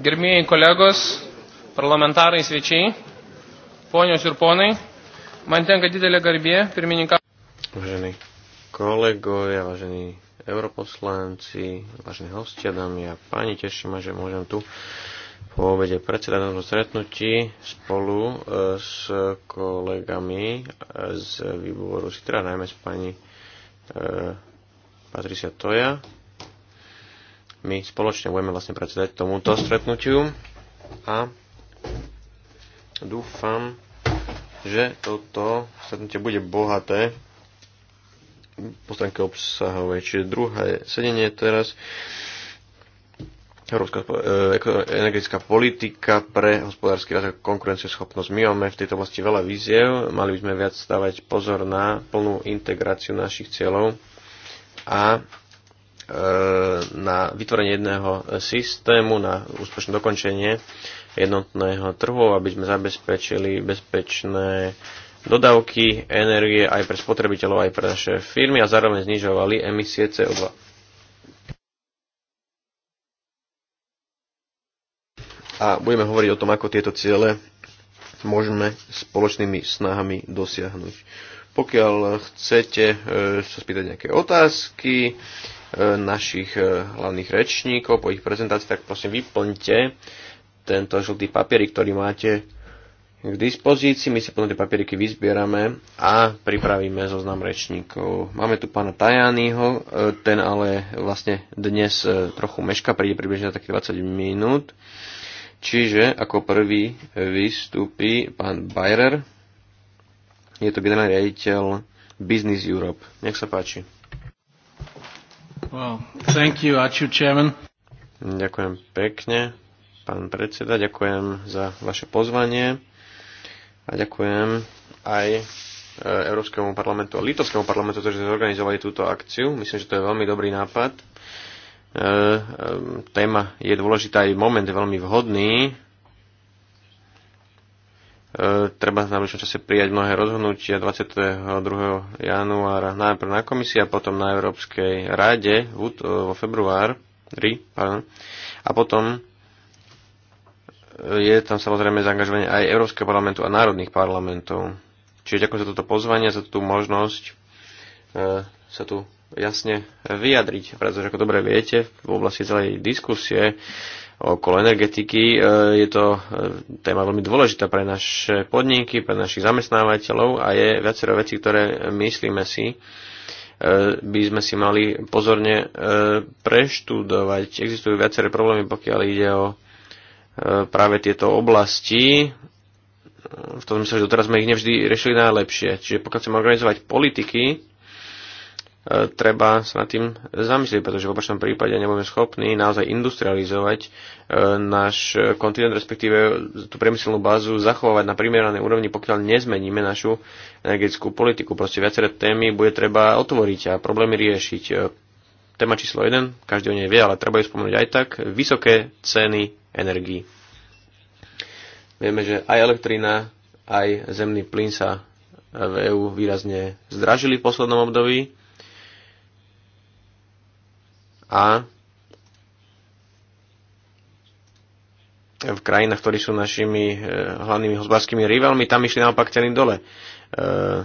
Gerbėjai kolegos, parlamentarai svečiai, ponios ir ponai, man tenka didelė garbė pirmininką. Vážení kolegovia, vážení europoslanci, vážení hostia, ja pani tešima, že môžem tu po obede predseda stretnutí spolu eh, s kolegami eh, z výboru Sitra, najmä s pani eh, Patricia Toja, my spoločne budeme vlastne predsedať tomuto stretnutiu a dúfam, že toto stretnutie bude bohaté po stránke obsahovej. Čiže druhé sedenie teraz Európska e, energetická politika pre hospodársky rast a konkurencieschopnosť. My máme v tejto oblasti veľa víziev, mali by sme viac stávať pozor na plnú integráciu našich cieľov a na vytvorenie jedného systému, na úspešné dokončenie jednotného trhu, aby sme zabezpečili bezpečné dodávky energie aj pre spotrebiteľov, aj pre naše firmy a zároveň znižovali emisie CO2. A budeme hovoriť o tom, ako tieto ciele môžeme spoločnými snahami dosiahnuť. Pokiaľ chcete e, sa spýtať nejaké otázky, našich e, hlavných rečníkov, po ich prezentácii, tak prosím vyplňte tento žltý papier, ktorý máte k dispozícii. My si potom tie papieriky vyzbierame a pripravíme zoznam rečníkov. Máme tu pána Tajányho, e, ten ale vlastne dnes e, trochu meška, príde približne na takých 20 minút. Čiže ako prvý vystúpi pán Bayer, je to generálny riaditeľ Business Europe. Nech sa páči. Well, thank you, chairman. Ďakujem pekne, pán predseda, ďakujem za vaše pozvanie a ďakujem aj e, Európskemu parlamentu a Litovskému parlamentu, že zorganizovali túto akciu. Myslím, že to je veľmi dobrý nápad. E, e, téma je dôležitá aj moment je veľmi vhodný, E, treba v najbližšom čase prijať mnohé rozhodnutia 22. januára najprv na komisii a potom na Európskej rade e, vo februári pardon, a potom e, je tam samozrejme zaangažovanie aj Európskeho parlamentu a národných parlamentov. Čiže ďakujem za toto pozvanie, za tú možnosť e, sa tu jasne vyjadriť, pretože ako dobre viete, v oblasti celej diskusie okolo energetiky. E, je to e, téma veľmi dôležitá pre naše podniky, pre našich zamestnávateľov a je viacero vecí, ktoré myslíme si, e, by sme si mali pozorne preštudovať. Existujú viaceré problémy, pokiaľ ide o práve tieto oblasti, v tom sa, že doteraz sme ich nevždy riešili najlepšie. Čiže pokiaľ chceme organizovať politiky, treba sa nad tým zamyslieť, pretože v opačnom prípade nebudeme schopní naozaj industrializovať e, náš kontinent, respektíve tú priemyselnú bázu zachovávať na primeranej úrovni, pokiaľ nezmeníme našu energetickú politiku. Proste viaceré témy bude treba otvoriť a problémy riešiť. E, téma číslo 1, každý o nej vie, ale treba ju spomenúť aj tak, vysoké ceny energií. Vieme, že aj elektrina, aj zemný plyn sa v EÚ výrazne zdražili v poslednom období a v krajinách, ktorí sú našimi eh, hlavnými hospodárskymi rivalmi, tam išli naopak ceny dole. Eh,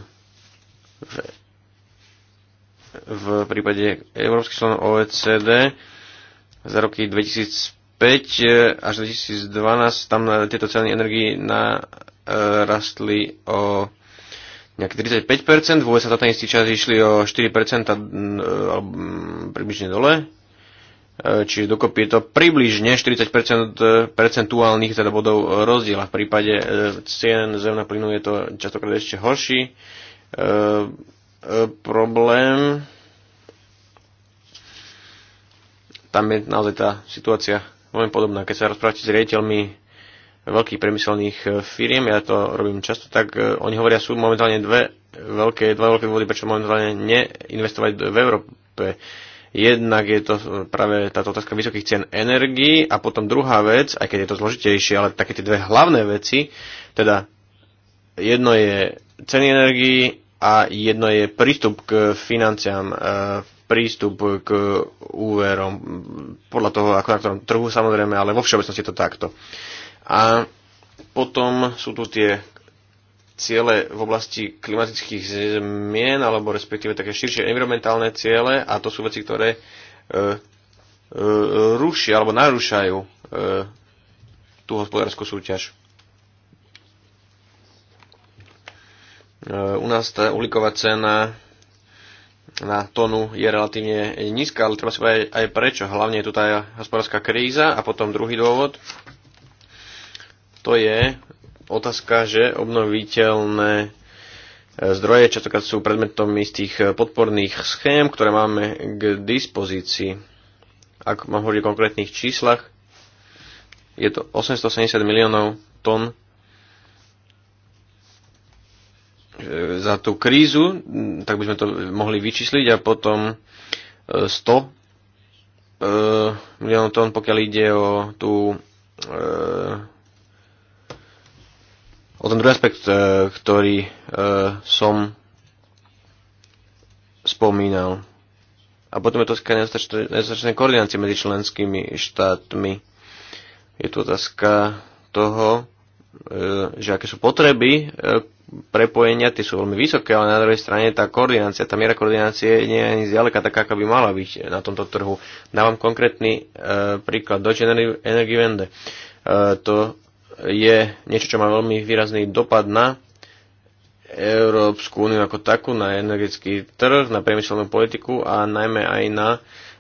v, v prípade európskych členov OECD za roky 2005 eh, až 2012 tam tieto ceny energii narastli o nejaké 35%, v USA za ten istý čas išli o 4% mm, e, mm, približne dole, e, čiže dokopy je to približne 40% e, percentuálnych teda bodov rozdiel a v prípade cien zemného plynu je to častokrát ešte horší e, e, problém. Tam je naozaj tá situácia veľmi podobná. Keď sa rozprávate s riaditeľmi veľkých priemyselných e, firiem, ja to robím často, tak e, oni hovoria, sú momentálne dve veľké, dva veľké dôvody, prečo momentálne neinvestovať v Európe. Jednak je to e, práve táto otázka vysokých cien energií a potom druhá vec, aj keď je to zložitejšie, ale také tie dve hlavné veci, teda jedno je ceny energii a jedno je prístup k financiám, prístup k úverom, podľa toho, ako na ktorom trhu samozrejme, ale vo všeobecnosti je to takto. A potom sú tu tie ciele v oblasti klimatických zmien, alebo respektíve také širšie environmentálne ciele a to sú veci, ktoré e, e, rušia alebo narúšajú e, tú hospodárskú súťaž. E, u nás tá uhlíková cena na tonu je relatívne nízka, ale treba si povedať aj prečo. Hlavne je tu tá hospodárska kríza a potom druhý dôvod to je otázka, že obnoviteľné e, zdroje častokrát sú predmetom istých e, podporných schém, ktoré máme k dispozícii. Ak mám hovoriť o konkrétnych číslach, je to 870 miliónov tón e, za tú krízu, tak by sme to mohli vyčísliť a potom 100 miliónov tón, pokiaľ ide o tú O ten druhý aspekt, e, ktorý e, som spomínal. A potom je otázka nedostatečnej koordinácie medzi členskými štátmi. Je tu otázka toho, e, že aké sú potreby prepojenia, tie sú veľmi vysoké, ale na druhej strane tá koordinácia, tá miera koordinácie nie je ani zďaleka taká, aká by mala byť na tomto trhu. Dávam konkrétny príklad Deutsche Energiewende. To je niečo, čo má veľmi výrazný dopad na Európsku úniu ako takú, na energetický trh, na priemyselnú politiku a najmä aj na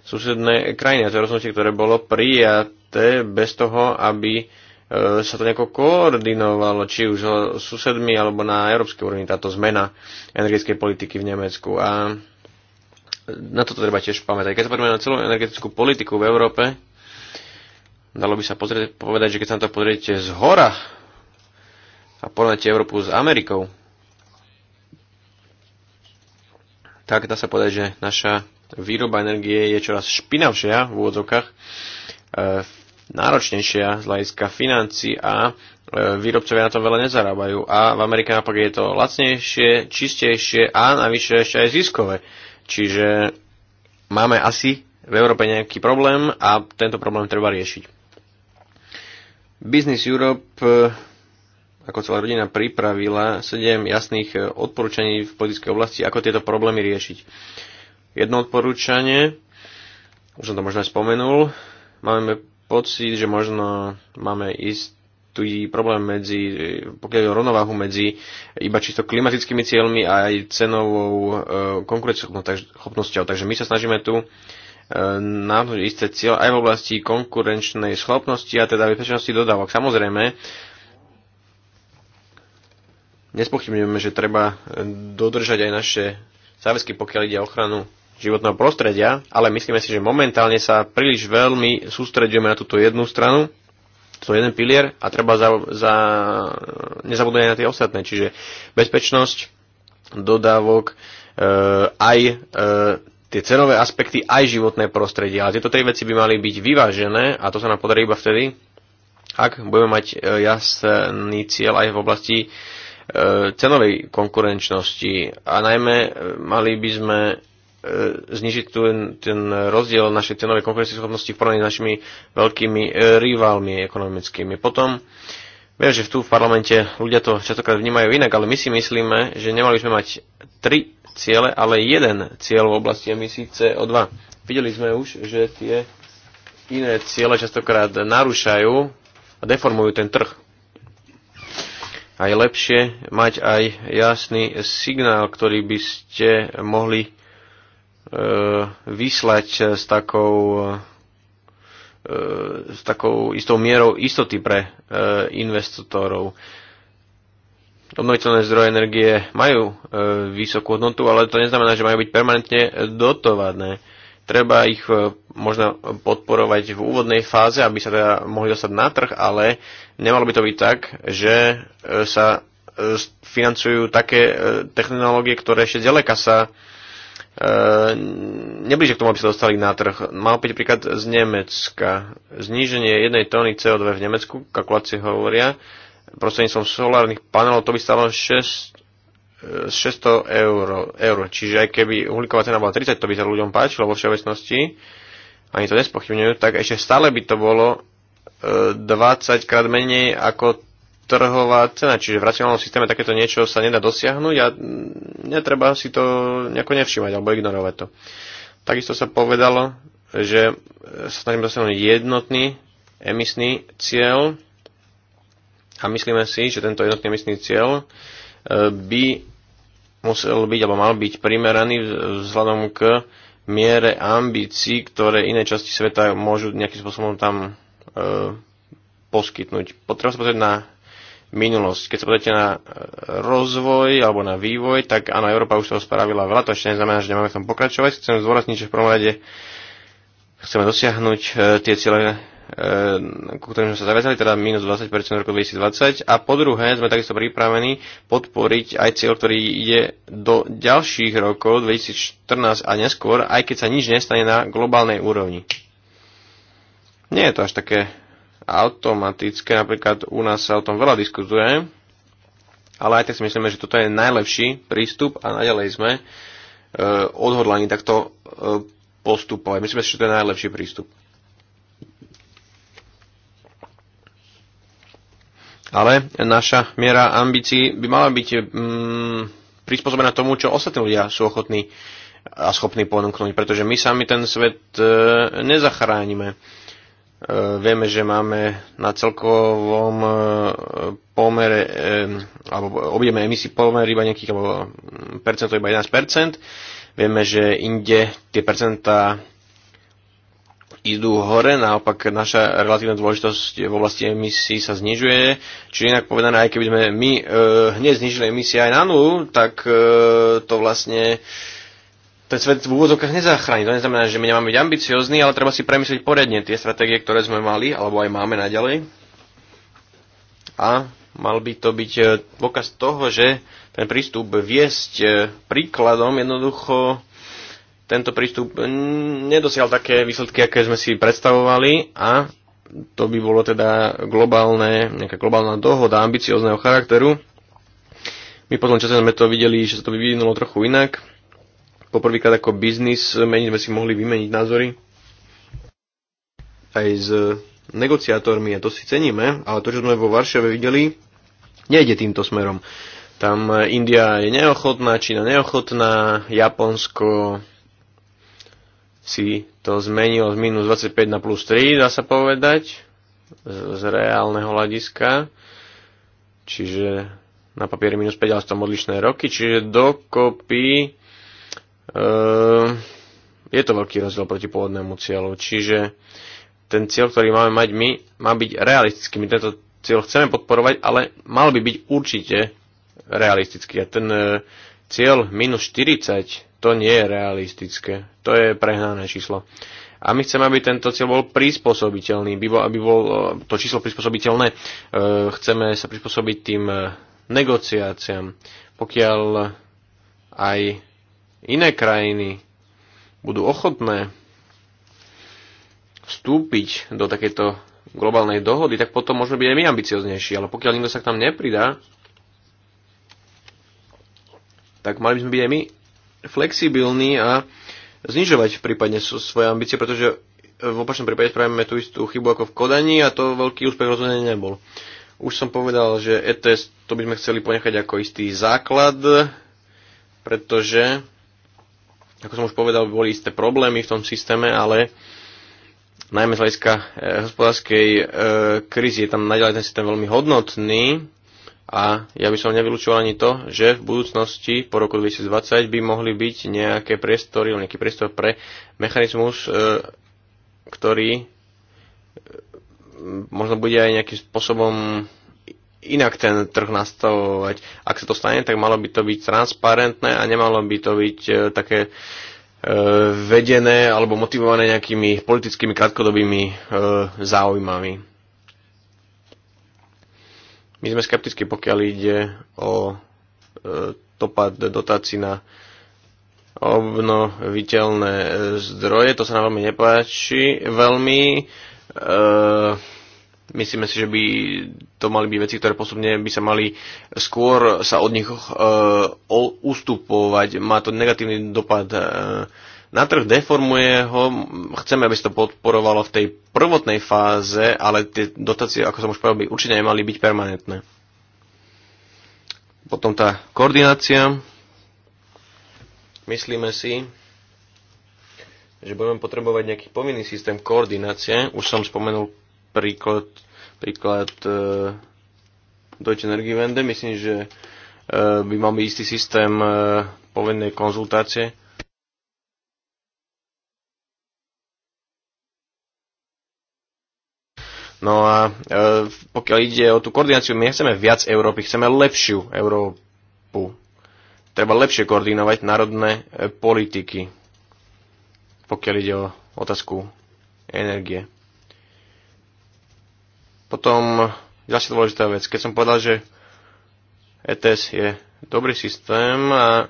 susedné krajiny. A to je rozhodnutie, ktoré bolo prijaté bez toho, aby e, sa to nejako koordinovalo, či už so susedmi alebo na európskej úrovni táto zmena energetickej politiky v Nemecku. A na toto treba tiež pamätať. Keď sa poďme na celú energetickú politiku v Európe, Dalo by sa pozrieť, povedať, že keď sa na to pozriete z hora a porovnáte Európu s Amerikou, tak dá sa povedať, že naša výroba energie je čoraz špinavšia v úvodzovkách, e, náročnejšia z hľadiska financí a e, výrobcovia na tom veľa nezarábajú. A v Amerike napak je to lacnejšie, čistejšie a navyše ešte aj ziskové. Čiže máme asi v Európe nejaký problém a tento problém treba riešiť. Business Europe e, ako celá rodina pripravila sedem jasných e, odporúčaní v politickej oblasti, ako tieto problémy riešiť. Jedno odporúčanie, už som to možno aj spomenul, máme pocit, že možno máme istý problém medzi, pokiaľ je rovnováhu medzi iba čisto klimatickými cieľmi a aj cenovou e, konkurencieschopnosťou. Takže my sa snažíme tu náleží isté cieľ aj v oblasti konkurenčnej schopnosti a teda bezpečnosti dodávok. Samozrejme, nespochybňujeme, že treba dodržať aj naše záväzky, pokiaľ ide o ochranu životného prostredia, ale myslíme si, že momentálne sa príliš veľmi sústredujeme na túto jednu stranu, to je jeden pilier a treba za, za, nezabudnúť aj na tie ostatné, čiže bezpečnosť, dodávok, e, aj e, tie cenové aspekty aj životné prostredie. Ale tieto tri veci by mali byť vyvážené a to sa nám podarí iba vtedy, ak budeme mať e, jasný cieľ aj v oblasti e, cenovej konkurenčnosti. A najmä e, mali by sme znižiť ten, ten rozdiel našej cenovej konkurencieschopnosti v porovnaní s našimi veľkými rivalmi ekonomickými. Potom, viem, že tu v parlamente ľudia to častokrát vnímajú inak, ale my si myslíme, že nemali by sme mať tri ciele, ale jeden cieľ v oblasti emisí CO2. Videli sme už, že tie iné ciele častokrát narúšajú a deformujú ten trh. A je lepšie mať aj jasný signál, ktorý by ste mohli e, vyslať s takou, e, s takou istou mierou istoty pre e, investorov. E, obnoviteľné zdroje energie majú e, vysokú hodnotu, ale to neznamená, že majú byť permanentne dotované. Treba ich e, možno podporovať v úvodnej fáze, aby sa teda mohli dostať na trh, ale nemalo by to byť tak, že e, sa e, financujú také e, technológie, ktoré ešte ďaleka sa e, neblíže k tomu, aby sa dostali na trh. Mal byť príklad z Nemecka. Zníženie jednej tóny CO2 v Nemecku, kalkulácie hovoria, prostredníctvom solárnych panelov, to by stalo 6, 600 eur, eur. Čiže aj keby uhlíková cena bola 30, to by sa ľuďom páčilo vo všeobecnosti, ani to nespochybňujú, tak ešte stále by to bolo 20 e, krát menej ako trhová cena. Čiže v racionálnom systéme takéto niečo sa nedá dosiahnuť a netreba si to nejako nevšímať alebo ignorovať to. Takisto sa povedalo, že sa snažíme dosiahnuť jednotný emisný cieľ a myslíme si, že tento jednotný emisný cieľ e, by musel byť alebo mal byť primeraný vzhľadom k miere ambícií, ktoré iné časti sveta môžu nejakým spôsobom tam e, poskytnúť. Potreba sa pozrieť na minulosť. Keď sa pozrieť na e, rozvoj alebo na vývoj, tak áno, Európa už toho spravila veľa, to ešte neznamená, že nemáme v tom pokračovať. Chcem zdôrazniť, že v prvom rade chceme dosiahnuť e, tie ciele E, ku ktorým sme sa zaviazali, teda minus 20% v roku 2020. A po druhé, sme takisto pripravení podporiť aj cieľ, ktorý ide do ďalších rokov, 2014 a neskôr, aj keď sa nič nestane na globálnej úrovni. Nie je to až také automatické, napríklad u nás sa o tom veľa diskutuje, ale aj tak si myslíme, že toto je najlepší prístup a naďalej sme e, odhodlani takto e, postupovať. Myslíme si, že to je najlepší prístup. ale naša miera ambícií by mala byť mm, prispôsobená tomu, čo ostatní ľudia sú ochotní a schopní ponúknuť, pretože my sami ten svet e, nezachránime. E, vieme, že máme na celkovom e, pomere, e, alebo objeme emisí pomer iba nejakých, alebo mm, percento iba 11%. Vieme, že inde tie percentá idú hore, naopak naša relatívna dôležitosť v oblasti emisí sa znižuje. Čiže inak povedané, aj keby sme my e, hneď znižili emisie aj na nulu, tak e, to vlastne ten svet v úvodzovkách nezachráni. To neznamená, že my nemáme byť ambiciozní, ale treba si premyslieť poriadne tie stratégie, ktoré sme mali, alebo aj máme naďalej. A mal by to byť e, dôkaz toho, že ten prístup viesť e, príkladom jednoducho tento prístup mm, nedosial také výsledky, aké sme si predstavovali a to by bolo teda globálne, nejaká globálna dohoda ambiciozného charakteru. My potom čase sme to videli, že sa to vyvinulo trochu inak. Poprvýkrát ako biznis meni sme si mohli vymeniť názory aj s negociátormi a to si ceníme, ale to, čo sme vo Varšave videli, nejde týmto smerom. Tam India je neochotná, Čína neochotná, Japonsko si to zmenil z minus 25 na plus 3, dá sa povedať, z, z reálneho hľadiska. Čiže na papieri minus 5, ale sú tam odlišné roky, čiže dokopy e, je to veľký rozdiel proti pôvodnému cieľu. Čiže ten cieľ, ktorý máme mať my, má byť realistický. My tento cieľ chceme podporovať, ale mal by byť určite realistický. A ten e, cieľ minus 40 to nie je realistické. To je prehnané číslo. A my chceme, aby tento cieľ bol prispôsobiteľný, aby bol, aby bol e, to číslo prispôsobiteľné. E, chceme sa prispôsobiť tým e, negociáciám. Pokiaľ aj iné krajiny budú ochotné vstúpiť do takéto globálnej dohody, tak potom môžeme byť aj my ambicioznejší. Ale pokiaľ nikto sa k tam nepridá, tak mali by sme byť aj my flexibilní a znižovať prípadne svoje ambície, pretože v opačnom prípade spravíme tú istú chybu ako v kodaní a to veľký úspech rozhodne nebol. Už som povedal, že ETS to by sme chceli ponechať ako istý základ, pretože, ako som už povedal, boli isté problémy v tom systéme, ale najmä z hľadiska eh, hospodárskej e, krízy je tam naďalej ten systém veľmi hodnotný a ja by som nevylučoval ani to, že v budúcnosti po roku 2020 by mohli byť nejaké priestory, nejaký priestor pre mechanizmus, e, ktorý e, možno bude aj nejakým spôsobom inak ten trh nastavovať. Ak sa to stane, tak malo by to byť transparentné a nemalo by to byť e, také vedené alebo motivované nejakými politickými krátkodobými záujmami. My sme skeptickí, pokiaľ ide o e, topad dotácií na obnoviteľné e, zdroje. To sa nám veľmi nepáči. Veľmi e, myslíme si, že by to mali byť veci, ktoré posobne by sa mali skôr sa od nich e, o, ustupovať. Má to negatívny dopad e, na trh, deformuje ho, chceme, aby sa to podporovalo v tej prvotnej fáze, ale tie dotácie, ako som už povedal, by určite nemali byť permanentné. Potom tá koordinácia. Myslíme si, že budeme potrebovať nejaký povinný systém koordinácie. Už som spomenul príklad, príklad e, Deutsche Energiewende. Myslím, že e, by mal byť istý systém e, povinnej konzultácie No a e, pokiaľ ide o tú koordináciu, my chceme viac Európy, chceme lepšiu Európu. Treba lepšie koordinovať národné e, politiky, pokiaľ ide o otázku energie. Potom ďalšia dôležitá vec. Keď som povedal, že ETS je dobrý systém, a,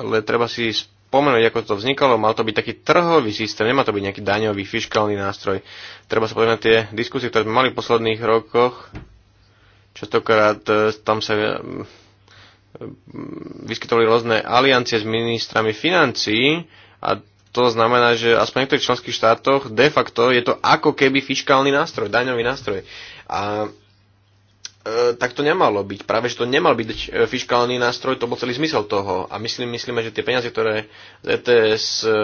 ale treba si pomenúť, ako to vznikalo. Mal to byť taký trhový systém, nemá to byť nejaký daňový, fiskálny nástroj. Treba sa povedať na tie diskusie, ktoré sme mali v posledných rokoch. Častokrát e, tam sa e, mm, vyskytovali rôzne aliancie s ministrami financií a to znamená, že aspoň v niektorých členských štátoch de facto je to ako keby fiskálny nástroj, daňový nástroj. A E, tak to nemalo byť. Práve, že to nemal byť e, fiskálny nástroj, to bol celý zmysel toho. A myslím, myslíme, že tie peniaze, ktoré z ETS e,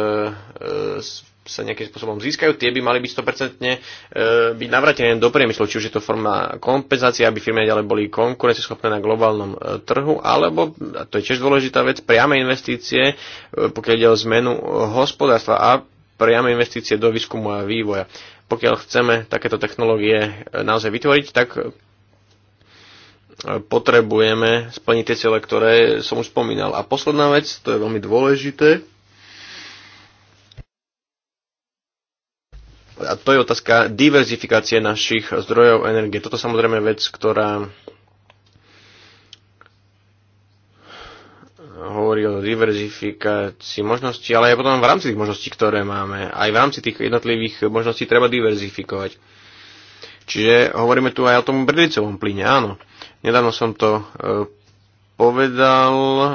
sa nejakým spôsobom získajú, tie by mali byť 100% byť navratené do priemyslu, či už je to forma kompenzácie, aby firmy ďalej boli konkurencieschopné na globálnom trhu, alebo, a to je tiež dôležitá vec, priame investície, pokiaľ ide o zmenu hospodárstva a priame investície do výskumu a vývoja. Pokiaľ chceme takéto technológie naozaj vytvoriť, tak potrebujeme splniť tie cele, ktoré som už spomínal. A posledná vec, to je veľmi dôležité, a to je otázka diverzifikácie našich zdrojov energie. Toto samozrejme vec, ktorá hovorí o diverzifikácii možností, ale aj potom v rámci tých možností, ktoré máme. Aj v rámci tých jednotlivých možností treba diverzifikovať. Čiže hovoríme tu aj o tom brdlicovom plyne, áno. Nedávno som to e, povedal, e,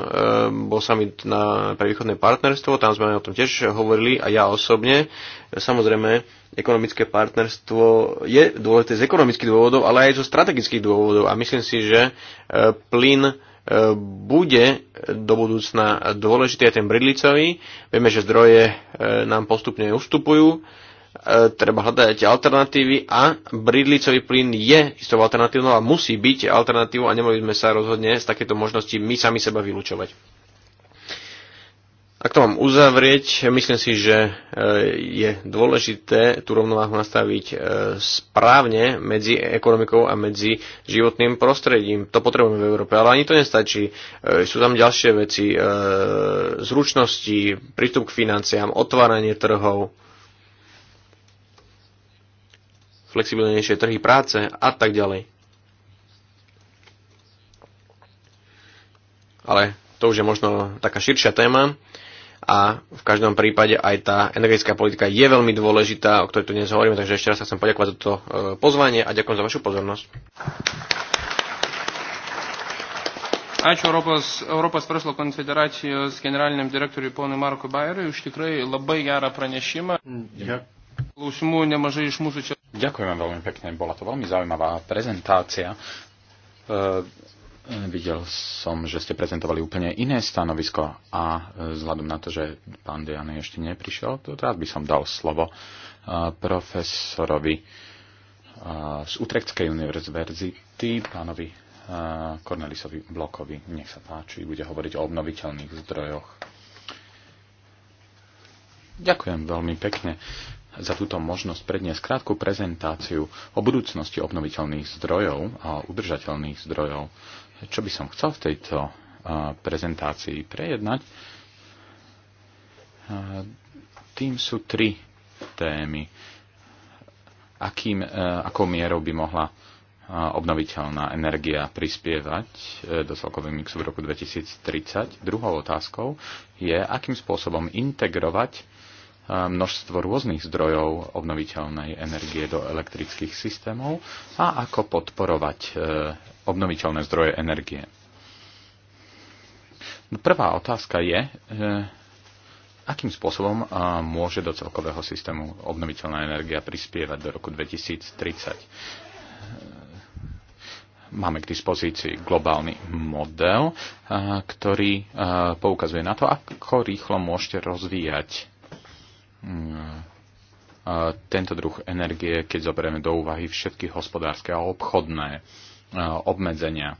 bol summit na, prevýchodné partnerstvo, tam sme o tom tiež hovorili a ja osobne. Samozrejme, ekonomické partnerstvo je dôležité z ekonomických dôvodov, ale aj zo strategických dôvodov a myslím si, že e, plyn bude do budúcna dôležitý aj ten bridlicový. Vieme, že zdroje nám postupne ustupujú E, treba hľadať alternatívy a bridlicový plyn je istou alternatívou a musí byť alternatívou a nemali sme sa rozhodne z takéto možnosti my sami seba vylúčovať. Ak to mám uzavrieť, myslím si, že e, je dôležité tú rovnováhu nastaviť e, správne medzi ekonomikou a medzi životným prostredím. To potrebujeme v Európe, ale ani to nestačí. Sú tam ďalšie veci, zručnosti, prístup k financiám, otváranie trhov, flexibilnejšie trhy práce a tak ďalej. Ale to už je možno taká širšia téma a v každom prípade aj tá energetická politika je veľmi dôležitá, o ktorej tu dnes hovoríme, takže ešte raz sa chcem poďakovať za toto e, pozvanie a ďakujem za vašu pozornosť. Ačiū Europos, Europos verslo konfederacijos generaliniam direktoriui ponui Marko Bairiui už tikrai labai gerą pranešimą. Dėkui. Ďakujem vám veľmi pekne, bola to veľmi zaujímavá prezentácia. E, videl som, že ste prezentovali úplne iné stanovisko a e, vzhľadom na to, že pán Dejane ešte neprišiel, to rád by som dal slovo e, profesorovi z Utrechtskej univerzity, pánovi Cornelisovi Blokovi. Nech sa páči, bude hovoriť o obnoviteľných zdrojoch. Ďakujem veľmi pekne za túto možnosť predniesť krátku prezentáciu o budúcnosti obnoviteľných zdrojov a udržateľných zdrojov. Čo by som chcel v tejto prezentácii prejednať, tým sú tri témy. Akým, e, akou mierou by mohla obnoviteľná energia prispievať e, do celkového mixu v roku 2030. Druhou otázkou je, akým spôsobom integrovať množstvo rôznych zdrojov obnoviteľnej energie do elektrických systémov a ako podporovať e, obnoviteľné zdroje energie. No, prvá otázka je, e, akým spôsobom môže do celkového systému obnoviteľná energia prispievať do roku 2030 e, máme k dispozícii globálny model, ktorý poukazuje na to, ako rýchlo môžete rozvíjať No. tento druh energie, keď zoberieme do úvahy všetky hospodárske a obchodné e, obmedzenia.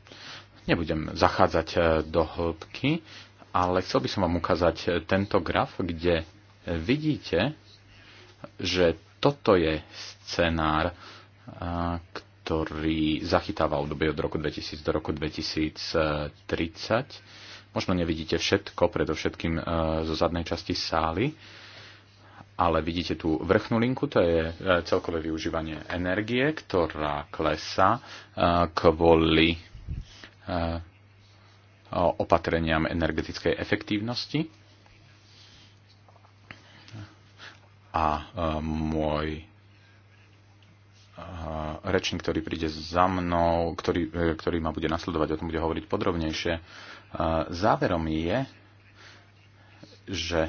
Nebudem zachádzať e, do hĺbky, ale chcel by som vám ukázať e, tento graf, kde vidíte, že toto je scenár, ktorý zachytáva obdobie od roku 2000 do roku 2030. Možno nevidíte všetko, predovšetkým zo zadnej časti sály, ale vidíte tú vrchnú linku, to je e, celkové využívanie energie, ktorá klesá e, kvôli e, opatreniam energetickej efektívnosti. A môj rečník, ktorý príde za mnou, ktorý, ktorý ma bude nasledovať, o tom bude hovoriť podrobnejšie. Záverom je, že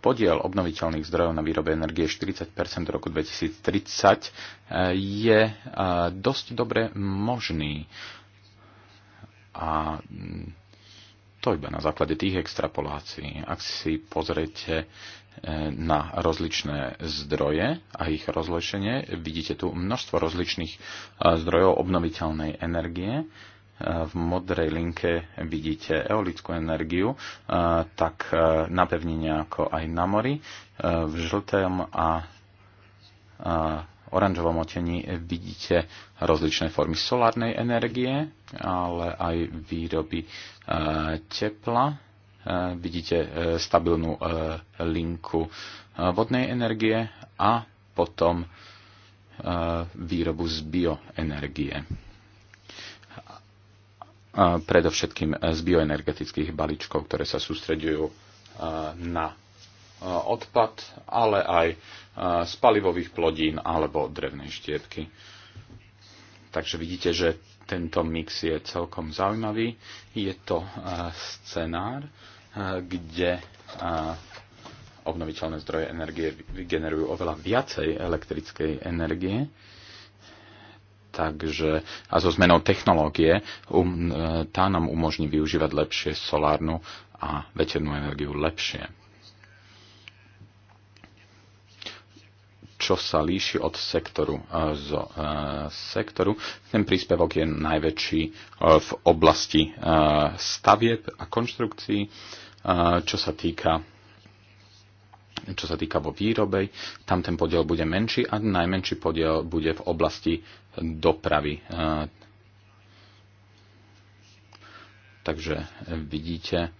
podiel obnoviteľných zdrojov na výrobe energie 40 do roku 2030 e, je e, dosť dobre možný. A mm, to iba na základe tých extrapolácií. Ak si pozriete e, na rozličné zdroje a ich rozlešenie, vidíte tu množstvo rozličných zdrojov obnoviteľnej energie, v modrej linke vidíte eolickú energiu, tak e, na pevnine ako aj na mori. E, v žltém a oranžovom otení vidíte rozličné formy solárnej energie, ale aj výroby e, tepla. Vidíte stabilnú linku vodnej energie a potom výrobu z bioenergie predovšetkým z bioenergetických balíčkov, ktoré sa sústredujú na odpad, ale aj z palivových plodín alebo drevnej štiepky. Takže vidíte, že tento mix je celkom zaujímavý. Je to scenár, kde obnoviteľné zdroje energie vygenerujú oveľa viacej elektrickej energie, takže, a so zmenou technológie um, e, tá nám umožní využívať lepšie solárnu a veternú energiu lepšie. Čo sa líši od sektoru e, z e, sektoru, ten príspevok je najväčší v oblasti stavieb a konštrukcií, čo sa týka čo sa týka vo výrobe, tam ten podiel bude menší a najmenší podiel bude v oblasti dopravy. E, takže vidíte e,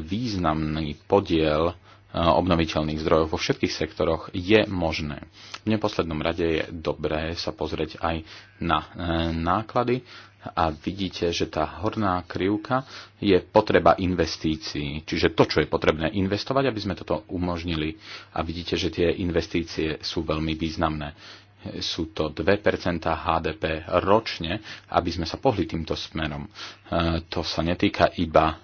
významný podiel Eh, obnoviteľných zdrojov vo všetkých sektoroch je možné. V neposlednom rade je dobré sa pozrieť aj na eh, náklady a vidíte, že tá horná krivka je potreba investícií, čiže to, čo je potrebné investovať, aby sme toto umožnili. A vidíte, že tie investície sú veľmi významné. Sú to 2% HDP ročne, aby sme sa pohli týmto smerom. Eh, to sa netýka iba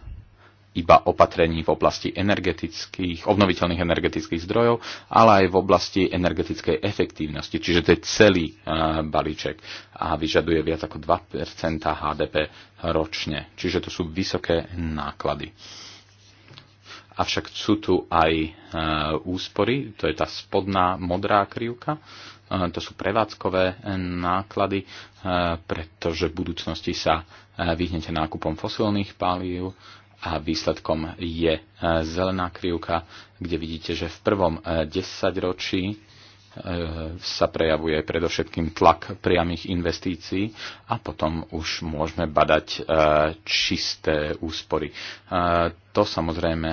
iba opatrení v oblasti energetických, obnoviteľných energetických zdrojov, ale aj v oblasti energetickej efektívnosti. Čiže to je celý eh, balíček a vyžaduje viac ako 2 HDP ročne. Čiže to sú vysoké náklady. Avšak sú tu aj eh, úspory, to je tá spodná modrá krivka, eh, to sú prevádzkové náklady, pretože v budúcnosti sa vyhnete nákupom fosilných palív a výsledkom je e, zelená krivka, kde vidíte, že v prvom e, desaťročí e, sa prejavuje predovšetkým tlak priamých investícií a potom už môžeme badať čisté úspory. To samozrejme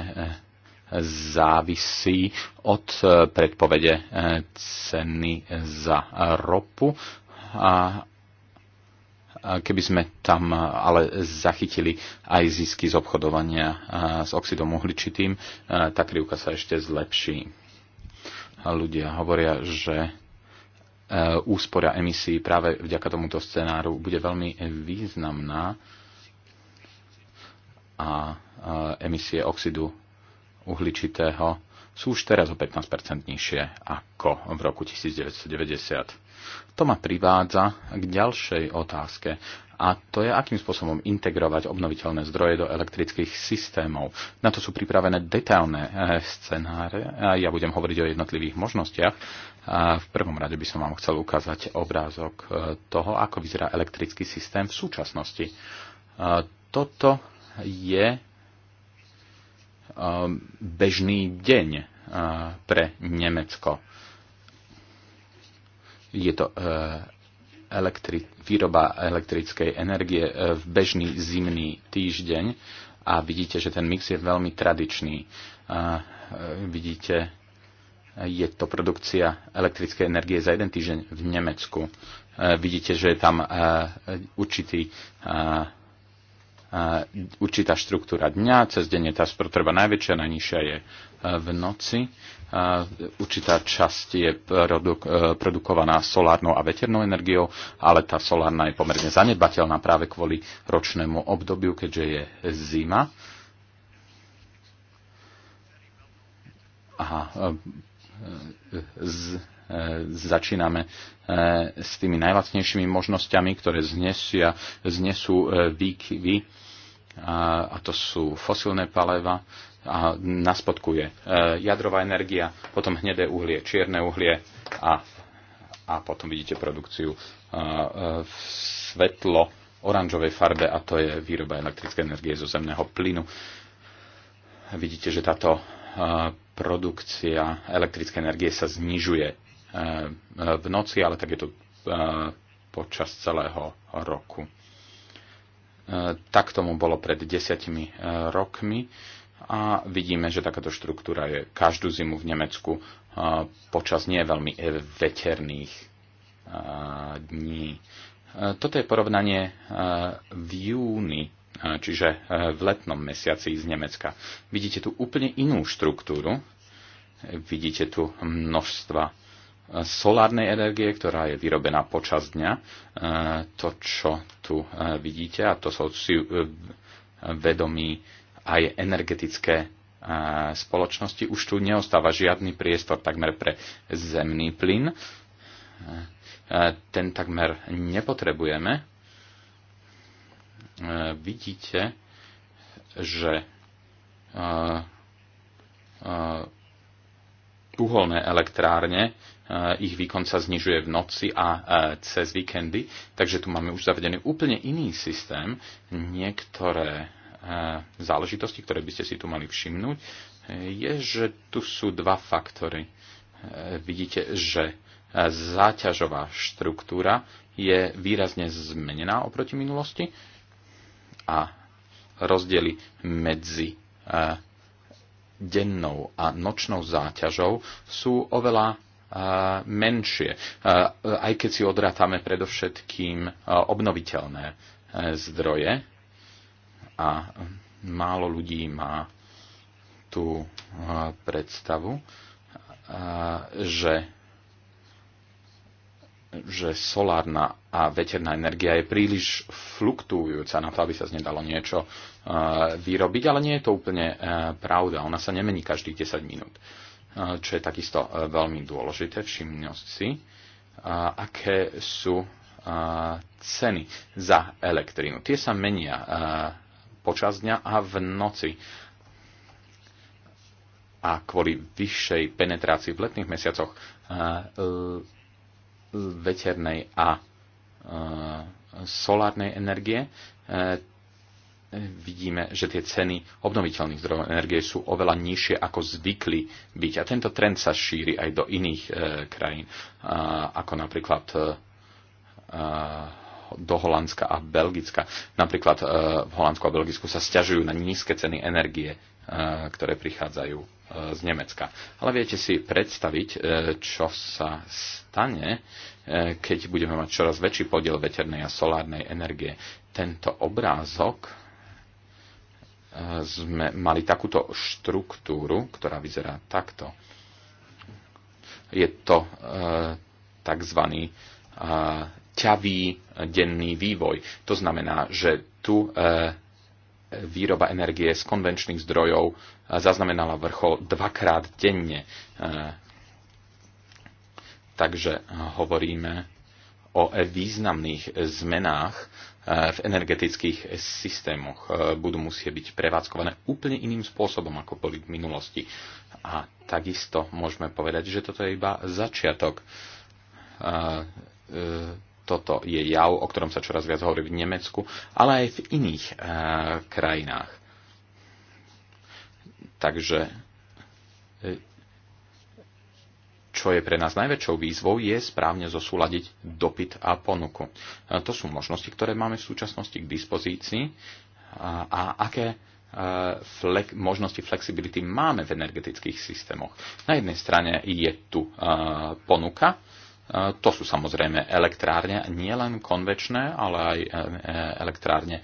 závisí od predpovede ceny za ropu keby sme tam ale zachytili aj zisky z obchodovania s oxidom uhličitým, tá krivka sa ešte zlepší. Ľudia hovoria, že e, úspora emisí práve vďaka tomuto scenáru bude veľmi významná a emisie oxidu uhličitého sú už teraz o 15% nižšie ako v roku 1990 to ma privádza k ďalšej otázke. A to je, akým spôsobom integrovať obnoviteľné zdroje do elektrických systémov. Na to sú pripravené detailné eh, scenáre. Ja budem hovoriť o jednotlivých možnostiach. V prvom rade by som vám chcel ukázať obrázok eh, toho, ako vyzerá elektrický systém v súčasnosti. Eh, toto je bežný deň pre Nemecko. Je to e, elektri- výroba elektrickej energie e, v bežný zimný týždeň a vidíte, že ten mix je veľmi tradičný. E, vidíte, je to produkcia elektrickej energie za jeden týždeň v Nemecku. Vidíte, že je tam určitý určitá štruktúra dňa, cez deň je tá spotreba najväčšia, najnižšia je v noci určitá časť je produk, e, produkovaná solárnou a veternou energiou, ale tá solárna je pomerne zanedbateľná práve kvôli ročnému obdobiu, keďže je zima. Aha, e, e, z, začíname s tými najlacnejšími možnosťami, ktoré znesia, znesú výkyvy, a to sú fosilné paléva a na spodku je e, jadrová energia, potom hnedé uhlie, čierne uhlie a, a potom vidíte produkciu e, e, v svetlo oranžovej farbe a to je výroba elektrickej energie zo zemného plynu. Vidíte, že táto produkcia elektrickej energie sa znižuje v noci, ale tak je to počas celého roku. Tak tomu bolo pred desiatimi rokmi a vidíme, že takáto štruktúra je každú zimu v Nemecku počas nie veľmi e, veterných dní. E, toto je porovnanie e, v júni, čiže v letnom mesiaci z Nemecka. Vidíte tu úplne inú štruktúru, vidíte tu množstva solárnej energie, ktorá je vyrobená počas dňa. To, čo tu vidíte, a to sú si vedomí aj energetické e, spoločnosti. Už tu neostáva žiadny priestor takmer pre zemný plyn. E, e, ten takmer nepotrebujeme. Vidíte, že uholné elektrárne, ich výkon sa znižuje v noci a cez víkendy, takže tu máme už zavedený úplne iný systém. Niektoré E, záležitosti, ktoré by ste si tu mali všimnúť, e, je, že tu sú dva faktory. E, vidíte, že záťažová štruktúra je výrazne zmenená oproti minulosti a rozdiely medzi dennou a nočnou záťažou sú oveľa menšie, aj keď si odrátame predovšetkým obnoviteľné zdroje, a málo ľudí má tú eh, predstavu, eh, že že solárna a veterná energia je príliš fluktujúca na to, aby sa z dalo niečo eh, vyrobiť, ale nie je to úplne pravda. Ona sa nemení každých 10 minút, čo je takisto veľmi dôležité. Všimnosť si, aké sú ceny za elektrínu. Tie sa menia počas dňa a v noci. A kvôli vyššej penetrácii v letných mesiacoch eh, veternej a eh, solárnej energie eh, vidíme, že tie ceny obnoviteľných zdrojov energie sú oveľa nižšie, ako zvykli byť. A tento trend sa šíri aj do iných e, krajín, ako napríklad e, do Holandska a Belgicka. Napríklad e, v Holandsku a Belgicku sa stiažujú na nízke ceny energie, e, ktoré prichádzajú e, z Nemecka. Ale viete si predstaviť, čo sa stane, keď budeme mať čoraz väčší podiel veternej a solárnej energie. Tento obrázok sme mali takúto štruktúru, ktorá vyzerá takto. Je to takzvaný ťavý denný vývoj. To znamená, že tu e, výroba energie z konvenčných zdrojov e, zaznamenala vrchol dvakrát denne. E, takže hovoríme o významných zmenách v energetických systémoch. Budú musieť byť prevádzkované úplne iným spôsobom, ako boli v minulosti. A takisto môžeme povedať, že toto je iba začiatok toto je jav, o ktorom sa čoraz viac hovorí v Nemecku, ale aj v iných e, krajinách. Takže eh, čo je pre nás najväčšou výzvou, je správne zosúladiť dopyt a ponuku. Eh, to sú možnosti, ktoré máme v súčasnosti k dispozícii a, a aké flek, možnosti flexibility máme v energetických systémoch. Na jednej strane je tu uh, ponuka E, to sú samozrejme elektrárne, nie len konvečné, ale aj e, e, elektrárne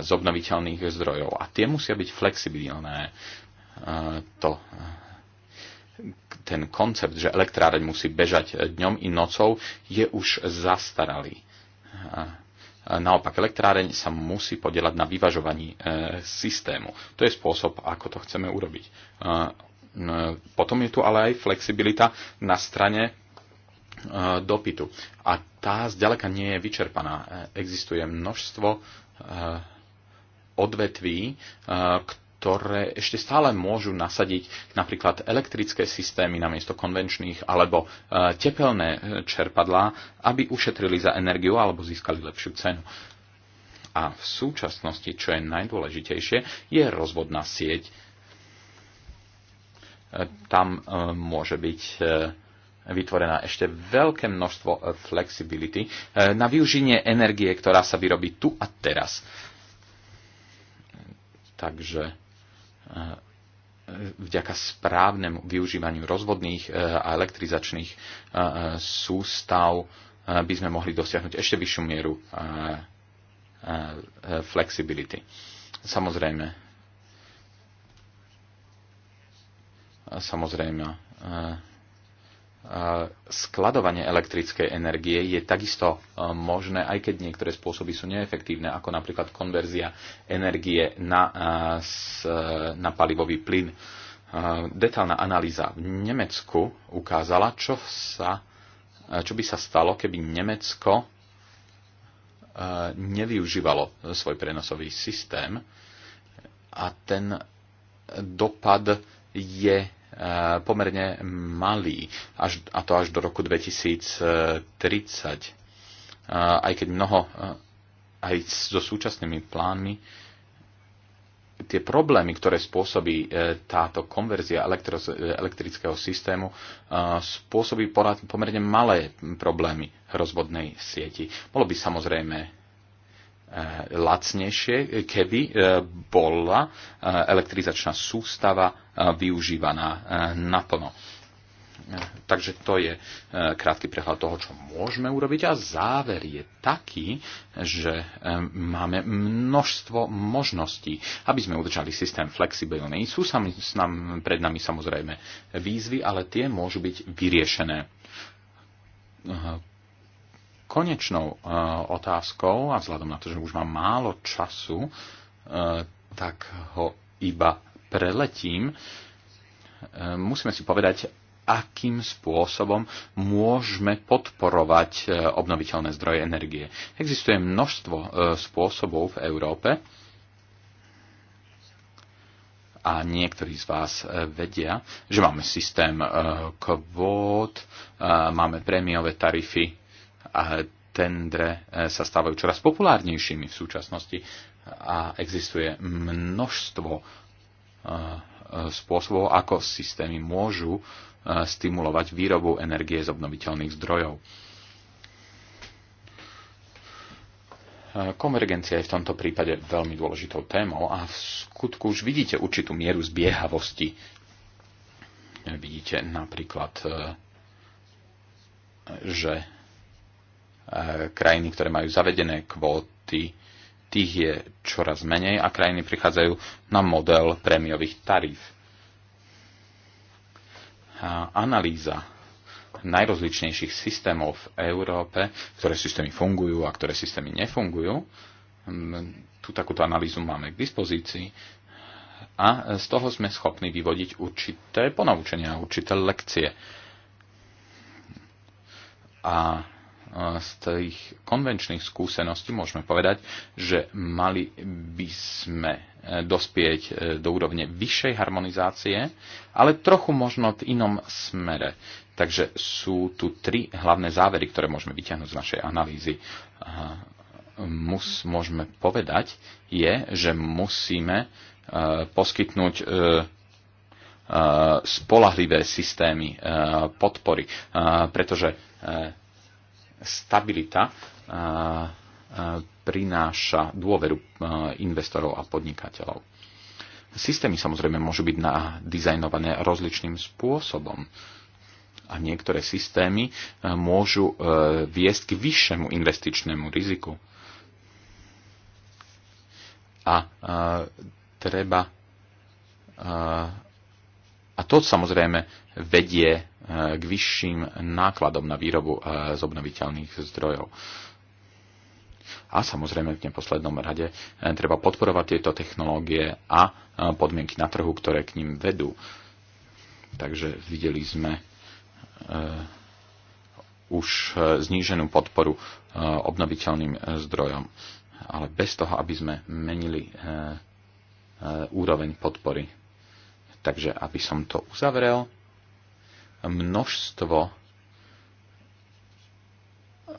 z obnoviteľných zdrojov. A tie musia byť flexibilné. To, ten koncept, že elektráreň musí bežať dňom i nocou, je už zastaralý. Naopak, elektráreň sa musí podielať na vyvažovaní systému. To je spôsob, ako to chceme urobiť. Potom je tu ale aj flexibilita na strane E, dopytu. A tá zďaleka nie je vyčerpaná. E, existuje množstvo e, odvetví, ktoré ešte stále môžu nasadiť napríklad elektrické systémy namiesto konvenčných alebo tepelné čerpadlá, aby ušetrili za energiu alebo získali lepšiu cenu. A v súčasnosti, čo je najdôležitejšie, je rozvodná sieť. Tam môže byť vytvorená ešte veľké množstvo e, flexibility e, na využitie energie, ktorá sa vyrobí tu a teraz. Takže e, vďaka správnemu využívaniu rozvodných a elektrizačných sústav by sme mohli dosiahnuť ešte vyššiu mieru flexibility. Samozrejme, samozrejme, skladovanie elektrickej energie je takisto e, možné, aj keď niektoré spôsoby sú neefektívne, ako napríklad konverzia energie na, e, e, na palivový plyn. Detálna analýza v Nemecku ukázala, čo, sa, čo by sa stalo, keby Nemecko nevyužívalo svoj prenosový systém a ten dopad je Eh, pomerne malý, až, a to až do roku 2030. Eh, aj keď mnoho, eh, aj so súčasnými plánmi, tie problémy, ktoré spôsobí táto konverzia elektrického systému, spôsobí pomerne malé problémy rozvodnej sieti. Bolo by samozrejme Eh, lacnejšie, keby eh, bola eh, elektrizačná sústava využívaná naplno. Takže to je krátky prehľad toho, čo môžeme urobiť a záver je taký, že máme množstvo možností, aby sme udržali systém flexibilný. Sú sami, nám, pred nami samozrejme výzvy, ale tie môžu byť vyriešené konečnou e, otázkou, a vzhľadom na to, že už mám málo času, e, tak ho iba preletím. E, musíme si povedať, akým spôsobom môžeme podporovať obnoviteľné zdroje energie. Existuje množstvo spôsobov v Európe a niektorí z vás vedia, že máme systém kvót, máme prémiové tarify tendre e, sa stávajú čoraz populárnejšími v súčasnosti a existuje množstvo e, e, spôsobov, ako systémy môžu stimulovať výrobu energie z obnoviteľných zdrojov. Konvergencia je v tomto prípade veľmi dôležitou témou a v skutku už vidíte určitú mieru zbiehavosti. Vidíte napríklad, že krajiny, ktoré majú zavedené kvóty, tých je čoraz menej a krajiny prichádzajú na model prémiových taríf. Analýza najrozličnejších systémov v Európe, ktoré systémy fungujú a ktoré systémy nefungujú. Tu takúto analýzu máme k dispozícii a z toho sme schopní vyvodiť určité ponaučenia, určité lekcie. A z tých konvenčných skúseností môžeme povedať, že mali by sme e, dospieť e, do úrovne vyššej harmonizácie, ale trochu možno v inom smere. Takže sú tu tri hlavné závery, ktoré môžeme vyťahnuť z našej analýzy. Mus, môžeme povedať, je, že musíme e, poskytnúť spolahlivé systémy podpory, pretože stabilita e, e, prináša dôveru e, investorov a podnikateľov. Systémy samozrejme môžu byť nadizajnované rozličným spôsobom a niektoré systémy môžu viesť k vyššiemu investičnému riziku. A treba a to samozrejme vedie eh, k vyšším nákladom na výrobu eh, z obnoviteľných zdrojov. A samozrejme v neposlednom rade eh, treba podporovať tieto technológie a podmienky na trhu, ktoré k ním vedú. Takže videli sme už zníženú podporu obnoviteľným zdrojom. Ale bez toho, aby sme menili úroveň podpory. Takže aby som to uzavrel, množstvo eh,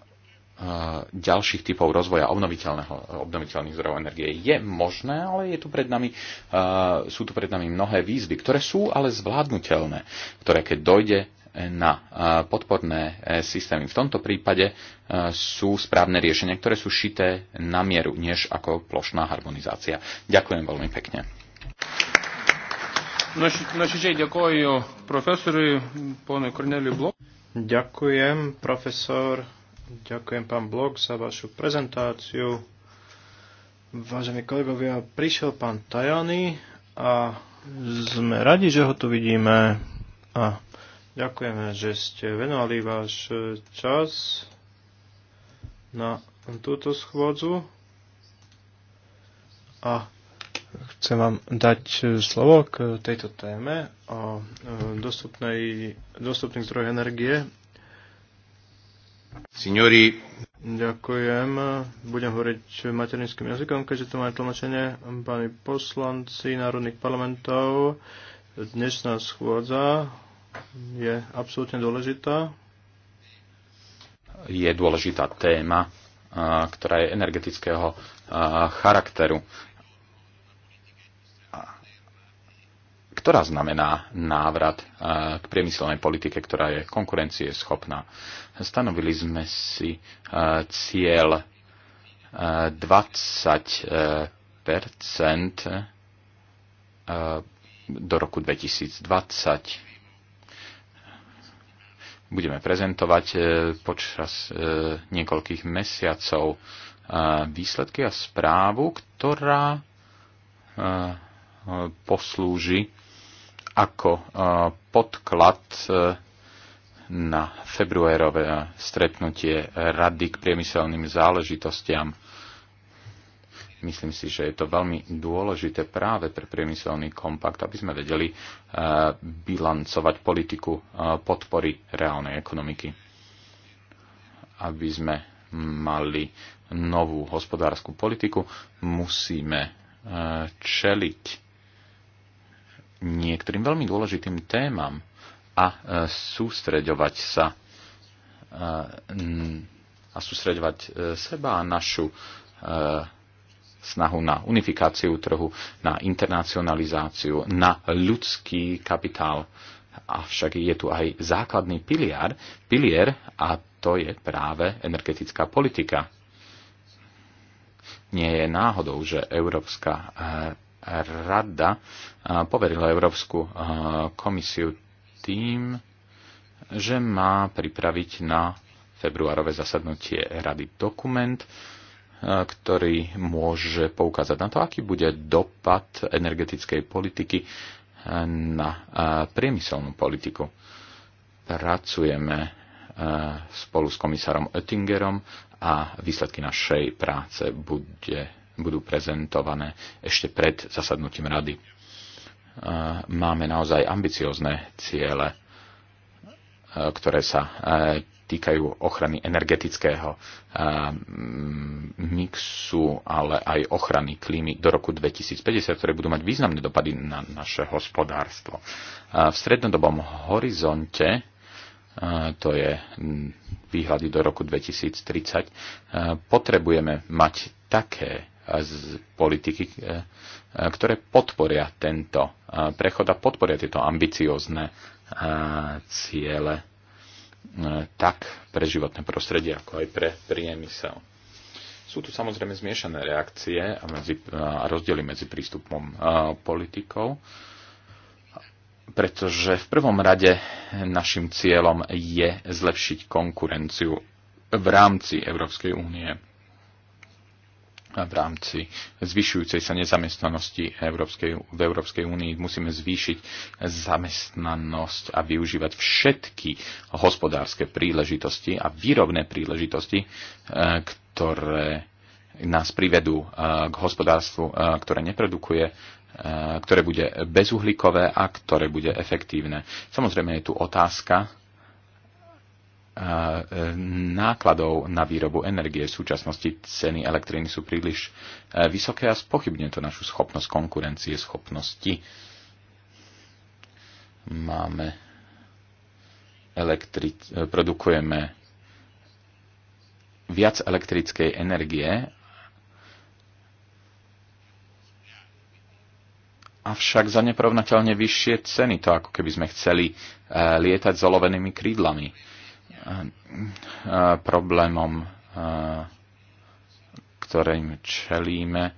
ďalších typov rozvoja obnoviteľných zdrojov energie je možné, ale je tu pred nami, eh, sú tu pred nami mnohé výzvy, ktoré sú ale zvládnutelné, ktoré keď dojde na eh, podporné systémy. V tomto prípade sú správne riešenia, ktoré sú šité na mieru, než ako plošná harmonizácia. Ďakujem veľmi pekne. Nuoširdžiai dėkoju profesoriui, ponui Blok. Ďakujem, profesor. Ďakujem, pán Blok, za vašu prezentáciu. Vážení kolegovia, prišiel pán Tajany a sme radi, že ho tu vidíme a ďakujeme, že ste venovali váš e, čas na túto schôdzu a Chcem vám dať e, slovo k tejto téme o e, dostupnej, dostupných zdrojoch energie. Signori. Ďakujem. Budem hovoriť materinským jazykom, keďže to má tlmačenie. Páni poslanci národných parlamentov, dnešná schôdza je absolútne dôležitá. Je dôležitá téma, ktorá je energetického charakteru. ktorá znamená návrat e, k priemyselnej politike, ktorá je konkurencieschopná. Stanovili sme si e, cieľ 20 e, do roku 2020. Budeme prezentovať počas niekoľkých mesiacov výsledky a správu, ktorá poslúži ako e, podklad e, na februárové e, stretnutie Rady k priemyselným záležitostiam. Myslím si, že je to veľmi dôležité práve pre priemyselný kompakt, aby sme vedeli bilancovať politiku podpory reálnej ekonomiky. Aby sme mali novú hospodárskú politiku, musíme čeliť niektorým veľmi dôležitým témam a e, sústreďovať sa e, a sústreďovať e, seba a našu snahu na unifikáciu trhu, na internacionalizáciu, na ľudský kapitál. Avšak je tu aj základný pilier, pilier a to je práve energetická politika. Nie je náhodou, že Európska rada poverila Európsku komisiu tým, že má pripraviť na februárové zasadnutie rady dokument, ktorý môže poukázať na to, aký bude dopad energetickej politiky na priemyselnú politiku. Pracujeme spolu s komisárom Oettingerom a výsledky našej práce bude budú prezentované ešte pred zasadnutím rady. E, máme naozaj ambiciozne ciele, e, ktoré sa e, týkajú ochrany energetického mixu, ale aj ochrany klímy do roku 2050, ktoré budú mať významné dopady na naše hospodárstvo. V strednodobom horizonte, to je výhľady do roku 2030, potrebujeme mať také z politiky, e, e, ktoré podporia tento e, prechod a podporia tieto ambiciózne ciele tak pre životné prostredie, ako aj pre priemysel. Sú tu samozrejme zmiešané reakcie a, medzi, a rozdiely medzi prístupom politikov, pretože v prvom rade našim cieľom je zlepšiť konkurenciu v rámci Európskej únie v rámci zvyšujúcej sa nezamestnanosti Európskej, v Európskej únii musíme zvýšiť zamestnanosť a využívať všetky hospodárske príležitosti a výrobné príležitosti, eh, ktoré nás privedú eh, k hospodárstvu, eh, ktoré neprodukuje, ktoré bude bezuhlíkové a ktoré bude efektívne. Samozrejme je tu otázka, E, nákladov na výrobu energie. V súčasnosti ceny elektriny sú príliš e, vysoké a spochybne to našu schopnosť konkurencie, schopnosti. Máme elektri- e, produkujeme viac elektrickej energie, avšak za neporovnateľne vyššie ceny. To ako keby sme chceli lietať s olovenými krídlami problémom, ktorým čelíme,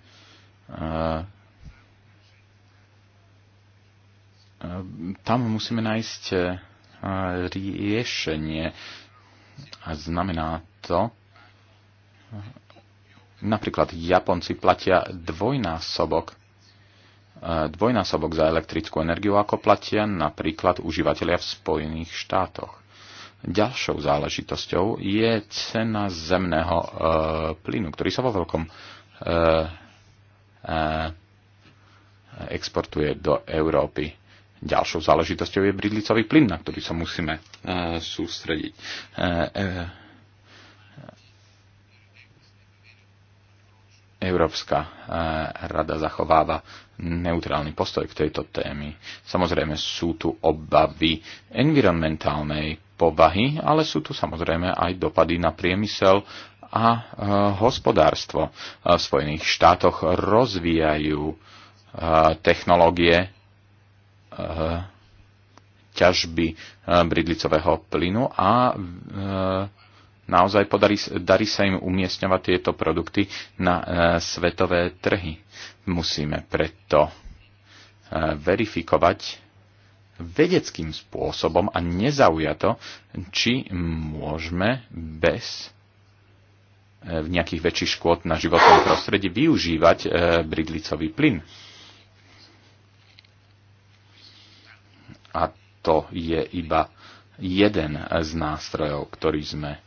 tam musíme nájsť riešenie. A znamená to, napríklad Japonci platia dvojnásobok dvojnásobok za elektrickú energiu, ako platia napríklad užívateľia v Spojených štátoch. Ďalšou záležitosťou je cena zemného e, plynu, ktorý sa vo veľkom e, e, exportuje do Európy. Ďalšou záležitosťou je bridlicový plyn, na ktorý sa musíme e, sústrediť. E, e, Európska e, rada zachováva neutrálny postoj k tejto témy. Samozrejme sú tu obavy environmentálnej povahy, ale sú tu samozrejme aj dopady na priemysel a e, hospodárstvo. E, v Spojených štátoch rozvíjajú e, technológie ťažby bridlicového plynu a naozaj podarí, darí sa im umiestňovať tieto produkty na svetové trhy. Musíme preto verifikovať vedeckým spôsobom a nezaujato, či môžeme bez e, v nejakých väčších škôd na životnom prostredí využívať e, bridlicový plyn. A to je iba jeden z nástrojov, ktorý sme e,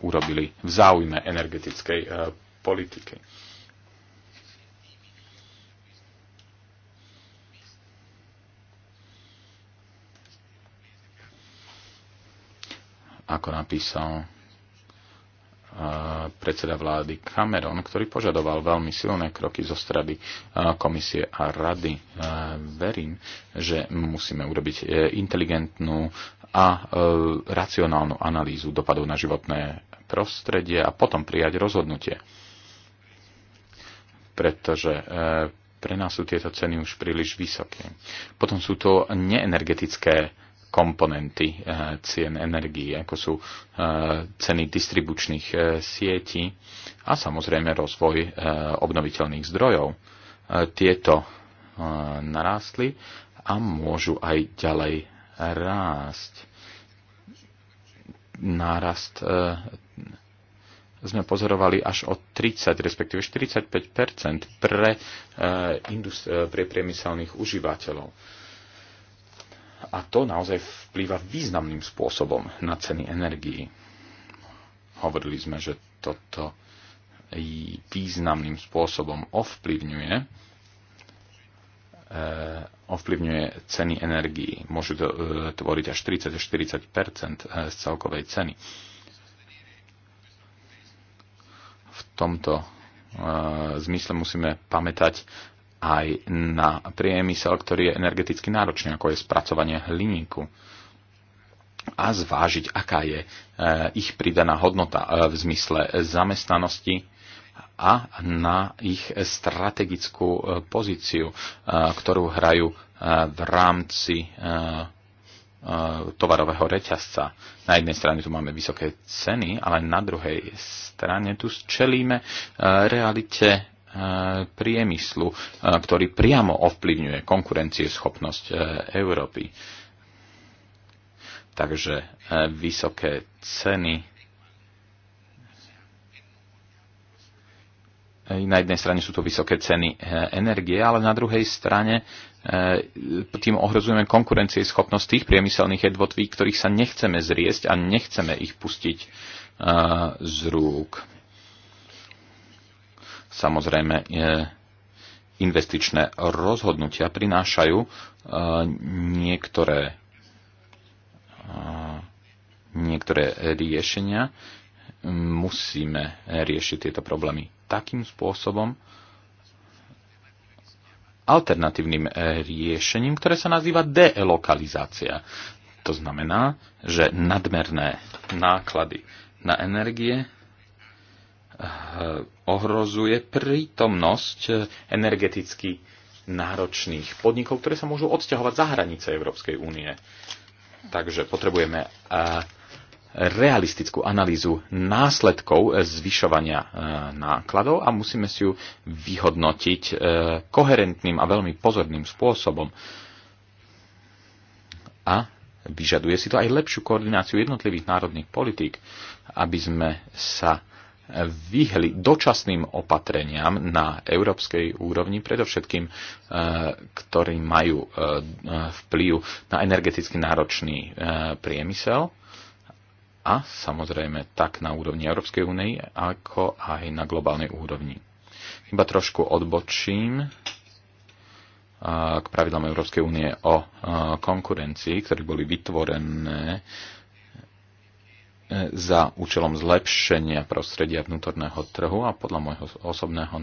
urobili v záujme energetickej politiky. ako napísal e, predseda vlády Cameron, ktorý požadoval veľmi silné kroky zo strany e, komisie a rady. E, verím, že musíme urobiť inteligentnú a racionálnu analýzu dopadov na životné prostredie a potom prijať rozhodnutie. Pretože pre nás sú tieto ceny už príliš vysoké. Potom sú to neenergetické komponenty eh, cien energií, ako sú eh, ceny distribučných eh, sietí a samozrejme rozvoj obnoviteľných zdrojov. Tieto narástli a môžu aj ďalej rásť. Nárast sme pozorovali až o 30, respektíve 45 pre, pre priemyselných užívateľov a to naozaj vplýva významným spôsobom na ceny energií. Hovorili sme, že toto významným spôsobom ovplyvňuje eh, ovplyvňuje ceny energií. Môžu to eh, tvoriť až 30-40 eh, z celkovej ceny. V tomto zmysle musíme pamätať aj na priemysel, ktorý je energeticky náročný, ako je spracovanie hliníku a zvážiť, aká je eh, ich pridaná hodnota eh, v zmysle zamestnanosti a na ich strategickú eh, pozíciu, ktorú hrajú v rámci tovarového reťazca. Na jednej strane tu máme vysoké ceny, ale na druhej strane tu čelíme realite E, priemyslu, e, ktorý priamo ovplyvňuje konkurencieschopnosť e, Európy. Takže vysoké ceny na jednej strane sú to vysoké ceny energie, ale na druhej strane tým ohrozujeme konkurencieschopnosť tých priemyselných jedvotví, ktorých sa nechceme zriesť a nechceme ich pustiť z rúk Samozrejme, e, investičné rozhodnutia prinášajú e, niektoré, e, niektoré riešenia. Musíme riešiť tieto problémy takým spôsobom, alternatívnym riešením, ktoré sa nazýva delokalizácia. To znamená, že nadmerné náklady na energie Eh, ohrozuje prítomnosť eh, energeticky náročných podnikov, ktoré sa môžu odsťahovať za hranice Európskej únie. Takže potrebujeme eh, realistickú analýzu následkov zvyšovania nákladov a musíme si ju vyhodnotiť koherentným a veľmi pozorným spôsobom. A vyžaduje si to aj lepšiu koordináciu jednotlivých národných politík, aby sme sa vyhli dočasným opatreniam na európskej úrovni, predovšetkým, e, ktorí majú e, e, vplyv na energeticky náročný priemysel a samozrejme tak na úrovni Európskej únie, ako aj na globálnej úrovni. Iba trošku odbočím k pravidlám Európskej únie o konkurencii, ktoré boli vytvorené za účelom zlepšenia prostredia vnútorného trhu a podľa môjho osobného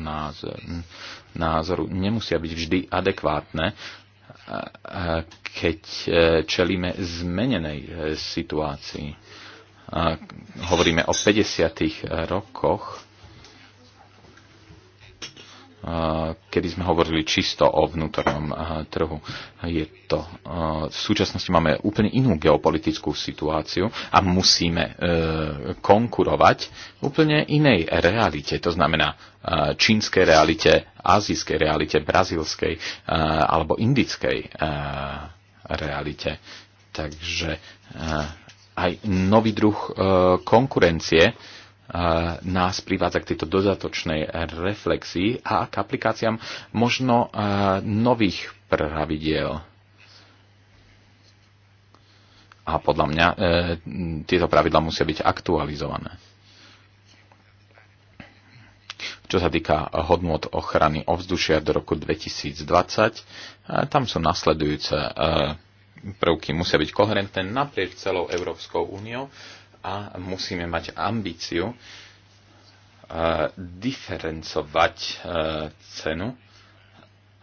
názoru, nemusia byť vždy adekvátne, keď e, čelíme zmenenej e, situácii. Hovoríme o 50. rokoch kedy sme hovorili čisto o vnútornom trhu. Je to, v súčasnosti máme úplne inú geopolitickú situáciu a musíme e, konkurovať úplne inej realite. To znamená e, čínskej realite, azijskej realite, brazilskej e, alebo indickej realite. Takže aj nový druh konkurencie nás privádza k tejto dodatočnej reflexii a k aplikáciám možno nových pravidiel. A podľa mňa e, tieto pravidla musia byť aktualizované. Čo sa týka hodnot ochrany ovzdušia do roku 2020, e, tam sú nasledujúce e, prvky. Musia byť koherentné naprieč celou Európskou úniou a musíme mať ambíciu e, diferencovať e, cenu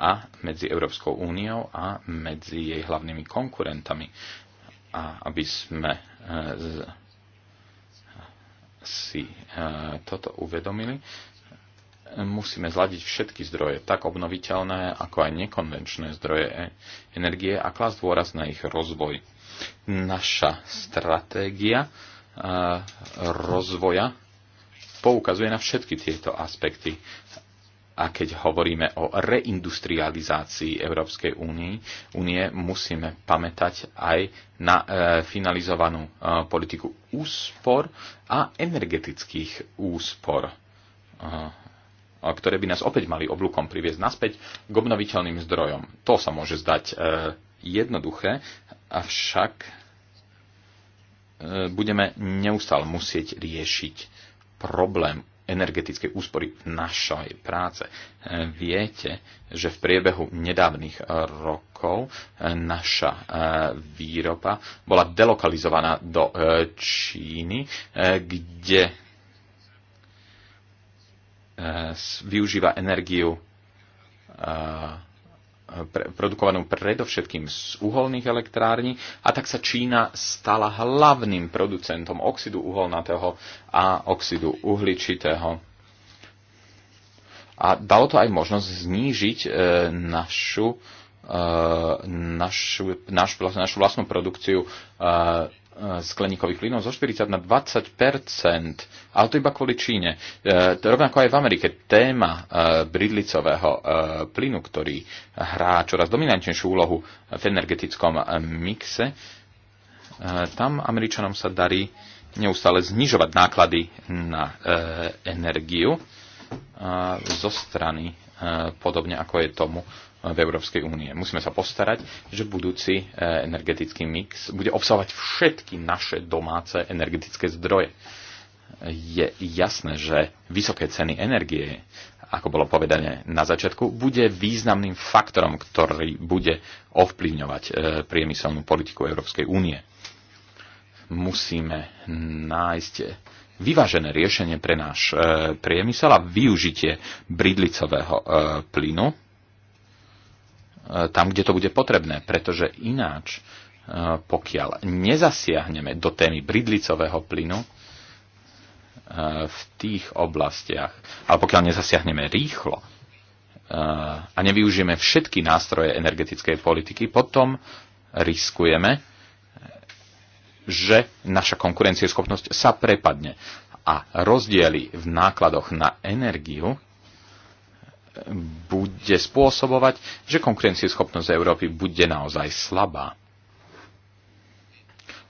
a medzi Európskou úniou a medzi jej hlavnými konkurentami. A aby sme e, si toto uvedomili, musíme zladiť všetky zdroje, tak obnoviteľné, ako aj nekonvenčné zdroje energie a klas dôraz na ich rozvoj. Naša stratégia rozvoja poukazuje na všetky tieto aspekty. A keď hovoríme o reindustrializácii Európskej únie, únie musíme pamätať aj na e, finalizovanú e, politiku úspor a energetických úspor, e, ktoré by nás opäť mali oblúkom priviesť naspäť k obnoviteľným zdrojom. To sa môže zdať e, jednoduché, avšak budeme neustále musieť riešiť problém energetickej úspory v našej práce. Viete, že v priebehu nedávnych rokov naša e, výroba bola delokalizovaná do e, Číny, e, kde využíva energiu pre, produkovanú predovšetkým z uholných elektrární a tak sa Čína stala hlavným producentom oxidu uholnatého a oxidu uhličitého. A dalo to aj možnosť znížiť e, našu, e, našu, naš, našu vlastnú produkciu e, E, skleníkových plynov zo 40 na 20 ale to iba kvôli Číne. E, rovnako aj v Amerike téma e, bridlicového e, plynu, ktorý hrá čoraz dominantnejšiu úlohu v energetickom e, mixe, e, tam Američanom sa darí neustále znižovať náklady na e, energiu e, zo strany, e, podobne ako je tomu v Európskej únie. Musíme sa postarať, že budúci e, energetický mix bude obsahovať všetky naše domáce energetické zdroje. Je jasné, že vysoké ceny energie, ako bolo povedané na začiatku, bude významným faktorom, ktorý bude ovplyvňovať e, priemyselnú politiku Európskej únie. Musíme nájsť vyvážené riešenie pre náš e, priemysel a využitie bridlicového plynu tam, kde to bude potrebné, pretože ináč, e, pokiaľ nezasiahneme do témy bridlicového plynu e, v tých oblastiach, ale pokiaľ nezasiahneme rýchlo e, a nevyužijeme všetky nástroje energetickej politiky, potom riskujeme, že naša konkurencieschopnosť sa prepadne a rozdiely v nákladoch na energiu bude spôsobovať, že konkurencieschopnosť Európy bude naozaj slabá.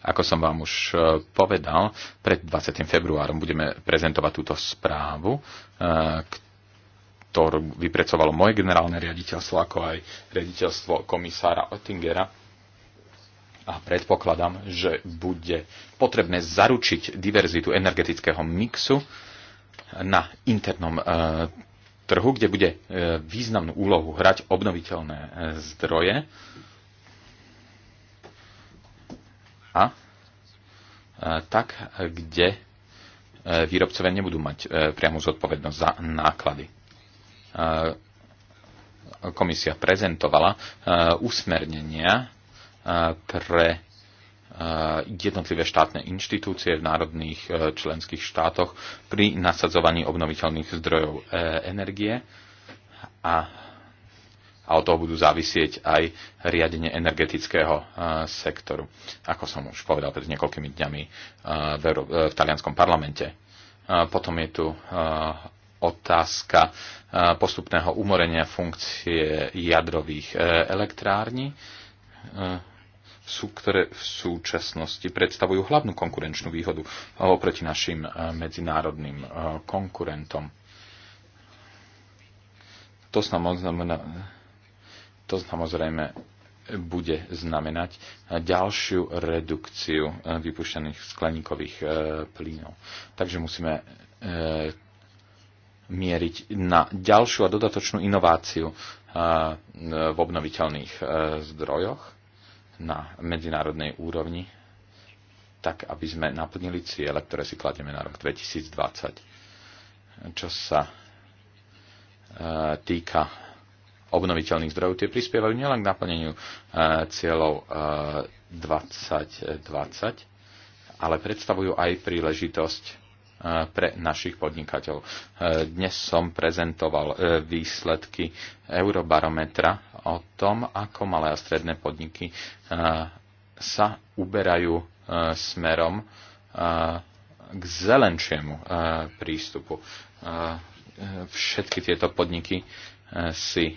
Ako som vám už e, povedal, pred 20. februárom budeme prezentovať túto správu, e, ktorú vypracovalo moje generálne riaditeľstvo, ako aj riaditeľstvo komisára Oettingera. A predpokladám, že bude potrebné zaručiť diverzitu energetického mixu na internom e, trhu, kde bude e, významnú úlohu hrať obnoviteľné e, zdroje a e, tak, kde výrobcovia nebudú mať priamu zodpovednosť za náklady. Komisia prezentovala usmernenia pre Eh, jednotlivé štátne inštitúcie v národných eh, členských štátoch pri nasadzovaní obnoviteľných zdrojov eh, energie a, a od toho budú závisieť aj riadenie energetického sektoru, ako som už povedal pred niekoľkými dňami v, Euró- v talianskom parlamente. Potom je tu otázka postupného umorenia funkcie jadrových elektrární sú, ktoré v súčasnosti predstavujú hlavnú konkurenčnú výhodu oproti našim eh, medzinárodným eh, konkurentom. To samozrejme, to samozrejme bude znamenať ďalšiu redukciu eh, vypušťaných skleníkových plynov. Takže musíme mieriť na ďalšiu a dodatočnú inováciu v obnoviteľných zdrojoch na medzinárodnej úrovni, tak aby sme naplnili ciele, ktoré si kladieme na rok 2020. Čo sa e, týka obnoviteľných zdrojov, tie prispievajú nielen k naplneniu e, cieľov e, 2020, ale predstavujú aj príležitosť pre našich podnikateľov. E, dnes som prezentoval e, výsledky Eurobarometra o tom, ako malé a stredné podniky e, sa uberajú smerom k zelenšiemu prístupu. Všetky tieto podniky si eh,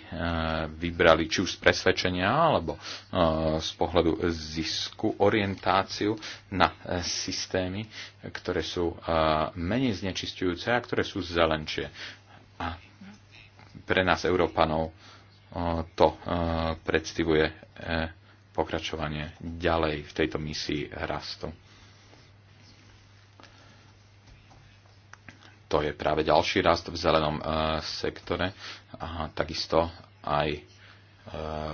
vybrali či už z presvedčenia alebo eh, z pohľadu zisku orientáciu na eh, systémy, ktoré sú menej znečistujúce a ktoré sú zelenšie. A pre nás Európanov to predstavuje pokračovanie ďalej v tejto misii rastu. to je práve ďalší rast v zelenom e, sektore a takisto aj e,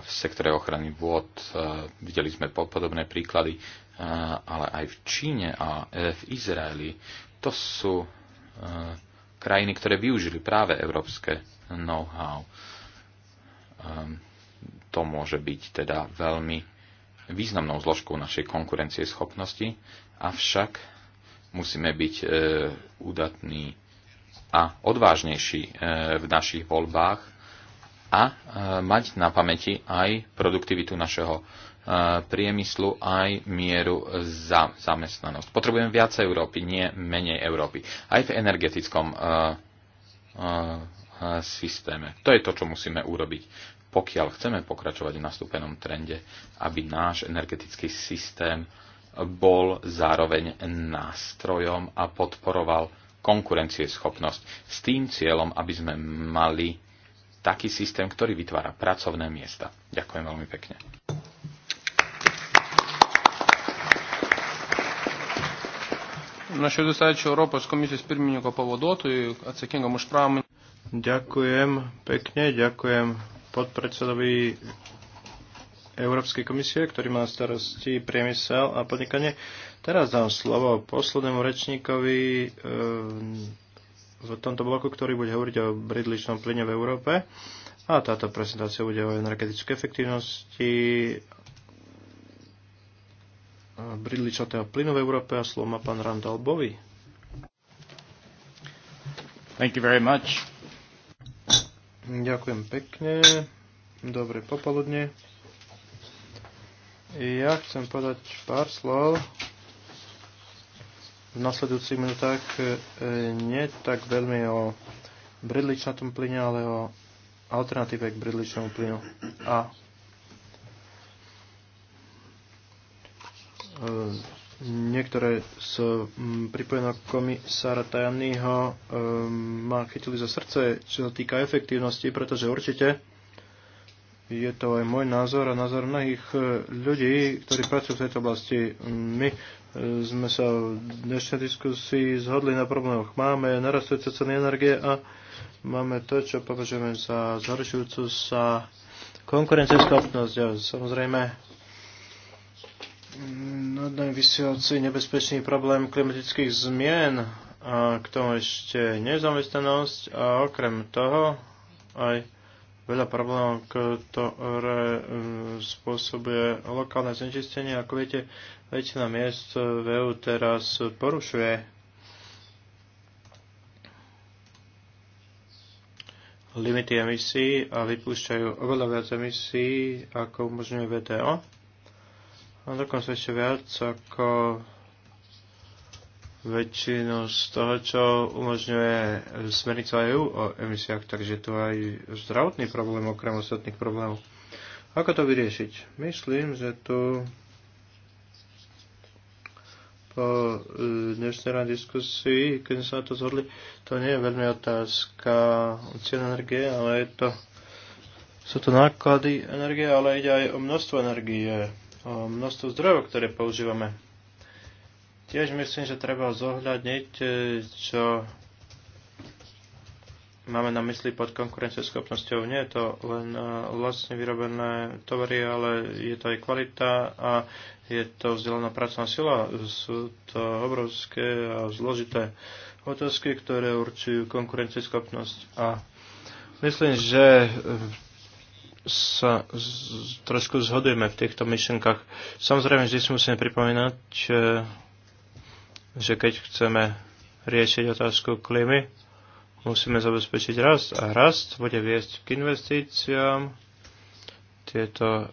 v sektore ochrany vôd. E, videli sme podobné príklady, ale aj v Číne a v Izraeli. To sú krajiny, ktoré využili práve európske know-how. To môže byť teda veľmi významnou zložkou našej konkurencie schopnosti, avšak musíme byť e, a odvážnejší e, v našich voľbách a e, mať na pamäti aj produktivitu našeho e, priemyslu, aj mieru za zamestnanosť. Potrebujeme viac Európy, nie menej Európy. Aj v energetickom systéme. To je to, čo musíme urobiť, pokiaľ chceme pokračovať v nastúpenom trende, aby náš energetický systém bol zároveň nástrojom a podporoval konkurencieschopnosť s tým cieľom, aby sme mali taký systém, ktorý vytvára pracovné miesta. Ďakujem veľmi pekne. Ďakujem pekne, ďakujem podpredsedovi Európskej komisie, ktorý má starosti priemysel a podnikanie. Teraz dám slovo poslednému rečníkovi eh, v tomto bloku, ktorý bude hovoriť o bridličnom plyne v Európe. A táto prezentácia bude o energetickej efektívnosti eh, bridličatého plynu v Európe a slovo má pán Randall Bovi. Thank you very much. Ďakujem pekne. Dobre popoludne. Ja chcem podať pár slov v nasledujúcich minútach e, nie tak veľmi o bridličnatom plyne, ale o alternatíve k bridličnému plynu. A e, niektoré z pripojenok komisára Tajanyho e, ma chytili za srdce, čo sa týka efektívnosti, pretože určite je to aj môj názor a názor mnohých ľudí, ktorí pracujú v tejto oblasti. My sme sa v dnešnej diskusii zhodli na problémoch. Máme narastujúce ceny energie a máme to, čo považujeme za zhoršujúcu sa konkurencieschopnosť. samozrejme, nad nami vysielací nebezpečný problém klimatických zmien a k tomu ešte nezamestnanosť a okrem toho aj veľa problémov, ktoré eh, spôsobuje lokálne znečistenie. Ako viete, väčšina miest eh, v EU teraz porušuje limity emisí a vypúšťajú oveľa viac emisí, ako umožňuje VTO. A dokonca ešte viac, ako väčšinu z toho, čo umožňuje smernica EU o emisiách, takže tu aj zdravotný problém okrem ostatných problémov. Ako to vyriešiť? Myslím, že tu po e, dnešnej rád diskusii, keď sme sa na to zhodli, to nie je veľmi otázka cien energie, ale je to, sú to náklady energie, ale ide aj o množstvo energie, o množstvo zdrojov, ktoré používame. Tiež myslím, že treba zohľadniť, e, čo máme na mysli pod konkurencieschopnosťou. Nie je to len e, vlastne vyrobené tovary, ale je to aj kvalita a je to vzdelaná pracovná sila. Sú to obrovské a zložité otázky, ktoré určujú konkurencieschopnosť. A myslím, že e, sa z, trošku zhodujeme v týchto myšlenkách. Samozrejme, vždy si musíme pripomínať, že keď chceme riešiť otázku klímy, musíme zabezpečiť rast a rast bude viesť k investíciám. Tieto e,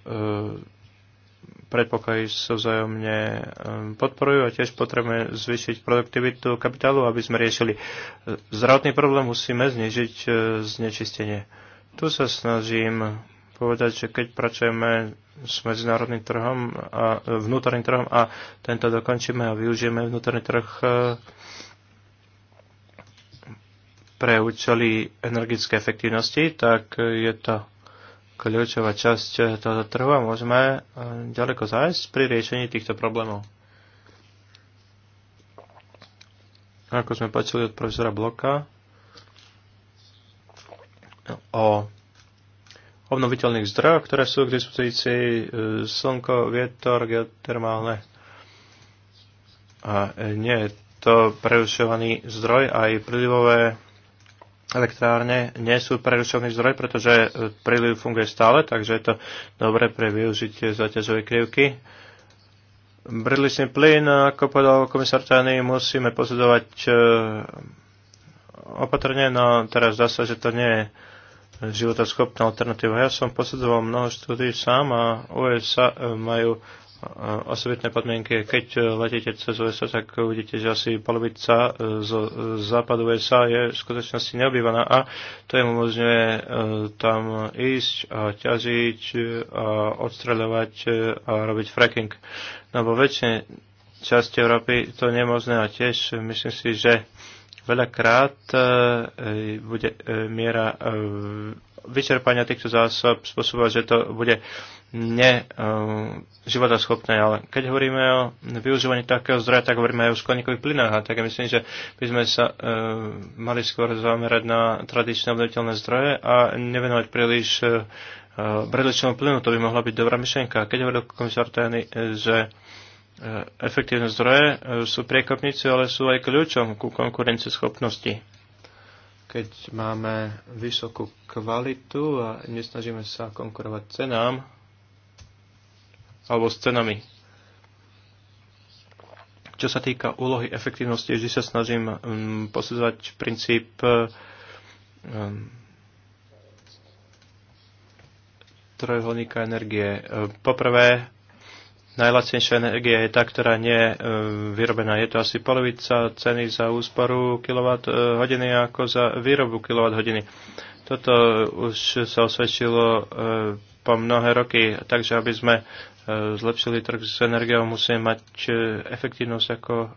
predpoklady sa vzájomne e, podporujú a tiež potrebujeme zvýšiť produktivitu kapitálu, aby sme riešili eh, zdravotný problém, musíme znižiť e, znečistenie. Tu sa snažím povedať, že keď pracujeme s medzinárodným trhom a e, vnútorným trhom a tento dokončíme a využijeme vnútorný trh e, pre účely energetické efektivnosti, tak je to kľúčová časť e, tohoto trhu a môžeme ďaleko zájsť pri riešení týchto problémov. Ako sme počuli od profesora Bloka o obnoviteľných zdrojov, ktoré sú k dispozícii e, slnko, vietor, geotermálne. A e, nie je to prerušovaný zdroj, aj prílivové elektrárne nie sú prerušovaný zdroj, pretože e, príliv funguje stále, takže je to dobre pre využitie zaťažovej krivky. Bridlisný plyn, ako povedal komisár Tany, musíme posledovať opatrne, no teraz zdá sa, že to nie je životaschopná alternatíva. Ja som posledoval mnoho štúdí sám a USA e, majú e, osobitné podmienky. Keď e, letíte cez USA, tak uvidíte, že asi polovica z západu USA je v skutočnosti neobývaná a to im umožňuje tam ísť a ťažiť a odstreľovať a robiť fracking. No vo väčšine časti Európy to nemožné a tiež myslím si, že Veľakrát e, e, bude e, miera vyčerpania týchto zásob spôsobovať, že to bude ne životaschopné. Ale keď hovoríme o využívaní takého zdroja, tak hovoríme aj o skleníkových plynách. A tak myslím, že by sme sa e, mali skôr zamerať na tradičné obnoviteľné zdroje a nevenovať príliš e, bredličnému plynu. To by mohla byť dobrá myšlienka. Keď hovoril komisár Tajany, že e, E, efektívne zdroje e, sú priekopníci, ale sú aj kľúčom ku konkurencieschopnosti. Keď máme vysokú kvalitu a nesnažíme sa konkurovať cenám alebo s cenami. Čo sa týka úlohy efektívnosti, vždy sa snažím um, posudzovať princíp um, e, mm, trojuholníka energie. Poprvé, najlacnejšia energia je tá, ktorá nie je e, vyrobená. Je to asi polovica ceny za úsporu kWh e, ako za výrobu kWh. Toto e, už sa osvedčilo po mnohé roky, takže aby sme zlepšili trh s energiou, musíme mať efektívnosť ako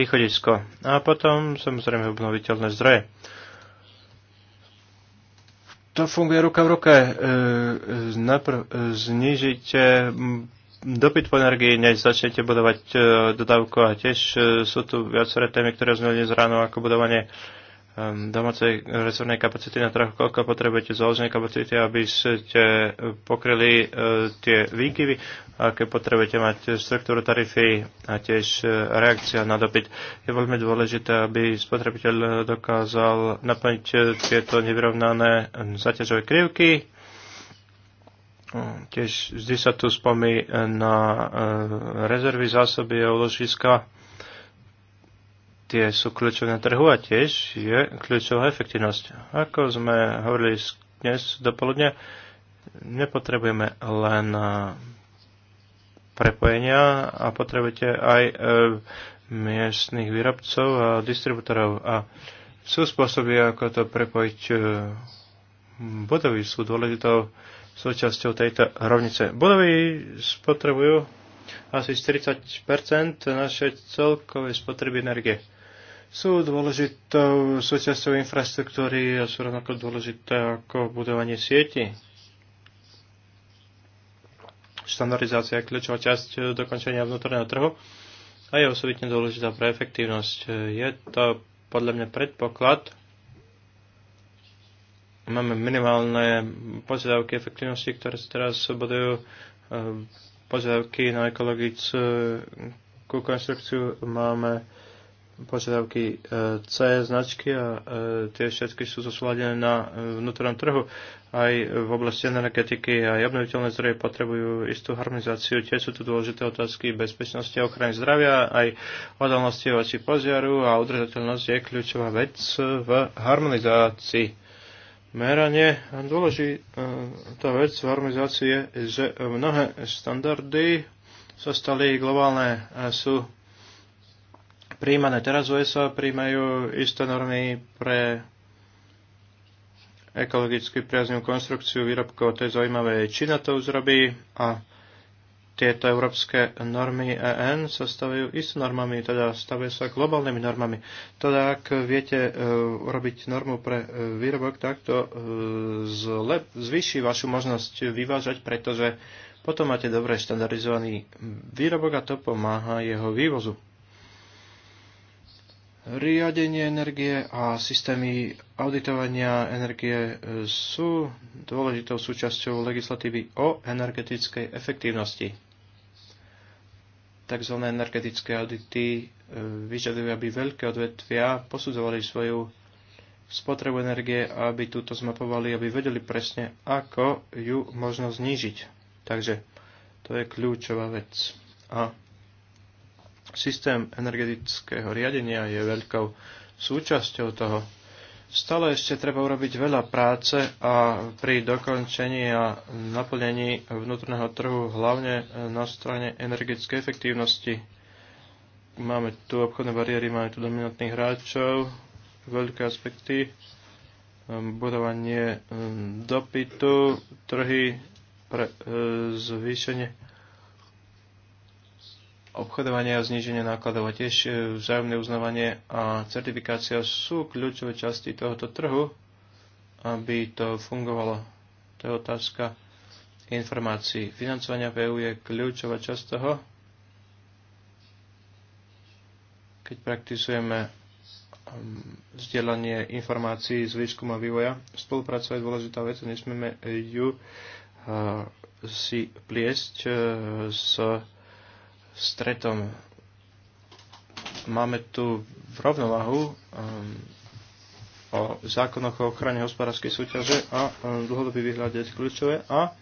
východisko. A potom samozrejme obnoviteľné zdroje. To funguje ruka v ruke. Znižite dopyt po energii, než začnete budovať e, dodávku a tiež e, sú tu viaceré témy, ktoré sme dnes ráno ako budovanie ehm, domácej rezervnej kapacity na trhu, koľko potrebujete založenej kapacity, aby ste pokryli e, tie výkyvy, aké potrebujete mať štruktúru tarify a tiež reakcia na dopyt. Je veľmi dôležité, aby spotrebiteľ dokázal naplniť tieto nevyrovnané zaťažové krivky Hm, tiež vždy sa tu spomí eh, na eh, rezervy zásoby a uložiska. Tie sú kľúčové na trhu a tiež je kľúčová efektivnosť. Ako sme hovorili dnes dopoludne, nepotrebujeme len eh, prepojenia a potrebujete aj e, miestných výrobcov a distribútorov. A sú spôsoby, ako to prepojiť. E, budovy sú dôležitou súčasťou tejto rovnice. Budovy spotrebujú asi 40 našej celkovej spotreby energie. Sú dôležitou súčasťou infraštruktúry a sú rovnako dôležité ako budovanie sieti. Štandardizácia je kľúčová časť dokončenia vnútorného trhu a je osobitne dôležitá pre efektívnosť. Je to podľa mňa predpoklad máme minimálne požiadavky efektivnosti, ktoré sa teraz bodujú e, požiadavky na ekologickú konštrukciu. Máme požiadavky e, C značky a e, tie všetky sú zosúladené na vnútornom trhu. Aj v oblasti energetiky a obnoviteľné zdroje potrebujú istú harmonizáciu. Tie sú tu dôležité otázky bezpečnosti a ochrany zdravia, aj odolnosti voči požiaru a udržateľnosť je kľúčová vec v harmonizácii meranie. Dôležitá e, vec v harmonizácii je, že mnohé štandardy sa stali globálne a sú príjmané. Teraz v USA príjmajú isté normy pre ekologicky priaznú konstrukciu výrobkov. To je zaujímavé. Čína to už robí a tieto európske normy EN sa stavujú s normami, teda stavujú sa globálnymi normami. Teda ak viete urobiť e, normu pre e, výrobok, tak to e, zle, zvýši vašu možnosť vyvážať, pretože potom máte dobre štandardizovaný výrobok a to pomáha jeho vývozu. Riadenie energie a systémy auditovania energie sú dôležitou súčasťou legislatívy o energetickej efektívnosti tzv. energetické audity e, vyžadujú, aby veľké odvetvia posudzovali svoju spotrebu energie, aby túto zmapovali, aby vedeli presne, ako ju možno znížiť. Takže to je kľúčová vec. A systém energetického riadenia je veľkou súčasťou toho Stále ešte treba urobiť veľa práce a pri dokončení a naplnení vnútorného trhu, hlavne na strane energetickej efektívnosti. Máme tu obchodné bariéry, máme tu dominantných hráčov, veľké aspekty, ehm, budovanie ehm, dopytu, trhy pre e, zvýšenie obchodovanie a zníženie nákladov a tiež e, vzájomné uznávanie a certifikácia sú kľúčové časti tohoto trhu, aby to fungovalo. To je otázka informácií. Financovania v EU je kľúčová časť toho, keď praktizujeme um, vzdelanie informácií z výskumu a vývoja. Spolupráca je dôležitá vec, nesmieme ju uh, si pliesť uh, s stretom. Máme tu rovnováhu um, o zákonoch o ochrane hospodárskej súťaže a um, dlhodobý výhľad je kľúčové a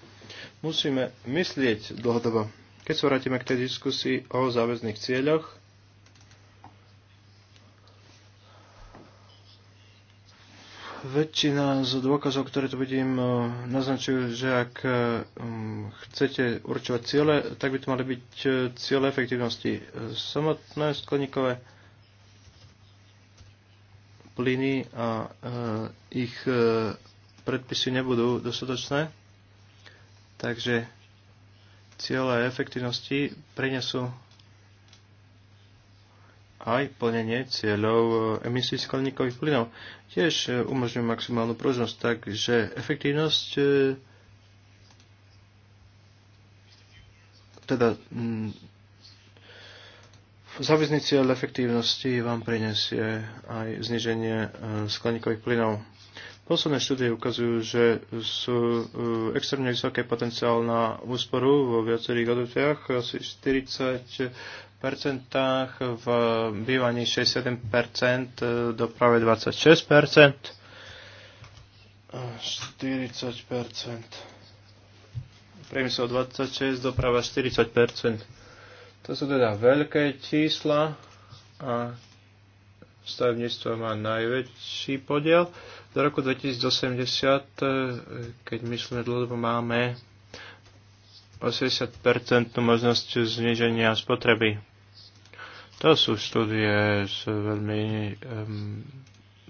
musíme myslieť dlhodobo. Keď sa vrátime k tej diskusii o záväzných cieľoch, väčšina z dôkazov, ktoré tu vidím, eh, naznačujú, že ak eh, mm, chcete určovať ciele, tak by to mali byť eh, ciele efektivnosti. Samotné skleníkové plyny a ich predpisy nebudú dostatočné, takže ciele efektivnosti prinesú aj plnenie cieľov e, emisí skleníkových plynov. Tiež e, umožňujú maximálnu pružnosť, takže efektívnosť e, teda mm, záväzný cieľ efektívnosti vám prinesie aj zniženie skleníkových plynov. Posledné štúdie ukazujú, že sú extrémne vysoké potenciál na úsporu vo viacerých odvetviach, asi 40 v bývaní 67%, e, doprave 26%, 40%, priemysel 26, doprava 40%. To sú teda veľké čísla a stavebníctvo má najväčší podiel. Do roku 2080, e, keď myslíme dlhodobo, máme 80% možnosť zniženia spotreby to sú štúdie z veľmi um,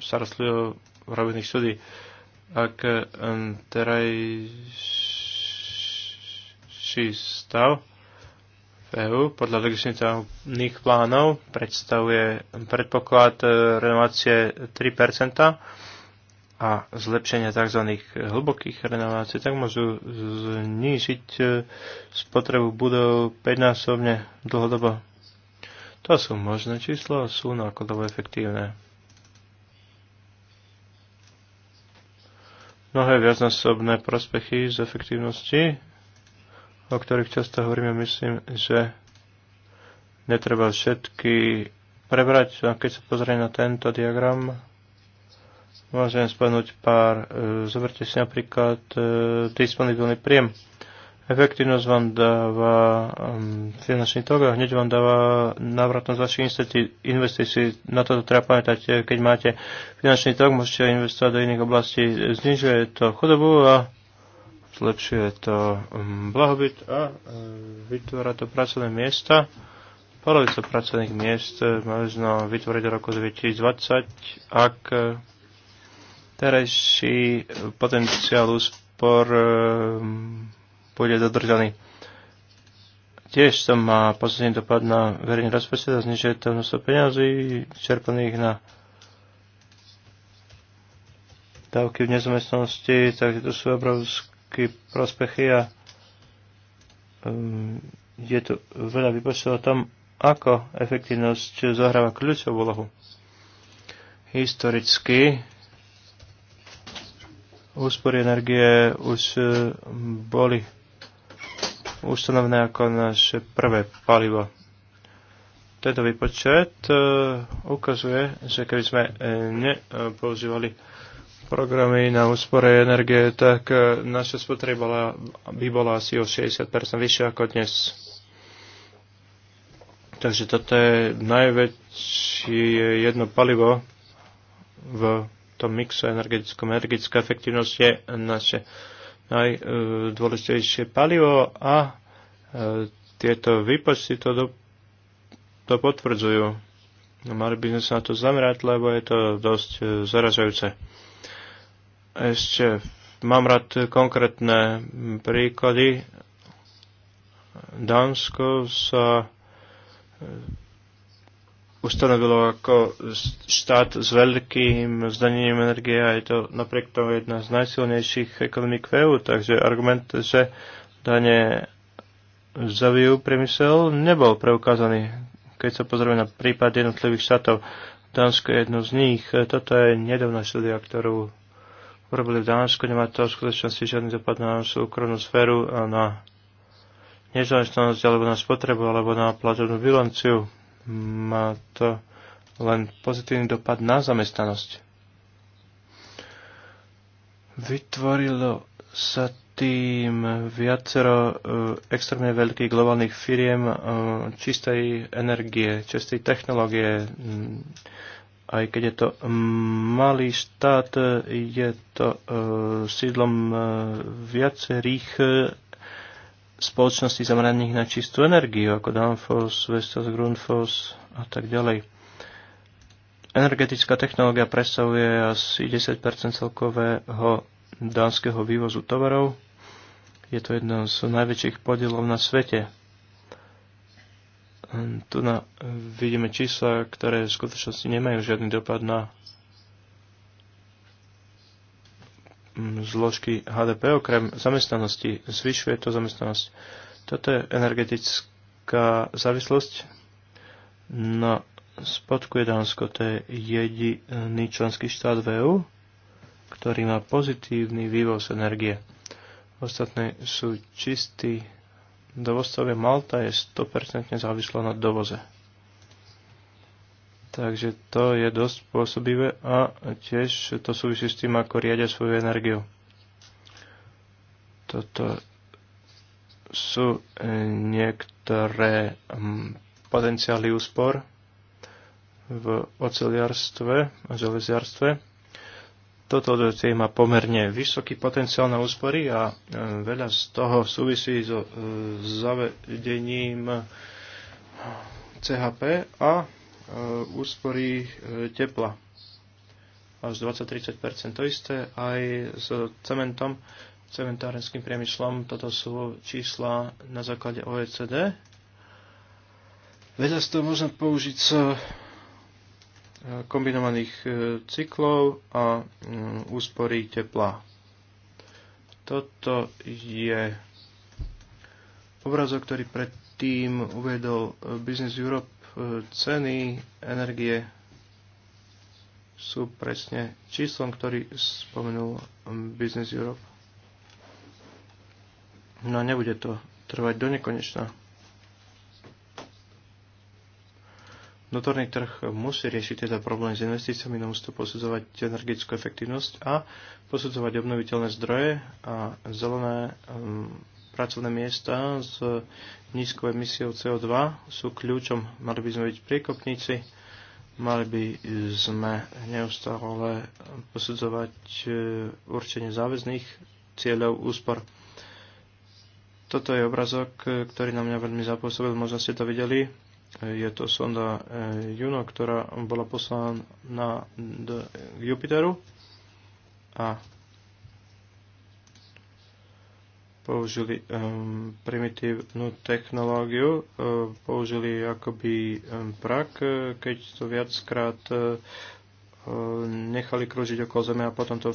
starostlivo robených štúdí. Ak um, terajší stav v EU podľa legislatívnych plánov predstavuje predpoklad e, renovácie 3 a zlepšenia tzv. hlbokých renovácií, tak môžu znížiť e, spotrebu budov 5-násobne dlhodobo. To sú možné čísla, sú nákladovo efektívne. Mnohé viacnásobné prospechy z efektívnosti, o ktorých často hovoríme, myslím, že netreba všetky prebrať. A keď sa pozrie na tento diagram, môžem spomenúť pár. E, zoberte si napríklad e, disponibilný príjem efektívnosť vám dáva um, finančný tok a hneď vám dáva návratnosť vašich investícií. Na toto treba pamätať, keď máte finančný tok, môžete investovať do iných oblastí. Znižuje to chudobu a zlepšuje to um, blahobyt a um, vytvára to pracovné miesta. Polovica pracovných miest e, možno vytvoriť do roku 2020, ak e, terajší potenciál úspor um, bude dodržaný. Tiež som má posledný dopad na verejný rozpočet a znižuje to množstvo peňazí čerpaných na dávky v nezamestnanosti, takže to sú obrovské prospechy a um, je tu veľa vypočtov o tom, ako efektívnosť zohráva kľúčovú úlohu. Historicky úspory energie už um, boli ustanovené ako naše prvé palivo. Tento výpočet e, ukazuje, že keby sme e, nepoužívali programy na úspore energie, tak e, naša spotreba by bola asi o 60% vyššia ako dnes. Takže toto je najväčšie jedno palivo v tom mixu energetickom. Energetická efektivnosť je naše najdôležitejšie palivo a e, tieto výpočty to, do, to potvrdzujú. No, mali by sme sa na to zamerať, lebo je to dosť e, zaražajúce. Ešte mám rád konkrétne príklady. Dánsko sa e, ustanovilo ako štát s veľkým zdanením energie a je to napriek tomu jedna z najsilnejších ekonomik v EU, takže argument, že dane zavijú priemysel, nebol preukázaný. Keď sa pozrieme na prípad jednotlivých štátov, Dánsko je jedno z nich. Toto je nedávna štúdia, ktorú urobili v Dánsku. Nemá to v skutočnosti žiadny dopad na súkromnú sféru a na nezamestnanosť alebo na spotrebu alebo na platobnú bilanciu má to len pozitívny dopad na zamestnanosť. Vytvorilo sa tým viacero e, extrémne veľkých globálnych firiem e, čistej energie, čistej technológie. Mm, aj keď je to malý štát, je to e, sídlom viacerých spoločnosti zameraných na čistú energiu, ako Danfoss, Vestas, Grundfoss a tak ďalej. Energetická technológia predstavuje asi 10 celkového dánskeho vývozu tovarov. Je to jedno z najväčších podielov na svete. Tu na, vidíme čísla, ktoré v skutočnosti nemajú žiadny dopad na zložky HDP, okrem zamestnanosti. Zvyšuje to zamestnanosť. Toto je energetická závislosť. Na spodku je Dánsko, to je jediný členský štát v EU, ktorý má pozitívny vývoz energie. Ostatné sú čistí dovozcovia. Malta je 100% závislá na dovoze. Takže to je dosť pôsobivé a tiež to súvisí s tým, ako riadia svoju energiu. Toto sú e, niektoré potenciály úspor v oceliarstve a železiarstve. Toto odvetvie má pomerne vysoký potenciál na úspory a e, veľa z toho súvisí so e, zavedením CHP a Eh, úspory eh, tepla až 20-30 To isté aj s cementom, cementárenským priemyslom. Toto sú čísla na základe OECD. Vedľa z toho možno použiť z eh, kombinovaných cyklov a mm, úspory tepla. Toto je obrazok, ktorý predtým uvedol Business Europe ceny energie sú presne číslom, ktorý spomenul Business Europe. No a nebude to trvať do nekonečna. Vnútorný trh musí riešiť teda problém s investíciami, no musí to posudzovať energetickú efektívnosť a posudzovať obnoviteľné zdroje a zelené um, pracovné miesta s nízkou emisiou CO2 sú kľúčom. Mali by sme byť priekopníci, mali by sme neustále posudzovať eh, určenie záväzných cieľov úspor. Toto je obrazok, eh, ktorý na mňa veľmi zapôsobil, možno ste to videli. Eh, je to sonda Juno, ktorá bola poslaná na Jupiteru a použili um, primitívnu technológiu, um, použili akoby um, prak, e, keď to viackrát um, nechali kružiť okolo Zeme a potom to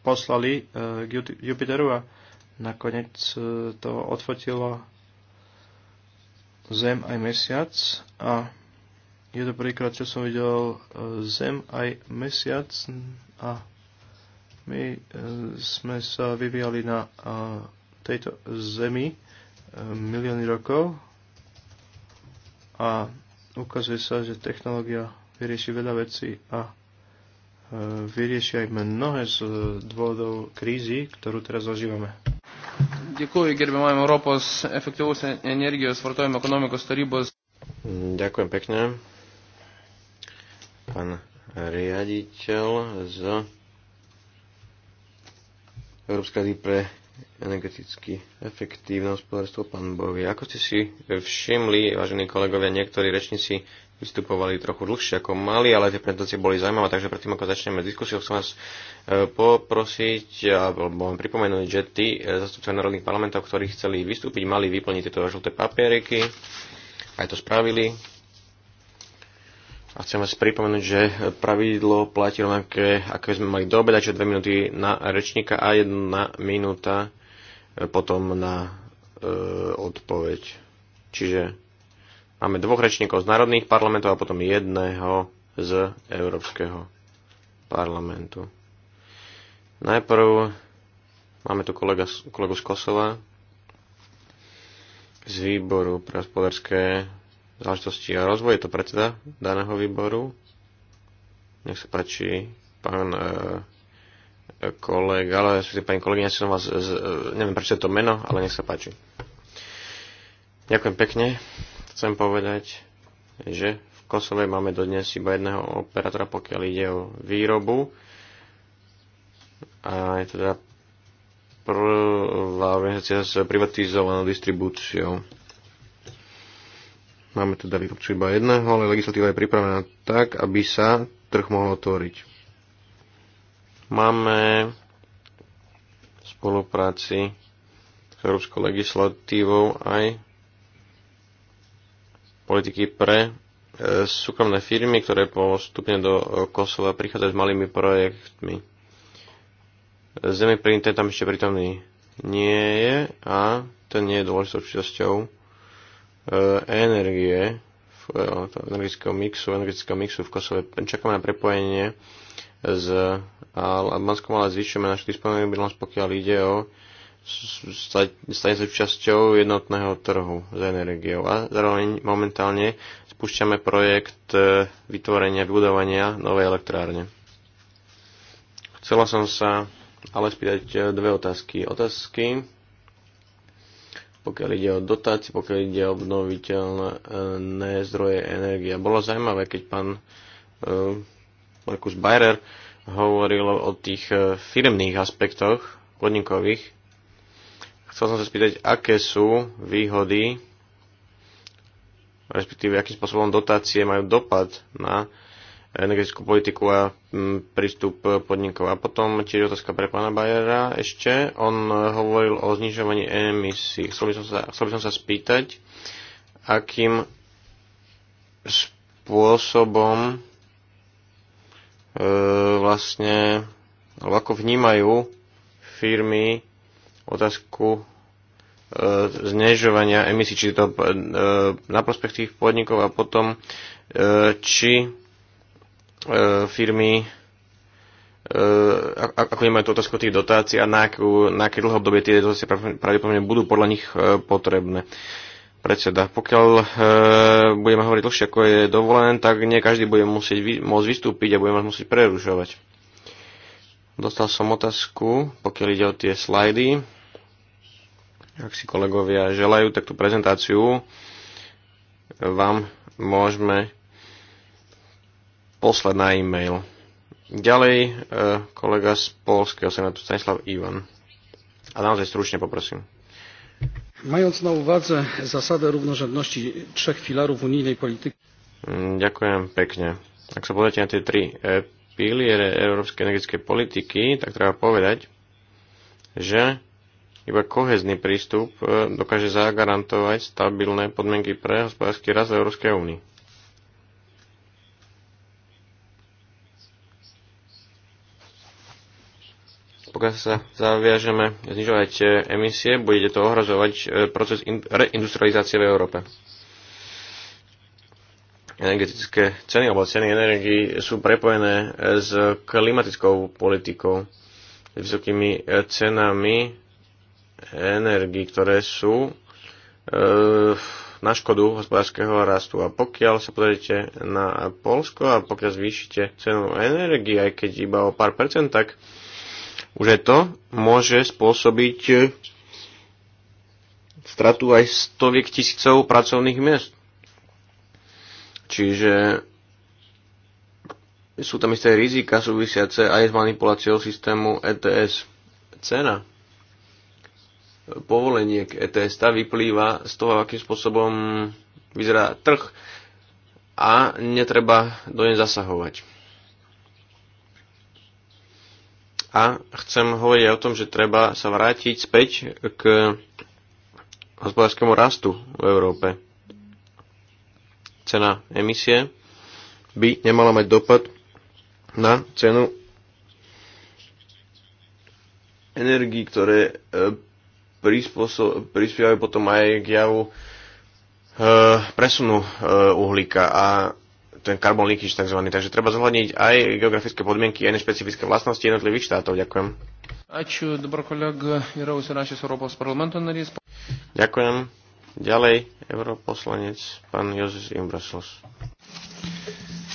poslali uh, k Jupiteru a nakoniec uh, to odfotilo Zem aj Mesiac a je to prvýkrát, čo som videl uh, Zem aj Mesiac a my uh, sme sa vyvíjali na uh, tejto zemi e, milióny rokov a ukazuje sa, že technológia vyrieši veľa vecí a e, vyrieši aj mnohé z dôvodov krízy, ktorú teraz zažívame. Ďakujem, gerbiamajam Europos efektyvus energijos vartojimo ekonomikos tarybos. Ďakujem pekne. Pán riaditeľ z Európskej rady pre energeticky efektívne hospodárstvo, pán Bovi. Ako ste si všimli, vážení kolegovia, niektorí rečníci vystupovali trochu dlhšie ako mali, ale tie prezentácie boli zaujímavé, takže predtým ako začneme diskusiu, chcem vás e, poprosiť alebo vám pripomenúť, že tí e, zastupcovia národných parlamentov, ktorí chceli vystúpiť, mali vyplniť tieto žlté papieriky, aj to spravili, a chcem vás pripomenúť, že pravidlo platí rovnaké, aké sme mali do obeda, čiže 2 minúty na rečníka a jedna minúta e, potom na e, odpoveď. Čiže máme dvoch rečníkov z národných parlamentov a potom jedného z Európskeho parlamentu. Najprv máme tu kolega, kolegu z Kosova, z výboru pre hospodárske záležitosti a rozvoj, je to predseda daného výboru. Nech sa páči, pán e, e kolega, ale pani kolegyňa, som vás, z, e, neviem prečo je to meno, ale nech sa páči. Ďakujem pekne. Chcem povedať, že v Kosove máme dodnes iba jedného operátora, pokiaľ ide o výrobu. A je to teda prvá organizácia s privatizovanou distribúciou. Máme teda výrobcu iba jedného, ale legislatíva je pripravená tak, aby sa trh mohol otvoriť. Máme v spolupráci s európskou legislatívou aj politiky pre e, súkromné firmy, ktoré postupne do e, Kosova prichádzajú s malými projektmi. Zemi printer tam ešte pritomný nie je a ten nie je dôležitou časťou E, energie, e, energetického mixu, energetického mixu v Kosove. Čakáme na prepojenie s Albánskom, ale zvyšujeme našu disponibilnosť, pokiaľ ide o stane sa časťou jednotného trhu s energiou. A zároveň momentálne spúšťame projekt e, vytvorenia, vybudovania novej elektrárne. Chcela som sa ale spýtať dve otázky. Otázky pokiaľ ide o dotácie, pokiaľ ide o obnoviteľné zdroje energie. Bolo zaujímavé, keď pán eh, Markus Bayer hovoril o tých eh, firmných aspektoch podnikových. Chcel som sa spýtať, aké sú výhody, respektíve akým spôsobom dotácie majú dopad na energetickú politiku a mm, prístup podnikov. A potom tiež otázka pre pána Bajera ešte. On hovoril o znižovaní emisí. Chcel by som sa, chcel by som sa spýtať, akým spôsobom e, vlastne, alebo ako vnímajú firmy otázku e, znižovania emisí, či to e, na prospech tých podnikov a potom e, či E, firmy, e, ako nemajú tú otázku tých dotácií a na, akú, na aké dlho obdobie tie dotácie pravdepodobne budú podľa nich e, potrebné. Predseda, pokiaľ e, budeme hovoriť dlhšie, ako je dovolené, tak nie každý bude musieť vy, môcť vystúpiť a budeme vás musieť prerušovať. Dostal som otázku, pokiaľ ide o tie slajdy. Ak si kolegovia želajú, tak tú prezentáciu vám môžeme posledná e-mail. Ďalej e, kolega z Polského senátu Stanislav Ivan. A naozaj stručne poprosím. Mając na uwadze zasadę równorzędności trzech filarów unijnej polityki. Mm, ďakujem pekne. Ak sa pozrite na tie tri e, piliere európskej energetickej politiky, tak treba povedať, že iba kohezný prístup e, dokáže zagarantovať stabilné podmienky pre hospodársky rast v Európskej únii. pokiaľ sa zaviažeme znižovať e, emisie, bude to ohrozovať e, proces reindustrializácie v Európe. Energetické ceny alebo ceny energii sú prepojené e, s klimatickou politikou, s vysokými cenami energii, ktoré sú na škodu hospodárskeho rastu. A pokiaľ sa pozriete na Polsko a pokiaľ zvýšite cenu energii, aj keď iba o pár percent, tak už to môže spôsobiť eh, stratu aj stoviek tisícov pracovných miest. Čiže sú tam isté rizika súvisiace aj s manipuláciou systému ETS. Cena eh, povoleniek ETS tá vyplýva z toho, akým spôsobom vyzerá trh a netreba do nej zasahovať. A chcem hovoriť o tom, že treba sa vrátiť späť k hospodárskému rastu v Európe. Cena emisie by nemala mať dopad na cenu energii, ktoré e, prispievajú potom aj k javu e, presunu e, uhlíka. A ten carbon leakage tzv. Takže treba zohľadniť aj geografické podmienky, aj špecifické vlastnosti jednotlivých štátov. Ďakujem. Ďakujem. Ďalej, europoslanec, pán Jozef Imbrasos.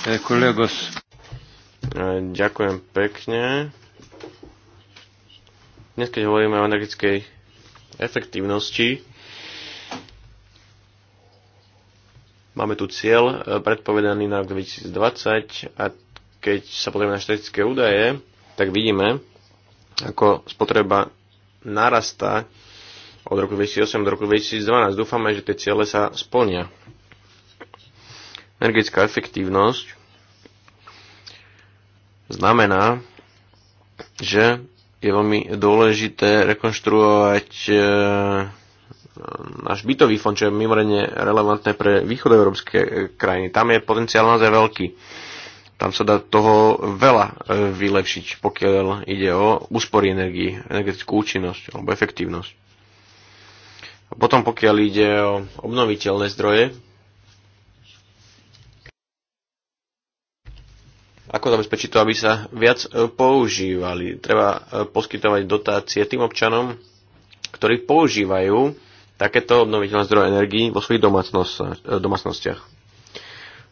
E, kolegos. E, ďakujem pekne. Dnes, keď hovoríme o energetickej efektívnosti, Máme tu cieľ e, predpovedaný na rok 2020 a keď sa pozrieme na štatistické údaje, tak vidíme, ako spotreba narastá od roku 2008 do roku 2012. Dúfame, že tie ciele sa splnia. Energetická efektívnosť znamená, že je veľmi dôležité rekonštruovať e, Ehm, náš bytový fond, čo je mimoriadne relevantné pre východoeurópske e, krajiny. Tam je potenciál naozaj veľký. Tam sa dá toho veľa e, vylepšiť, pokiaľ ide o úspory energii, energetickú účinnosť alebo efektívnosť. A potom pokiaľ ide o obnoviteľné zdroje, ako zabezpečiť to, aby sa viac e, používali. Treba poskytovať dotácie tým občanom, ktorí používajú takéto obnoviteľné zdroje energii vo svojich e, domácnostiach.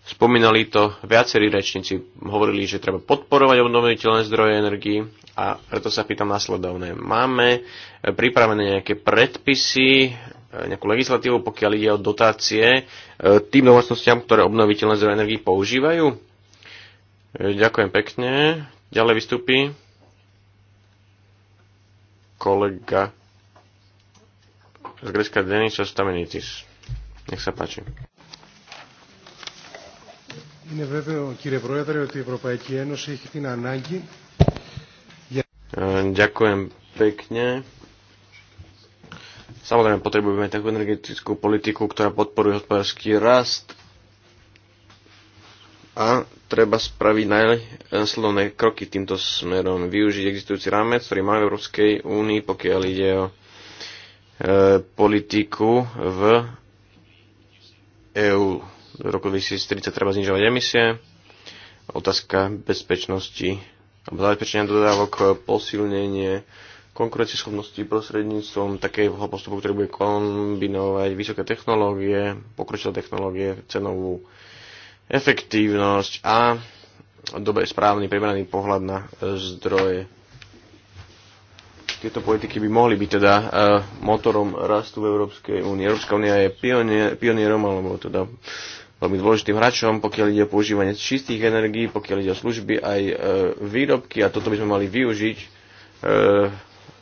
Spomínali to viacerí rečníci, hovorili, že treba podporovať obnoviteľné zdroje energii a preto sa pýtam následovné. Máme e, pripravené nejaké predpisy, e, nejakú legislatívu, pokiaľ ide o dotácie tým domácnostiam, ktoré obnoviteľné zdroje energii používajú? Ďakujem pekne. Ďalej vystupí kolega z Grecka Denisos Stamenitis. Nech sa páči. Είναι βέβαιο, κύριε Πρόεδρε, ότι η Ευρωπαϊκή Ένωση έχει την ανάγκη για... Ďakujem pekne. Samozrejme, potrebujeme takú energetickú politiku, ktorá podporuje hospodársky rast a treba spraviť najslovné kroky týmto smerom. Využiť existujúci rámec, ktorý máme v Európskej únii, pokiaľ ide o E, politiku v EÚ. Do roku 2030 treba znižovať emisie. Otázka bezpečnosti alebo zabezpečenia dodávok, e, posilnenie konkurencieschopnosti prostredníctvom takého postupu, ktorý bude kombinovať vysoké technológie, pokročilé technológie, cenovú efektívnosť a dobre správny primeraný pohľad na zdroje tieto politiky by mohli byť teda e, motorom rastu v Európskej únii. Európska únia je pionier, pionierom, alebo teda veľmi dôležitým hračom, pokiaľ ide o používanie čistých energií, pokiaľ ide o služby aj e, výrobky a toto by sme mali využiť e,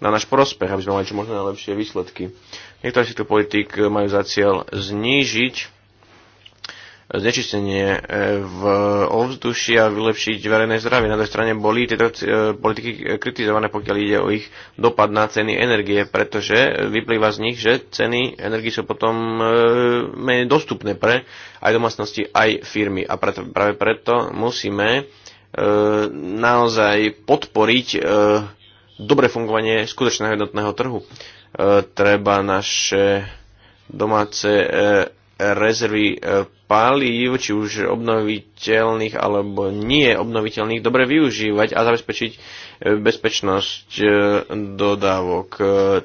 na náš prospech, aby sme mali čo možno najlepšie výsledky. Niektoré z týchto politik majú za cieľ znížiť znečistenie e, v ovzduši a vylepšiť verejné zdravie. Na druhej strane boli tieto e, politiky kritizované, pokiaľ ide o ich dopad na ceny energie, pretože vyplýva z nich, že ceny energie sú potom e, menej dostupné pre aj domácnosti, aj firmy. A preto, práve preto musíme naozaj podporiť dobre fungovanie skutočného jednotného trhu. Treba naše domáce rezervy e, palív, či už obnoviteľných alebo nie obnoviteľných, dobre využívať a zabezpečiť e, bezpečnosť e, dodávok.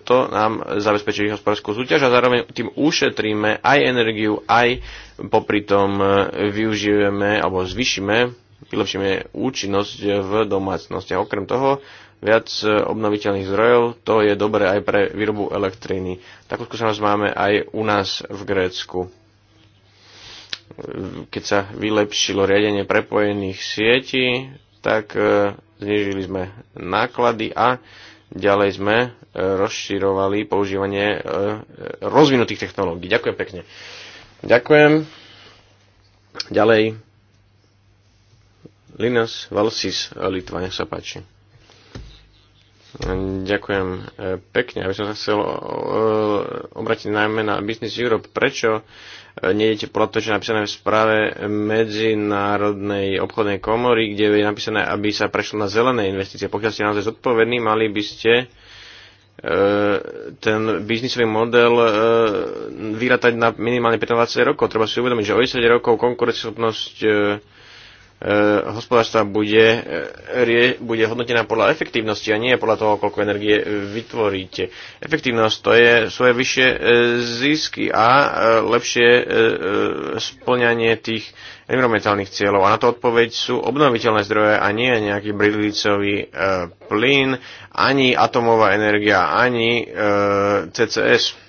To nám zabezpečí hospodárskú súťaž a zároveň tým ušetríme aj energiu, aj popri tom využijeme alebo zvyšíme, vylepšíme účinnosť v domácnosti. A okrem toho viac obnoviteľných zdrojov, to je dobré aj pre výrobu elektriny. Takú skúsenosť máme aj u nás v Grécku keď sa vylepšilo riadenie prepojených sietí, tak e, znižili sme náklady a ďalej sme e, rozširovali používanie e, rozvinutých technológií. Ďakujem pekne. Ďakujem. Ďalej. Linus Valsis, Litva, nech sa páči. Ďakujem e, pekne. Aby som sa chcel e, obrátiť najmä na Business Europe. Prečo e, nejdete podľa to, čo je napísané v správe Medzinárodnej obchodnej komory, kde je napísané, aby sa prešlo na zelené investície. Pokiaľ ste naozaj zodpovední, mali by ste ten biznisový model vyratať na minimálne 25 rokov. Treba si uvedomiť, že o 10 rokov konkurenceschopnosť E, hospodárstva bude, e, bude hodnotená podľa efektívnosti a nie podľa toho, koľko energie e, vytvoríte. Efektívnosť to je, svoje vyššie zisky a lepšie splňanie tých environmentálnych cieľov. A na to odpoveď sú obnoviteľné zdroje a nie nejaký bridlicový plyn, ani atomová energia, ani CCS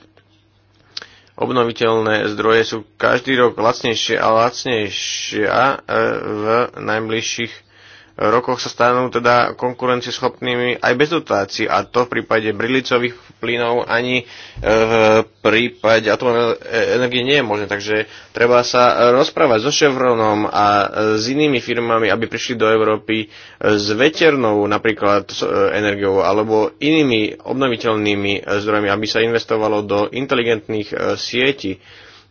obnoviteľné zdroje sú každý rok lacnejšie a lacnejšia e, v najbližších rokoch sa stanú teda konkurencieschopnými aj bez dotácií a to v prípade brilicových plynov ani e, v prípade atomovej e, energie nie je možné. Takže treba sa rozprávať so Chevronom a s inými firmami, aby prišli do Európy s veternou napríklad e, energiou alebo inými obnoviteľnými zdrojmi, aby sa investovalo do inteligentných sietí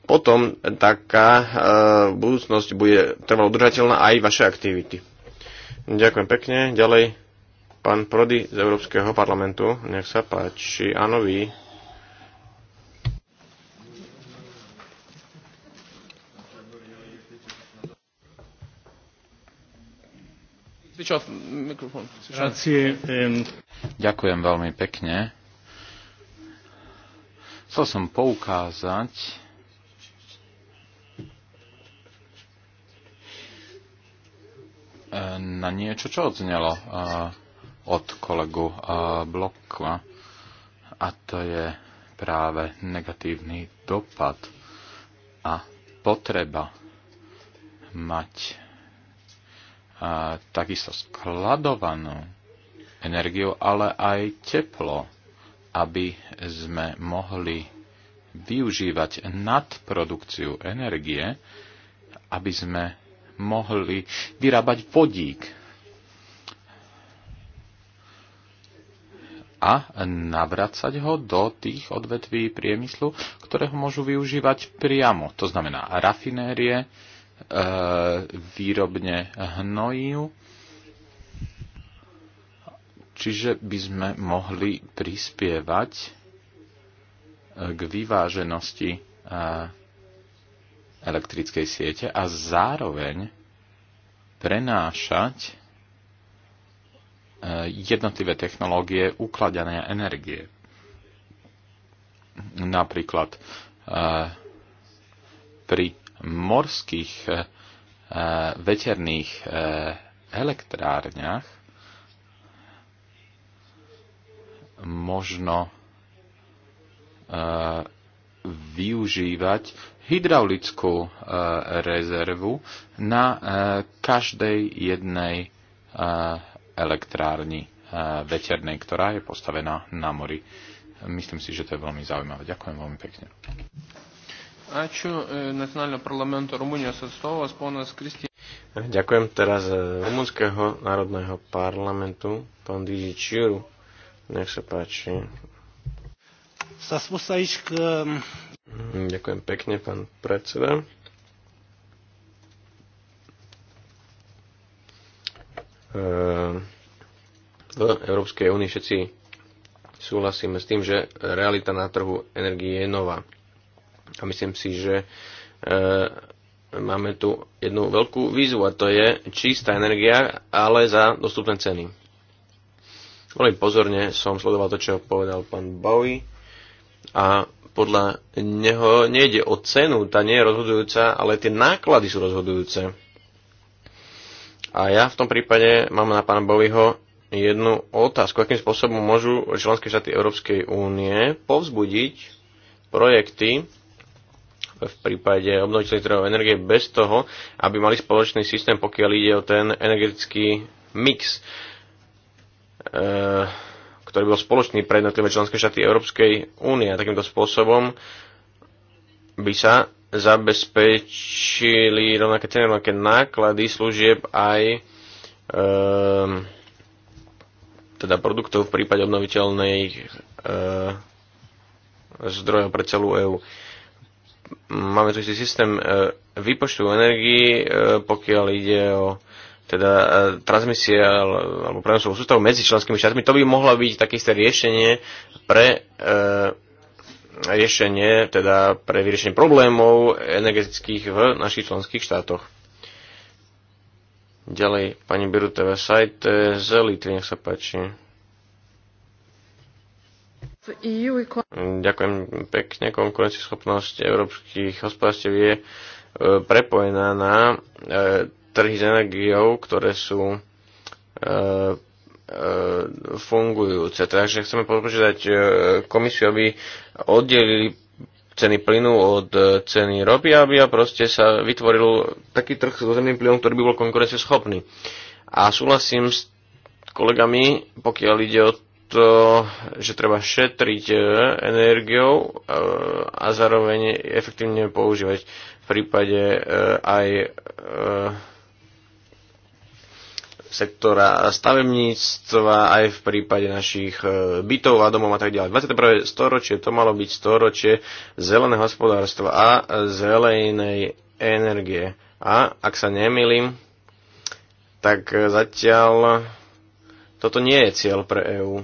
potom taká e, budúcnosť bude trvalo udržateľná aj vaše aktivity. Ďakujem pekne. Ďalej pán Prody z Európskeho parlamentu. Nech sa páči. Áno, vy. Ehm. Ďakujem veľmi pekne. Chcel som poukázať na niečo, čo odznelo eh, od kolegu eh, Bloka a to je práve negatívny dopad a potreba mať eh, takisto skladovanú energiu, ale aj teplo, aby sme mohli využívať nadprodukciu energie, aby sme mohli vyrábať vodík. a navracať ho do tých odvetví priemyslu, ktoré ho môžu využívať priamo. To znamená rafinérie, e, výrobne hnojív, čiže by sme mohli prispievať k vyváženosti e, elektrickej siete a zároveň prenášať e, jednotlivé technológie ukladania energie. Napríklad e, pri morských e, veterných elektrárniach možno využívať hydraulickú e, rezervu na e, každej jednej e, elektrárni veternej, ktorá je postavená na mori. Myslím si, že to je veľmi zaujímavé. Ďakujem veľmi pekne. Ačiū nacionalinio parlamento Rumunijos atstovas ponas Kristi. Ďakujem teraz Rumunského národného parlamentu, pán Dizi Čiru. Nech sa páči. Sa a spus aici Mm, ďakujem pekne, pán predseda. Eh, v Európskej únii všetci súhlasíme s tým, že realita na trhu energie je nová. A myslím si, že eh, máme tu jednu veľkú výzvu a to je čistá energia, ale za dostupné ceny. Veľmi pozorne som sledoval to, čo povedal pán Bowie a podľa neho nejde o cenu, tá nie je rozhodujúca, ale tie náklady sú rozhodujúce. A ja v tom prípade mám na pána Boliho jednu otázku. Akým spôsobom môžu členské štáty Európskej únie povzbudiť projekty v prípade obnoviteľných zdrojov energie bez toho, aby mali spoločný systém, pokiaľ ide o ten energetický mix. Uh, ktorý bol spoločný pre jednotlivé členské štáty Európskej únie. A takýmto spôsobom by sa zabezpečili rovnaké ceny, rovnaké náklady služieb aj um, teda produktov v prípade obnoviteľných ehm, uh, zdrojov pre celú EÚ. Máme tu istý systém uh, výpočtu energii, uh, pokiaľ ide o teda e, transmisie alebo prenosovú sústavu medzi členskými štátmi, to by mohlo byť také isté riešenie pre e, riešenie, teda pre vyriešenie problémov energetických v našich členských štátoch. Ďalej, pani TV site z Litvy, nech sa páči. Ďakujem pekne. Konkurencieschopnosť európskych hospodárstiev je e, prepojená na e, trhy s energiou, ktoré sú e, e, fungujúce. Takže chceme požiadať e, komisiu, aby oddelili ceny plynu od e, ceny ropy, aby proste sa vytvoril taký trh s zemným plynom, ktorý by bol konkurencieschopný. A súhlasím s kolegami, pokiaľ ide o to, že treba šetriť e, energiou a zároveň efektívne používať v prípade aj sektora stavebníctva, aj v prípade našich e, bytov a domov a tak ďalej. 21. storočie to malo byť storočie zeleného hospodárstva a zelenej energie. A ak sa nemýlim, tak zatiaľ toto nie je cieľ pre EÚ.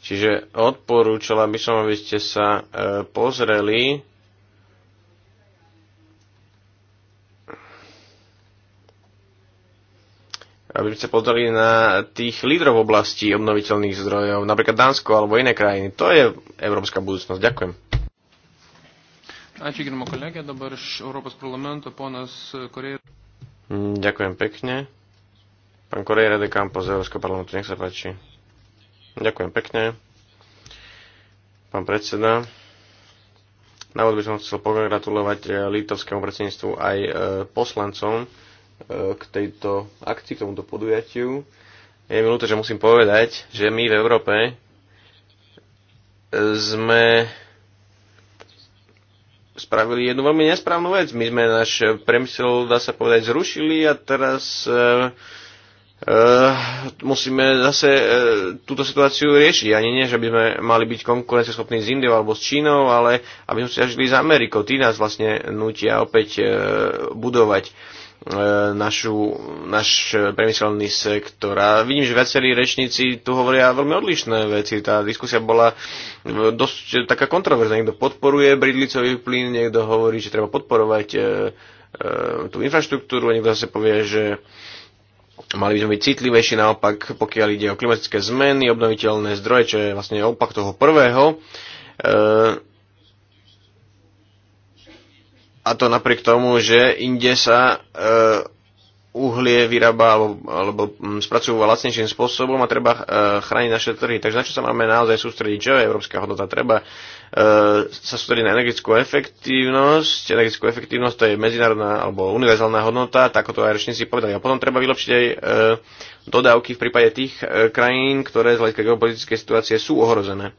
Čiže odporúčala by som, aby ste sa e, pozreli aby sme sa pozreli na tých lídrov v oblasti obnoviteľných zdrojov, napríklad Dánsko alebo iné krajiny. To je európska budúcnosť. Ďakujem. Mm, ďakujem pekne. Pán Correira de Campos z Európskeho parlamentu, nech sa páči. Ďakujem pekne. Pán predseda. Na by som chcel pogratulovať eh, litovskému predsedníctvu aj eh, poslancom k tejto akcii, k tomuto podujatiu. Je mi ľúto, že musím povedať, že my v Európe sme spravili jednu veľmi nesprávnu vec. My sme náš priemysel, dá sa povedať, zrušili a teraz e, e, musíme zase e, túto situáciu riešiť. Ani nie, že by sme mali byť konkurenceschopní s Indiou alebo s Čínou, ale aby sme sa žili s Amerikou. Tí nás vlastne nutia opäť e, budovať. E, našu, náš premyselný sektor. A vidím, že viacerí rečníci tu hovoria veľmi odlišné veci. Tá diskusia bola dosť taká kontroverzná. Niekto podporuje bridlicový plyn, niekto hovorí, že treba podporovať e, e, tú infraštruktúru, a niekto zase povie, že Mali by sme byť citlivejší naopak, pokiaľ ide o klimatické zmeny, obnoviteľné zdroje, čo je vlastne opak toho prvého. E, a to napriek tomu, že inde sa e, uhlie vyrába alebo, alebo mm, spracúva lacnejším spôsobom a treba e, chrániť naše trhy. Takže na čo sa máme naozaj sústrediť? Čo je európska hodnota? Treba e, sa sústrediť na energetickú efektívnosť. Energetickú efektívnosť to je medzinárodná alebo univerzálna hodnota, tak ako to aj rečníci povedali. A potom treba vylepšiť aj e, dodávky v prípade tých e, krajín, ktoré z hľadiska geopolitickej situácie sú ohrozené.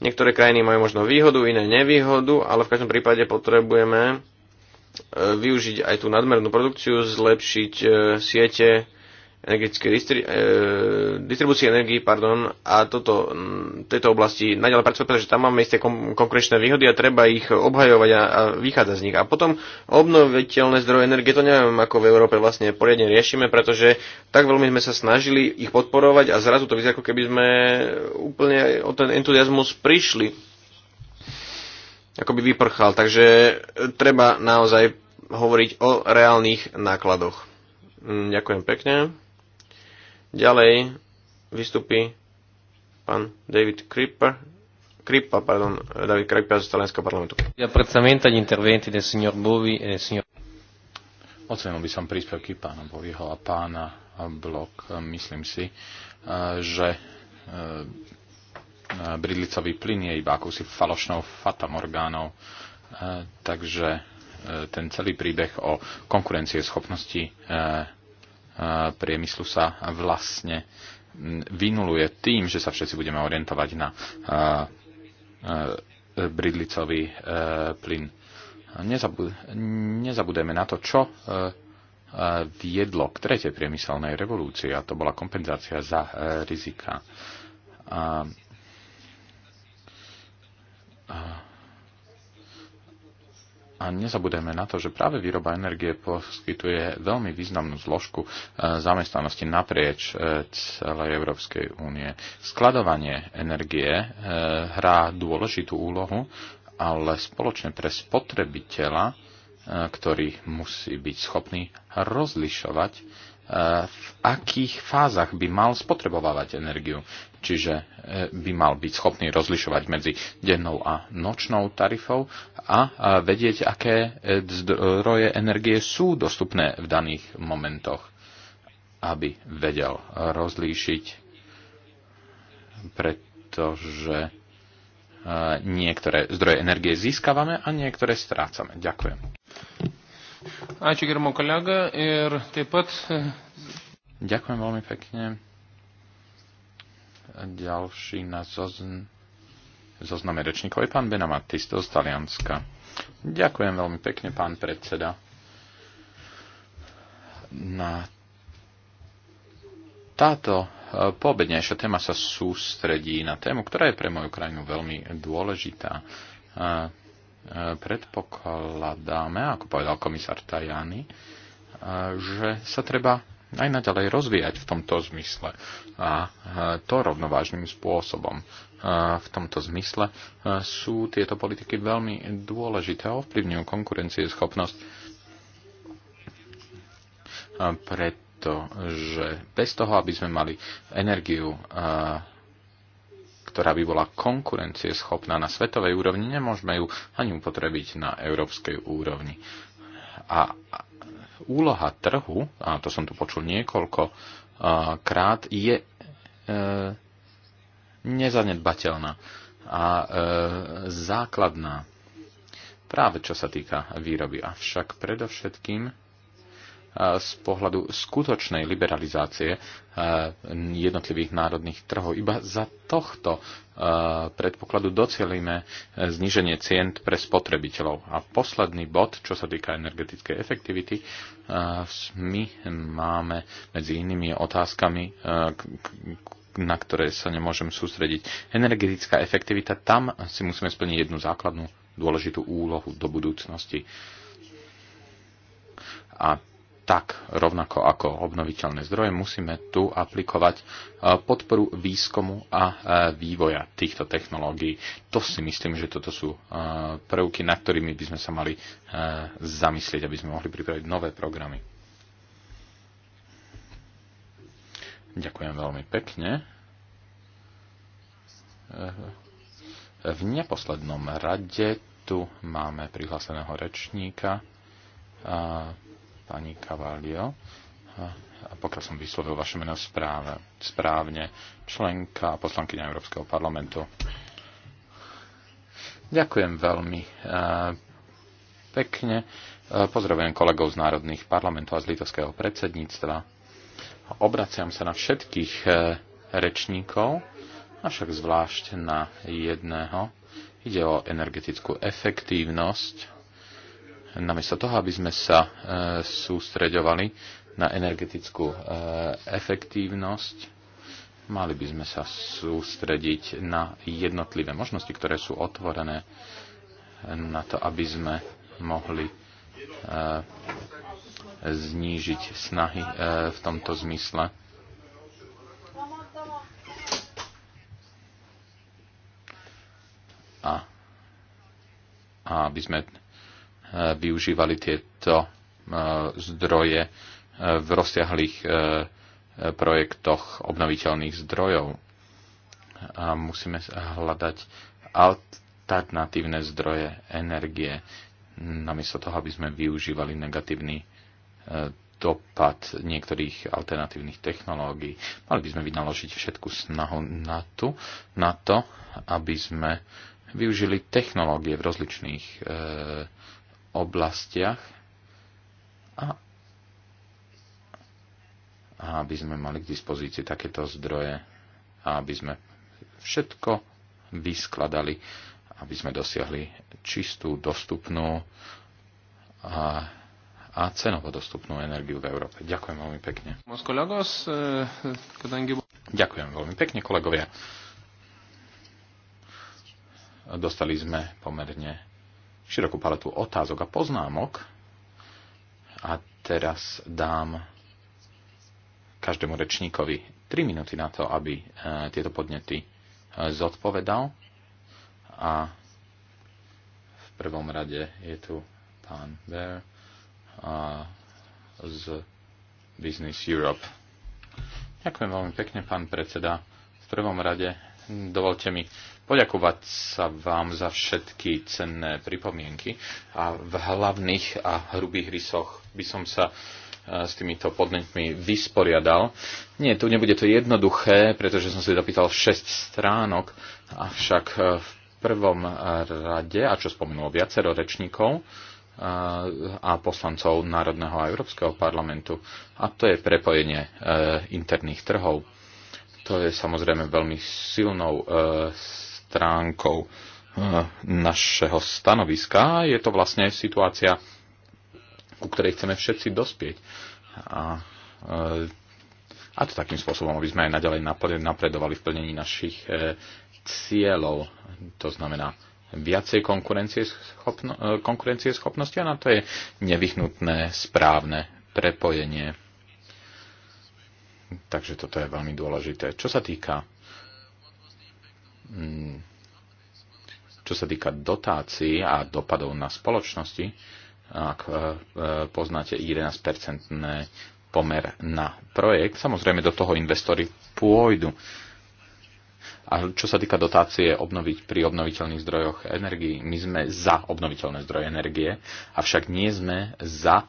Niektoré krajiny majú možno výhodu, iné nevýhodu, ale v každom prípade potrebujeme e, využiť aj tú nadmernú produkciu, zlepšiť e, siete energetické distri- e, distribúcie energii pardon, a toto, tejto oblasti naďalej pracovať, pretože tam máme isté kom- konkurenčné výhody a treba ich obhajovať a, a vychádzať z nich. A potom obnoviteľné zdroje energie, to neviem, ako v Európe vlastne poriadne riešime, pretože tak veľmi sme sa snažili ich podporovať a zrazu to vyzerá, ako keby sme úplne o ten entuziasmus prišli ako by vyprchal. Takže treba naozaj hovoriť o reálnych nákladoch. Mm, ďakujem pekne. Ďalej vystupí pán David Kripper. Kripa, pardon, David Kripa z Talianského parlamentu. Ja predstavujem interventi del signor Bovi e eh, signor... Ocenil by som príspevky pána Boviho a pána Blok. Eh, myslím si, eh, že bridlicový plyn je iba akúsi falošnou fatamorgánou. Takže ten celý príbeh o konkurencie schopnosti priemyslu sa vlastne vynuluje tým, že sa všetci budeme orientovať na bridlicový e, plyn. Nezabudeme na to, čo e, e, viedlo k tretej priemyselnej revolúcii a to bola kompenzácia za rizika. A, a, a nezabudeme na to, že práve výroba energie poskytuje veľmi významnú zložku e, zamestnanosti naprieč e, celej Európskej únie. Skladovanie energie e, hrá dôležitú úlohu, ale spoločne pre spotrebiteľa, ktorý musí byť schopný rozlišovať, v akých fázach by mal spotrebovávať energiu čiže e, by mal byť schopný rozlišovať medzi dennou a nočnou tarifou a vedieť, aké e, zdroje energie sú dostupné v daných momentoch, aby vedel rozlíšiť, pretože e, niektoré zdroje energie získavame a niektoré strácame. Ďakujem. Ačiū kolega ir taip pat. Ďakujem veľmi pekne ďalší na zozn... zozname rečníkov je pán Benamattista z Talianska. Ďakujem veľmi pekne, pán predseda. Na táto e, poobednejšia téma sa sústredí na tému, ktorá je pre moju krajinu veľmi dôležitá. E, e, predpokladáme, ako povedal komisár Tajani, že sa treba aj naďalej rozvíjať v tomto zmysle. A e, to rovnovážnym spôsobom. E, v tomto zmysle e, sú tieto politiky veľmi dôležité a ovplyvňujú konkurencieschopnosť, pretože bez toho, aby sme mali energiu ktorá by bola konkurencieschopná na svetovej úrovni, nemôžeme ju ani upotrebiť na európskej úrovni. A úloha trhu, a to som tu počul niekoľko krát, je e, nezanedbateľná a e, základná práve čo sa týka výroby. Avšak predovšetkým z pohľadu skutočnej liberalizácie e, jednotlivých národných trhov. Iba za tohto e, predpokladu docelíme e, zníženie cien pre spotrebiteľov. A posledný bod, čo sa týka energetickej efektivity, my máme medzi inými otázkami, na ktoré sa nemôžem sústrediť. Energetická efektivita, tam si musíme splniť jednu základnú dôležitú úlohu do budúcnosti. A tak rovnako ako obnoviteľné zdroje musíme tu aplikovať e, podporu výskumu a e, vývoja týchto technológií. To si myslím, že toto sú e, prvky, na ktorými by sme sa mali zamyslieť, aby sme mohli pripraviť nové programy. Ďakujem veľmi pekne. V neposlednom rade tu máme prihláseného rečníka pani Cavalio. A pokiaľ som vyslovil vaše meno správe, správne, členka a poslankyňa Európskeho parlamentu. Ďakujem veľmi e, pekne. E, pozdravujem kolegov z národných parlamentov a z litovského predsedníctva. Obraciam sa na všetkých e, rečníkov, avšak zvlášť na jedného. Ide o energetickú efektívnosť Namiesto toho, aby sme sa e, sústreďovali na energetickú e, efektívnosť, mali by sme sa sústrediť na jednotlivé možnosti, ktoré sú otvorené e, na to, aby sme mohli znížiť snahy v tomto zmysle. A, a aby sme využívali tieto e, zdroje e, v rozsiahlých e, projektoch obnoviteľných zdrojov. A musíme hľadať alternatívne zdroje energie, namiesto toho, aby sme využívali negatívny dopad niektorých alternatívnych technológií. Mali by sme vynaložiť všetku snahu na, tu, na to, aby sme využili technológie v rozličných e, oblastiach a, a aby sme mali k dispozícii takéto zdroje a aby sme všetko vyskladali, aby sme dosiahli čistú, dostupnú a, a cenovo dostupnú energiu v Európe. Ďakujem veľmi pekne. Ďakujem veľmi pekne, kolegovia. Dostali sme pomerne širokú paletu otázok a poznámok a teraz dám každému rečníkovi 3 minúty na to, aby e, tieto podnety e, zodpovedal. A v prvom rade je tu pán Bear e, z Business Europe. Ďakujem veľmi pekne, pán predseda. V prvom rade dovolte mi poďakovať sa vám za všetky cenné pripomienky a v hlavných a hrubých rysoch by som sa e, s týmito podnetmi vysporiadal. Nie, tu nebude to jednoduché, pretože som si zapýtal 6 stránok, avšak e, v prvom e, rade, a čo spomenulo viacero rečníkov a poslancov Národného a Európskeho parlamentu, a to je prepojenie interných trhov. To je samozrejme veľmi silnou stránkou eh, našeho stanoviska. Je to vlastne situácia, ku ktorej chceme všetci dospieť. A, eh, a to takým spôsobom, aby sme aj naďalej napredovali v plnení našich eh, cieľov. To znamená viacej konkurencie, schopno, konkurencie schopnosti a na to je nevyhnutné správne prepojenie. Takže toto je veľmi dôležité. Čo sa týka Mm. čo sa týka dotácií a dopadov na spoločnosti, ak e, e, poznáte 11-percentné pomer na projekt, samozrejme do toho investori pôjdu. A čo sa týka dotácie obnoviť pri obnoviteľných zdrojoch energii, my sme za obnoviteľné zdroje energie, avšak nie sme za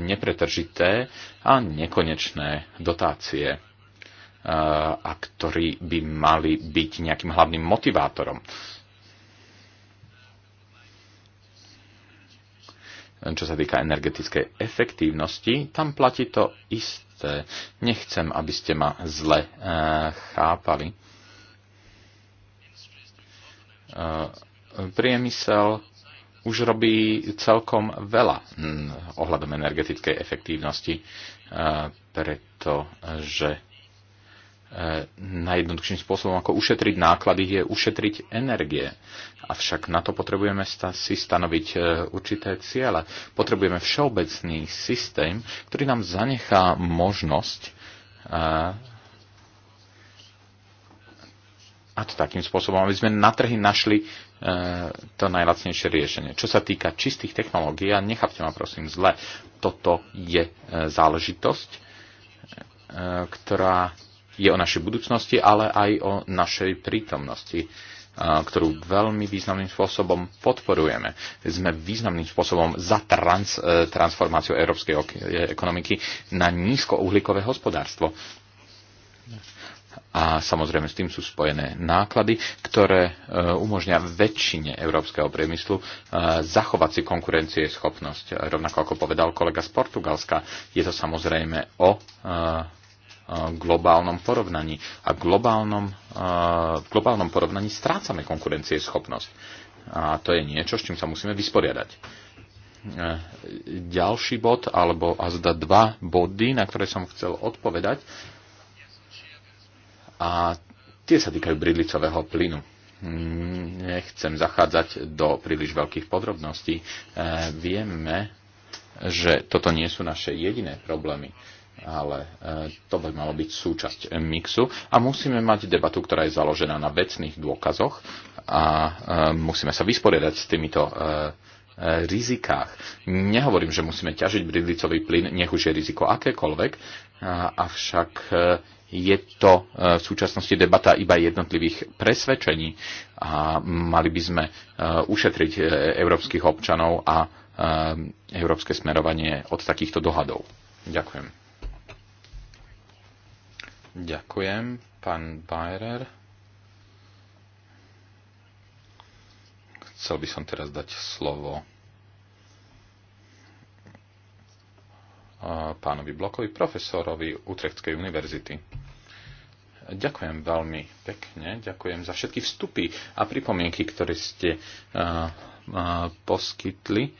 nepretržité a nekonečné dotácie a ktorí by mali byť nejakým hlavným motivátorom. Čo sa týka energetickej efektívnosti, tam platí to isté. Nechcem, aby ste ma zle e, chápali. E, priemysel už robí celkom veľa mm, ohľadom energetickej efektívnosti, e, pretože Eh, najjednoduchším spôsobom, ako ušetriť náklady, je ušetriť energie. Avšak na to potrebujeme si stanoviť eh, určité ciele. Potrebujeme všeobecný systém, ktorý nám zanechá možnosť eh, a to takým spôsobom, aby sme na trhy našli to najlacnejšie riešenie. Čo sa týka čistých technológií, a nechápte ma prosím zle, toto je záležitosť, ktorá je o našej budúcnosti, ale aj o našej prítomnosti ktorú veľmi významným spôsobom podporujeme. Sme významným spôsobom za trans, e, transformáciu európskej e, ekonomiky na nízkouhlíkové hospodárstvo. A samozrejme s tým sú spojené náklady, ktoré e, umožňa väčšine európskeho priemyslu zachovať si konkurencie schopnosť. Rovnako ako povedal kolega z Portugalska, je to samozrejme o globálnom porovnaní. A v globálnom, v globálnom porovnaní strácame konkurencieschopnosť. A to je niečo, s čím sa musíme vysporiadať. E, ďalší bod, alebo a dva body, na ktoré som chcel odpovedať, a tie sa týkajú bridlicového plynu. Nechcem zachádzať do príliš veľkých podrobností. E, vieme, že toto nie sú naše jediné problémy ale e, to by malo byť súčasť mixu a musíme mať debatu, ktorá je založená na vecných dôkazoch a e, musíme sa vysporiadať s týmito e, rizikách. Nehovorím, že musíme ťažiť bridlicový plyn, nech už je riziko akékoľvek, avšak je to v súčasnosti debata iba jednotlivých presvedčení a mali by sme ušetriť európskych občanov a európske smerovanie od takýchto dohadov. Ďakujem. Ďakujem, pán Bayerer. Chcel by som teraz dať slovo eh, pánovi Blokovi, profesorovi Utrechtskej univerzity. Ďakujem veľmi pekne, ďakujem za všetky vstupy a pripomienky, ktoré ste eh, eh, poskytli.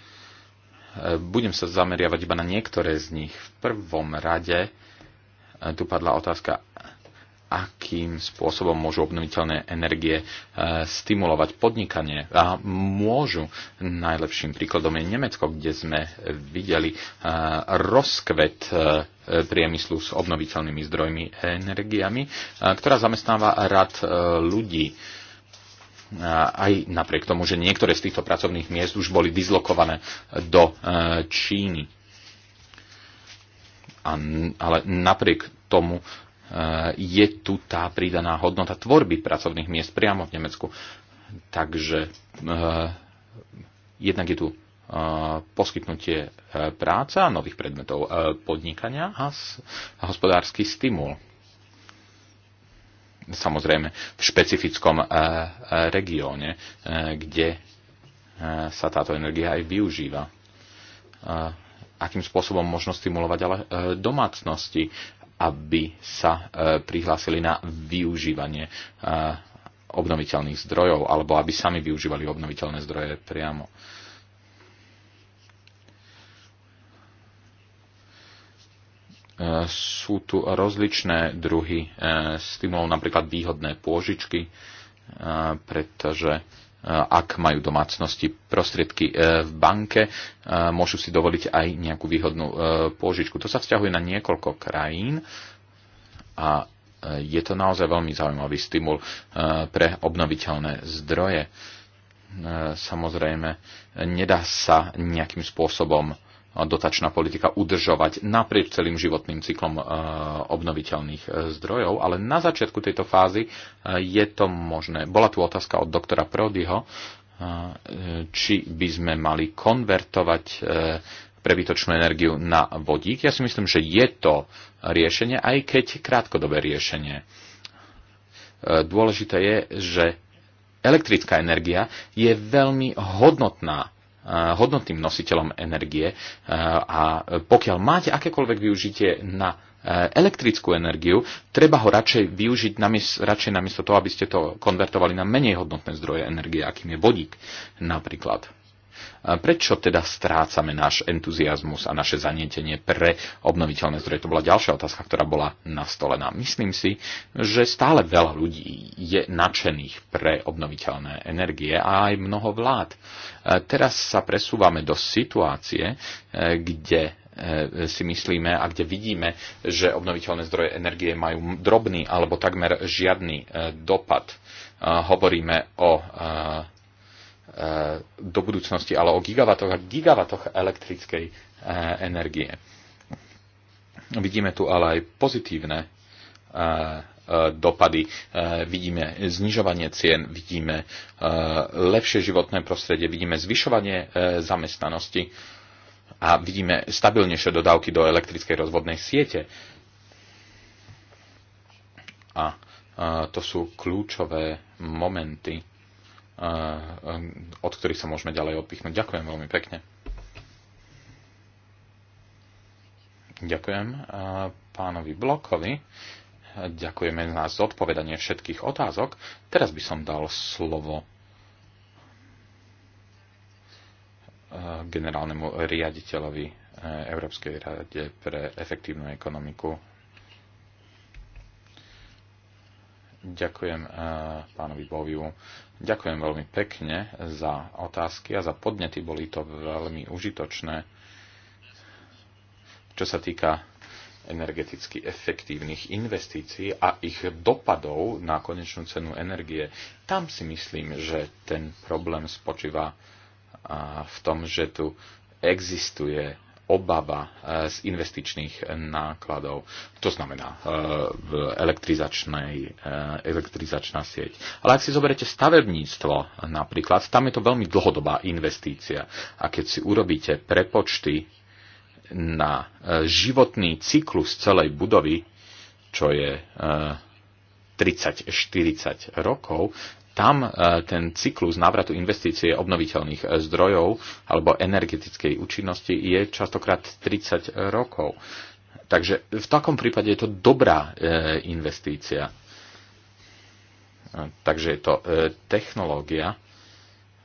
Budem sa zameriavať iba na niektoré z nich. V prvom rade tu padla otázka, akým spôsobom môžu obnoviteľné energie e, stimulovať podnikanie. A môžu. Najlepším príkladom je Nemecko, kde sme videli e, rozkvet e, priemyslu s obnoviteľnými zdrojmi energiami, ktorá zamestnáva rad ľudí. Aj napriek tomu, že niektoré z týchto pracovných miest už boli dislokované do Číny a, ale napriek tomu e, je tu tá pridaná hodnota tvorby pracovných miest priamo v Nemecku. Takže e, jednak je tu e, poskytnutie práca, nových predmetov podnikania a hospodársky stimul. Samozrejme v špecifickom regióne, kde sa táto energia aj využíva akým spôsobom možno stimulovať ale e, domácnosti, aby sa e, prihlásili na využívanie e, obnoviteľných zdrojov, alebo aby sami využívali obnoviteľné zdroje priamo. Sú tu rozličné druhy stimulov, napríklad výhodné pôžičky, pretože Eh, ak majú domácnosti prostriedky eh, v banke, eh, môžu si dovoliť aj nejakú výhodnú pôžičku. To sa vzťahuje na niekoľko krajín a je to naozaj veľmi zaujímavý stimul pre obnoviteľné zdroje. Samozrejme, nedá sa nejakým spôsobom dotačná politika udržovať naprieč celým životným cyklom e, obnoviteľných e, zdrojov, ale na začiatku tejto fázy e, je to možné. Bola tu otázka od doktora Prodyho, či by sme mali konvertovať prebytočnú energiu na vodík. Ja si myslím, že je to riešenie, aj keď krátkodobé riešenie. Dôležité je, že elektrická energia je veľmi hodnotná hodnotným nositeľom energie a pokiaľ máte akékoľvek využitie na e, elektrickú energiu, treba ho radšej využiť namiesto, radšej namiesto toho, aby ste to konvertovali na menej hodnotné zdroje energie, akým je vodík napríklad. Prečo teda strácame náš entuziasmus a naše zanietenie pre obnoviteľné zdroje? To bola ďalšia otázka, ktorá bola nastolená. Myslím si, že stále veľa ľudí je nadšených pre obnoviteľné energie a aj mnoho vlád. E, teraz sa presúvame do situácie, e, kde e, si myslíme a kde vidíme, že obnoviteľné zdroje energie majú drobný alebo takmer žiadny dopad. Hovoríme o do budúcnosti, ale o gigavatoch a gigavatoch elektrickej eh, energie. Vidíme tu ale aj pozitívne eh, eh, dopady. Vidíme znižovanie cien, vidíme lepšie životné prostredie, vidíme zvyšovanie zamestnanosti a vidíme stabilnejšie dodávky do elektrickej rozvodnej siete. A to sú kľúčové momenty Um, od ktorých sa môžeme ďalej odpichnúť. Ďakujem veľmi pekne. Ďakujem pánovi Blokovi. Ďakujeme na zodpovedanie všetkých otázok. Teraz by som dal slovo generálnemu riaditeľovi e, Európskej rade pre efektívnu ekonomiku. Ďakujem e, pánovi Boviu Ďakujem veľmi pekne za otázky a za podnety, boli to veľmi užitočné. Čo sa týka energeticky efektívnych investícií a ich dopadov na konečnú cenu energie, tam si myslím, že ten problém spočíva v tom, že tu existuje obava e, z investičných nákladov. To znamená e, e, elektrizačná sieť. Ale ak si zoberete stavebníctvo napríklad, tam je to veľmi dlhodobá investícia. A keď si urobíte prepočty na životný cyklus celej budovy, čo je 30-40 rokov, tam e, ten cyklus návratu investície obnoviteľných e, zdrojov alebo energetickej účinnosti je častokrát 30 rokov. Takže v takom prípade je to dobrá e, investícia. Takže je to technológia,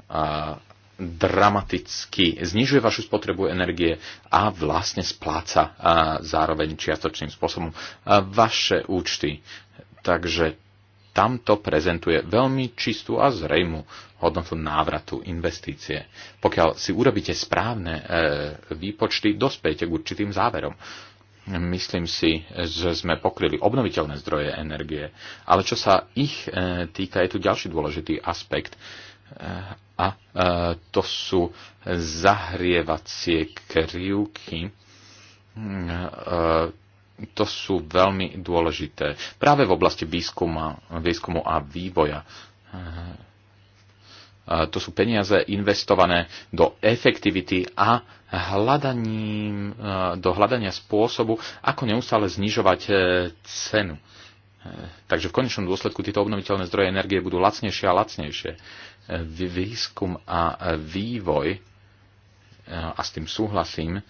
a dramaticky znižuje vašu spotrebu energie a vlastne spláca a zároveň čiastočným spôsobom vaše účty. Takže tamto prezentuje veľmi čistú a zrejmú hodnotu návratu investície. Pokiaľ si urobíte správne e, výpočty, dospejete k určitým záverom. Myslím si, že sme pokryli obnoviteľné zdroje energie, ale čo sa ich e, týka, je tu ďalší dôležitý aspekt e, a to sú zahrievacie krivky to sú veľmi dôležité. Práve v oblasti výskuma, výskumu a vývoja. To sú peniaze investované do efektivity a hľadaním, do hľadania spôsobu, ako neustále znižovať e, cenu. E, takže v konečnom dôsledku tieto obnoviteľné zdroje energie budú lacnejšie a lacnejšie. E, výskum a vývoj, a s tým súhlasím,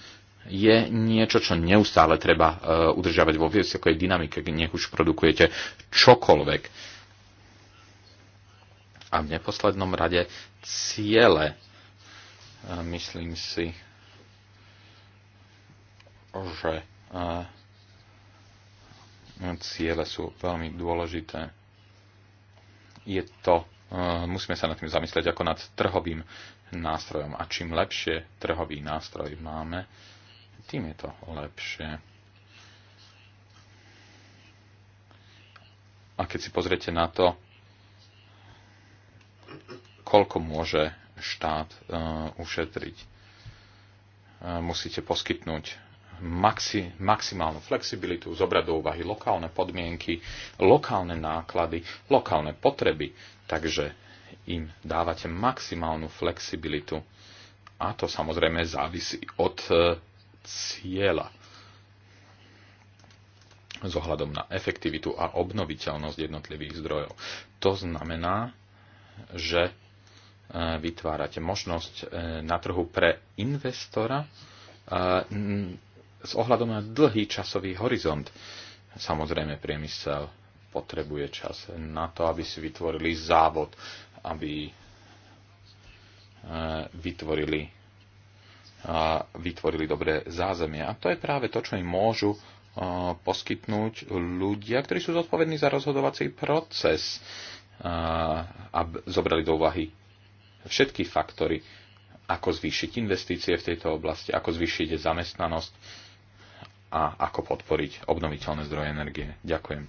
je niečo, čo neustále treba e, udržiavať vo vysokej dynamike, nech už produkujete čokoľvek. A v neposlednom rade ciele, e, myslím si, že e, ciele sú veľmi dôležité. Je to, musíme sa nad tým zamyslieť ako nad trhovým nástrojom. A čím lepšie trhový nástroj máme, tým je to lepšie. A keď si pozriete na to, koľko môže štát e, ušetriť, e, musíte poskytnúť maxi, maximálnu flexibilitu, zobrať do úvahy lokálne podmienky, lokálne náklady, lokálne potreby. Takže im dávate maximálnu flexibilitu. A to samozrejme závisí od e, cieľa s ohľadom na efektivitu a obnoviteľnosť jednotlivých zdrojov. To znamená, že e, vytvárate možnosť e, na trhu pre investora e, s ohľadom na dlhý časový horizont. Samozrejme, priemysel potrebuje čas na to, aby si vytvorili závod, aby vytvorili vytvorili dobré zázemie. A to je práve to, čo im môžu e, poskytnúť ľudia, ktorí sú zodpovední za rozhodovací proces e, a zobrali do úvahy všetky faktory, ako zvýšiť investície v tejto oblasti, ako zvýšiť zamestnanosť a ako podporiť obnoviteľné zdroje energie. Ďakujem.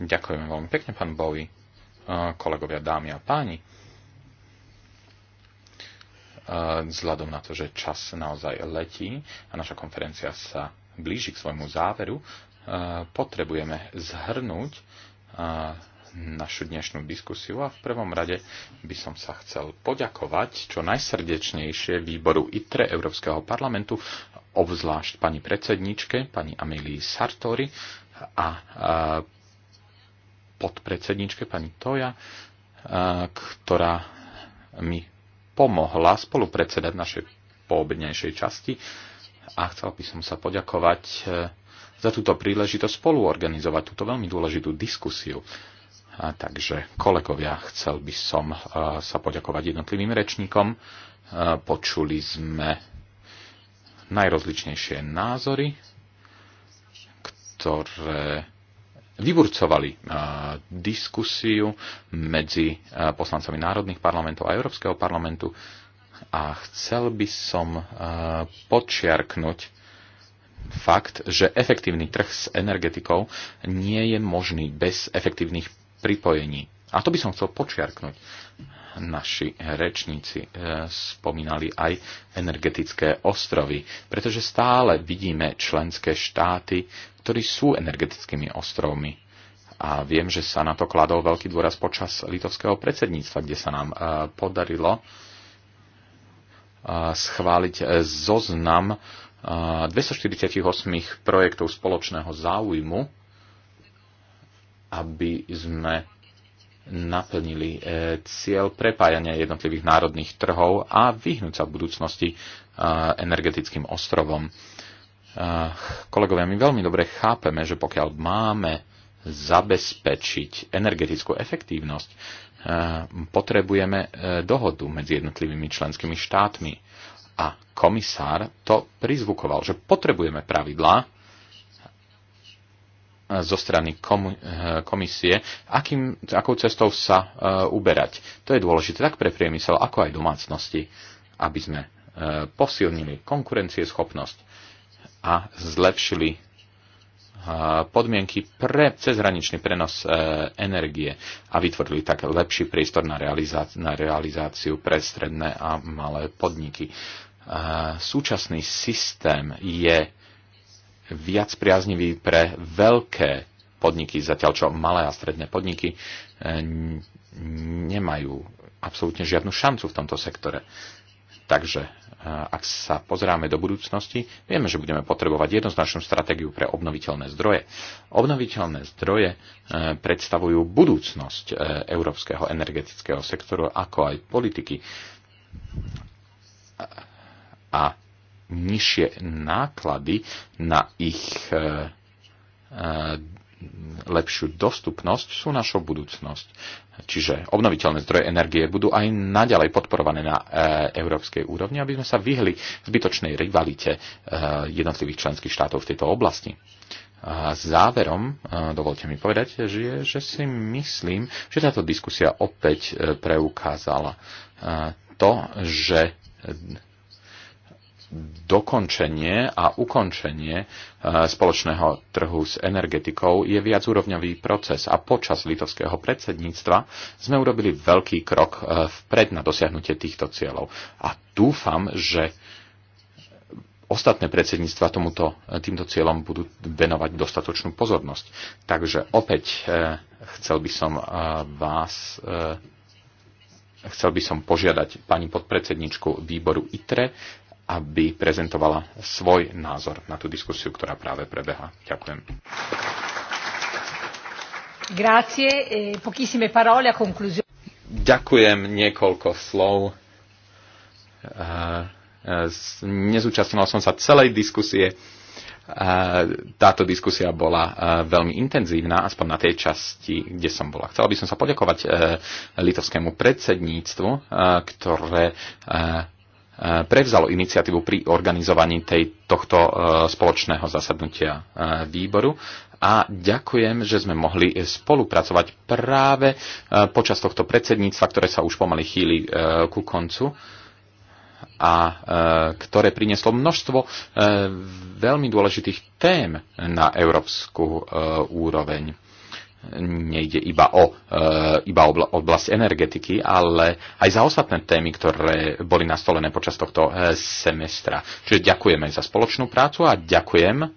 Ďakujem veľmi pekne, pán Bowie, e, kolegovia, dámy a páni vzhľadom na to, že čas naozaj letí a naša konferencia sa blíži k svojmu záveru, potrebujeme zhrnúť našu dnešnú diskusiu a v prvom rade by som sa chcel poďakovať čo najsrdečnejšie výboru ITRE Európskeho parlamentu, obzvlášť pani predsedničke, pani Amelii Sartori a podpredsedničke pani Toja, ktorá mi pomohla spolupredsedať našej poobednejšej časti a chcel by som sa poďakovať e, za túto príležitosť spoluorganizovať túto veľmi dôležitú diskusiu. A takže, kolegovia, chcel by som e, sa poďakovať jednotlivým rečníkom. E, počuli sme najrozličnejšie názory, ktoré vyburcovali eh, diskusiu medzi eh, poslancami národných parlamentov a Európskeho parlamentu a chcel by som eh, počiarknúť fakt, že efektívny trh s energetikou nie je možný bez efektívnych pripojení. A to by som chcel počiarknúť naši rečníci e, spomínali aj energetické ostrovy, pretože stále vidíme členské štáty, ktorí sú energetickými ostrovmi. A viem, že sa na to kladol veľký dôraz počas litovského predsedníctva, kde sa nám e, podarilo e, schváliť zoznam 248 projektov spoločného záujmu, aby sme naplnili e, cieľ prepájania jednotlivých národných trhov a vyhnúť sa v budúcnosti e, energetickým ostrovom. E, kolegovia, my veľmi dobre chápeme, že pokiaľ máme zabezpečiť energetickú efektívnosť, potrebujeme dohodu medzi jednotlivými členskými štátmi. A komisár to prizvukoval, že potrebujeme pravidlá, zo strany eh, komisie, akým, akou cestou sa eh, uberať. To je dôležité tak pre priemysel, ako aj domácnosti, aby sme eh, posilnili konkurencieschopnosť a zlepšili podmienky pre cezhraničný prenos energie a vytvorili tak lepší priestor na, realizáciu, na realizáciu pre stredné a malé podniky. Súčasný systém je viac priaznivý pre veľké podniky, zatiaľ čo malé a stredné podniky eh, nemajú absolútne žiadnu šancu v tomto sektore. Takže eh, ak sa pozeráme do budúcnosti, vieme, že budeme potrebovať jednoznačnú stratégiu pre obnoviteľné zdroje. Obnoviteľné zdroje eh, predstavujú budúcnosť európskeho energetického sektoru, ako aj politiky. A nižšie náklady na ich e, e, lepšiu dostupnosť sú našou budúcnosť. Čiže obnoviteľné zdroje energie budú aj naďalej podporované na e, európskej úrovni, aby sme sa vyhli zbytočnej rivalite e, jednotlivých členských štátov v tejto oblasti. A záverom, e, dovolte mi povedať, že, že si myslím, že táto diskusia opäť e, preukázala e, to, že dokončenie a ukončenie e, spoločného trhu s energetikou je viacúrovňový proces a počas litovského predsedníctva sme urobili veľký krok e, vpred na dosiahnutie týchto cieľov. A dúfam, že ostatné predsedníctva tomuto, e, týmto cieľom budú venovať dostatočnú pozornosť. Takže opäť chcel by som vás chcel by som požiadať pani podpredsedničku výboru ITRE, aby prezentovala svoj názor na tú diskusiu, ktorá práve prebeha. Ďakujem. E Ďakujem niekoľko slov. E, e, nezúčastnila som sa celej diskusie. Táto diskusia bola veľmi intenzívna, aspoň na tej časti, kde som bola. Chcela by som sa poďakovať litovskému predsedníctvu, ktoré prevzalo iniciatívu pri organizovaní tej, tohto e, spoločného zasadnutia e, výboru a ďakujem, že sme mohli spolupracovať práve e, počas tohto predsedníctva, ktoré sa už pomaly chýli ku koncu a ktoré prinieslo množstvo veľmi dôležitých tém na európsku úroveň nejde iba o, e, iba o oblasť energetiky, ale aj za ostatné témy, ktoré boli nastolené počas tohto e, semestra. Čiže ďakujeme za spoločnú prácu a ďakujem e,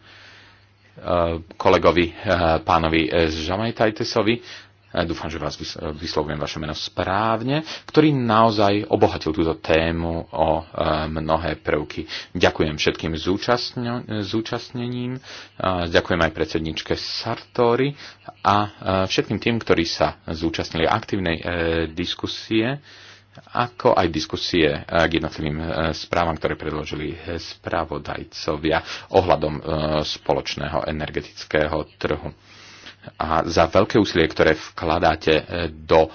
kolegovi pánovi Žamajtajtesovi dúfam, že vás vyslovujem vaše meno správne, ktorý naozaj obohatil túto tému o e, mnohé prvky. Ďakujem všetkým zúčastnením, ďakujem aj predsedničke Sartori a e, všetkým tým, ktorí sa zúčastnili aktívnej e, diskusie ako aj diskusie k jednotlivým správam, ktoré predložili spravodajcovia ohľadom spoločného energetického trhu a za veľké úsilie, ktoré vkladáte e, do e,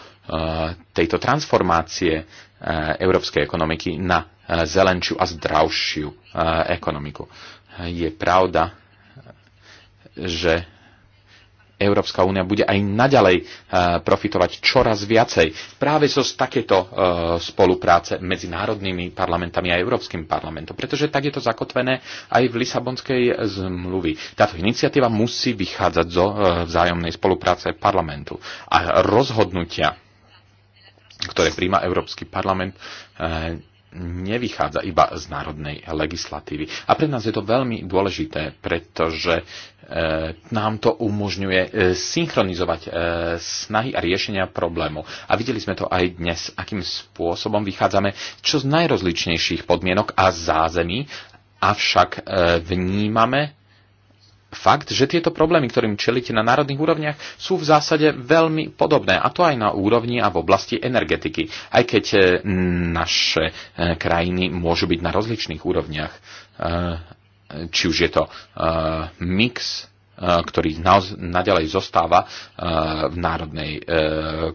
tejto transformácie e, európskej ekonomiky na zelenšiu a zdravšiu ekonomiku. Je pravda, že Európska únia bude aj naďalej e, profitovať čoraz viacej práve zo so takéto e, spolupráce medzi národnými parlamentami a Európskym parlamentom, pretože tak je to zakotvené aj v Lisabonskej zmluvi. Táto iniciatíva musí vychádzať zo e, vzájomnej spolupráce parlamentu a rozhodnutia, ktoré príjma Európsky parlament, nevychádza iba z národnej legislatívy. A pre nás je to veľmi dôležité, pretože e, nám to umožňuje e, synchronizovať e, snahy a riešenia problémov. A videli sme to aj dnes, akým spôsobom vychádzame čo z najrozličnejších podmienok a zázemí, avšak vnímame fakt, že tieto problémy, ktorým čelíte na národných úrovniach, sú v zásade veľmi podobné, a to aj na úrovni a v oblasti energetiky, aj keď e, naše e, krajiny môžu byť na rozličných úrovniach. E, či už je to mix Eh, ktorý naďalej zostáva eh, v národnej eh,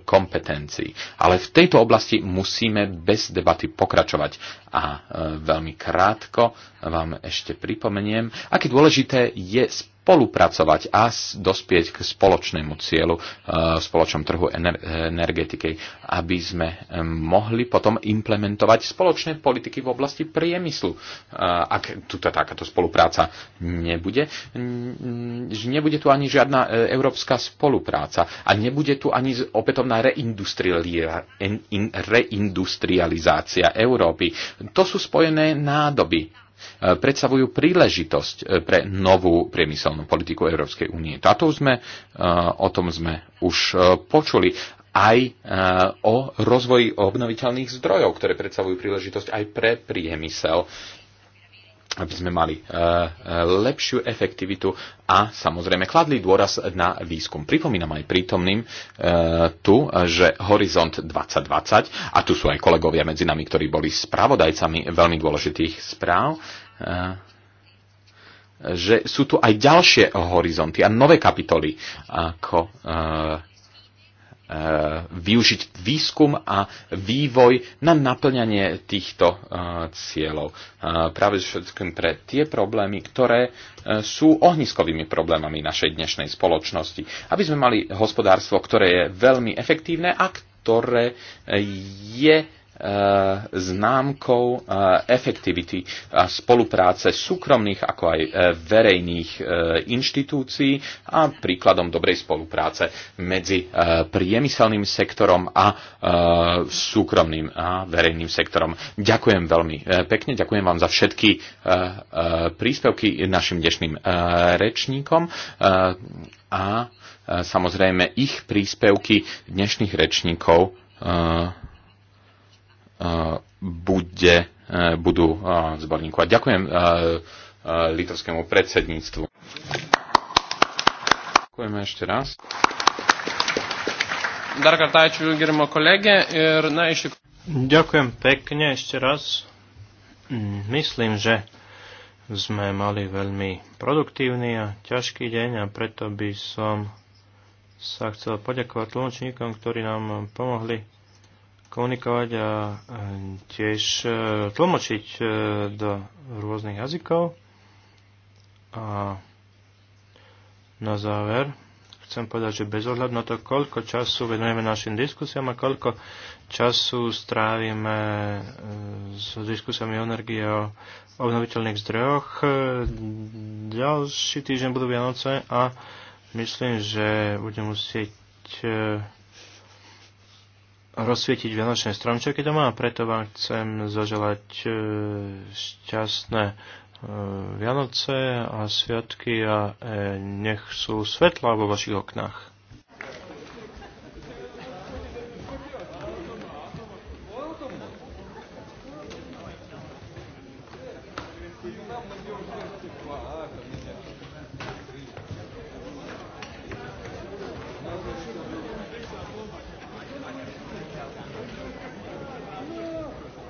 kompetencii. Ale v tejto oblasti musíme bez debaty pokračovať. A veľmi krátko vám ešte pripomeniem, aké dôležité je spolupracovať a dospieť k spoločnému cieľu e, v spoločnom trhu energetiky, aby sme e, mohli potom implementovať spoločné politiky v oblasti priemyslu. E, ak tuto takáto spolupráca nebude, nebude tu ani žiadna európska spolupráca a nebude tu ani opätovná reindustrializácia Európy. To sú spojené nádoby E, predstavujú príležitosť e, pre novú priemyselnú politiku Európskej únie. Táto sme, e, o tom sme už počuli aj o rozvoji obnoviteľných zdrojov, ktoré predstavujú príležitosť aj pre priemysel aby sme mali eh, eh, lepšiu efektivitu a samozrejme kladli dôraz na výskum. Pripomínam aj prítomným eh, tu, že Horizont 2020, a tu sú aj kolegovia medzi nami, ktorí boli spravodajcami veľmi dôležitých správ, že sú tu aj ďalšie horizonty a nové kapitoly, ako Eh, využiť výskum a vývoj na naplňanie týchto eh, cieľov. Eh, práve všetkým pre tie problémy, ktoré sú ohniskovými problémami našej dnešnej spoločnosti. Aby sme mali hospodárstvo, ktoré je veľmi efektívne a ktoré je Eh, známkou eh, efektivity a spolupráce súkromných ako aj eh, verejných inštitúcií a príkladom dobrej spolupráce medzi priemyselným sektorom a súkromným a verejným sektorom. Ďakujem veľmi pekne, ďakujem vám za všetky príspevky našim dnešným rečníkom a samozrejme ich príspevky dnešných rečníkov bude, e, budú zborníkovať. Ďakujem e, e, litovskému predsedníctvu. Ďakujeme ešte raz. Er, ďakujem pekne ešte raz. Myslím, že sme mali veľmi produktívny a ťažký deň a preto by som sa chcel poďakovať tlmočníkom, ktorí nám pomohli komunikovať a tiež e, tlmočiť e, do rôznych jazykov. A na záver chcem povedať, že bez ohľadu na to, koľko času venujeme našim diskusiám a koľko času strávime e, s diskusiami o energie o obnoviteľných zdrojoch, ďalší týždeň budú Vianoce a myslím, že budem musieť rozsvietiť vianočné stromčeky doma a preto vám chcem zaželať e, šťastné e, Vianoce a sviatky a e, nech sú svetla vo vašich oknách.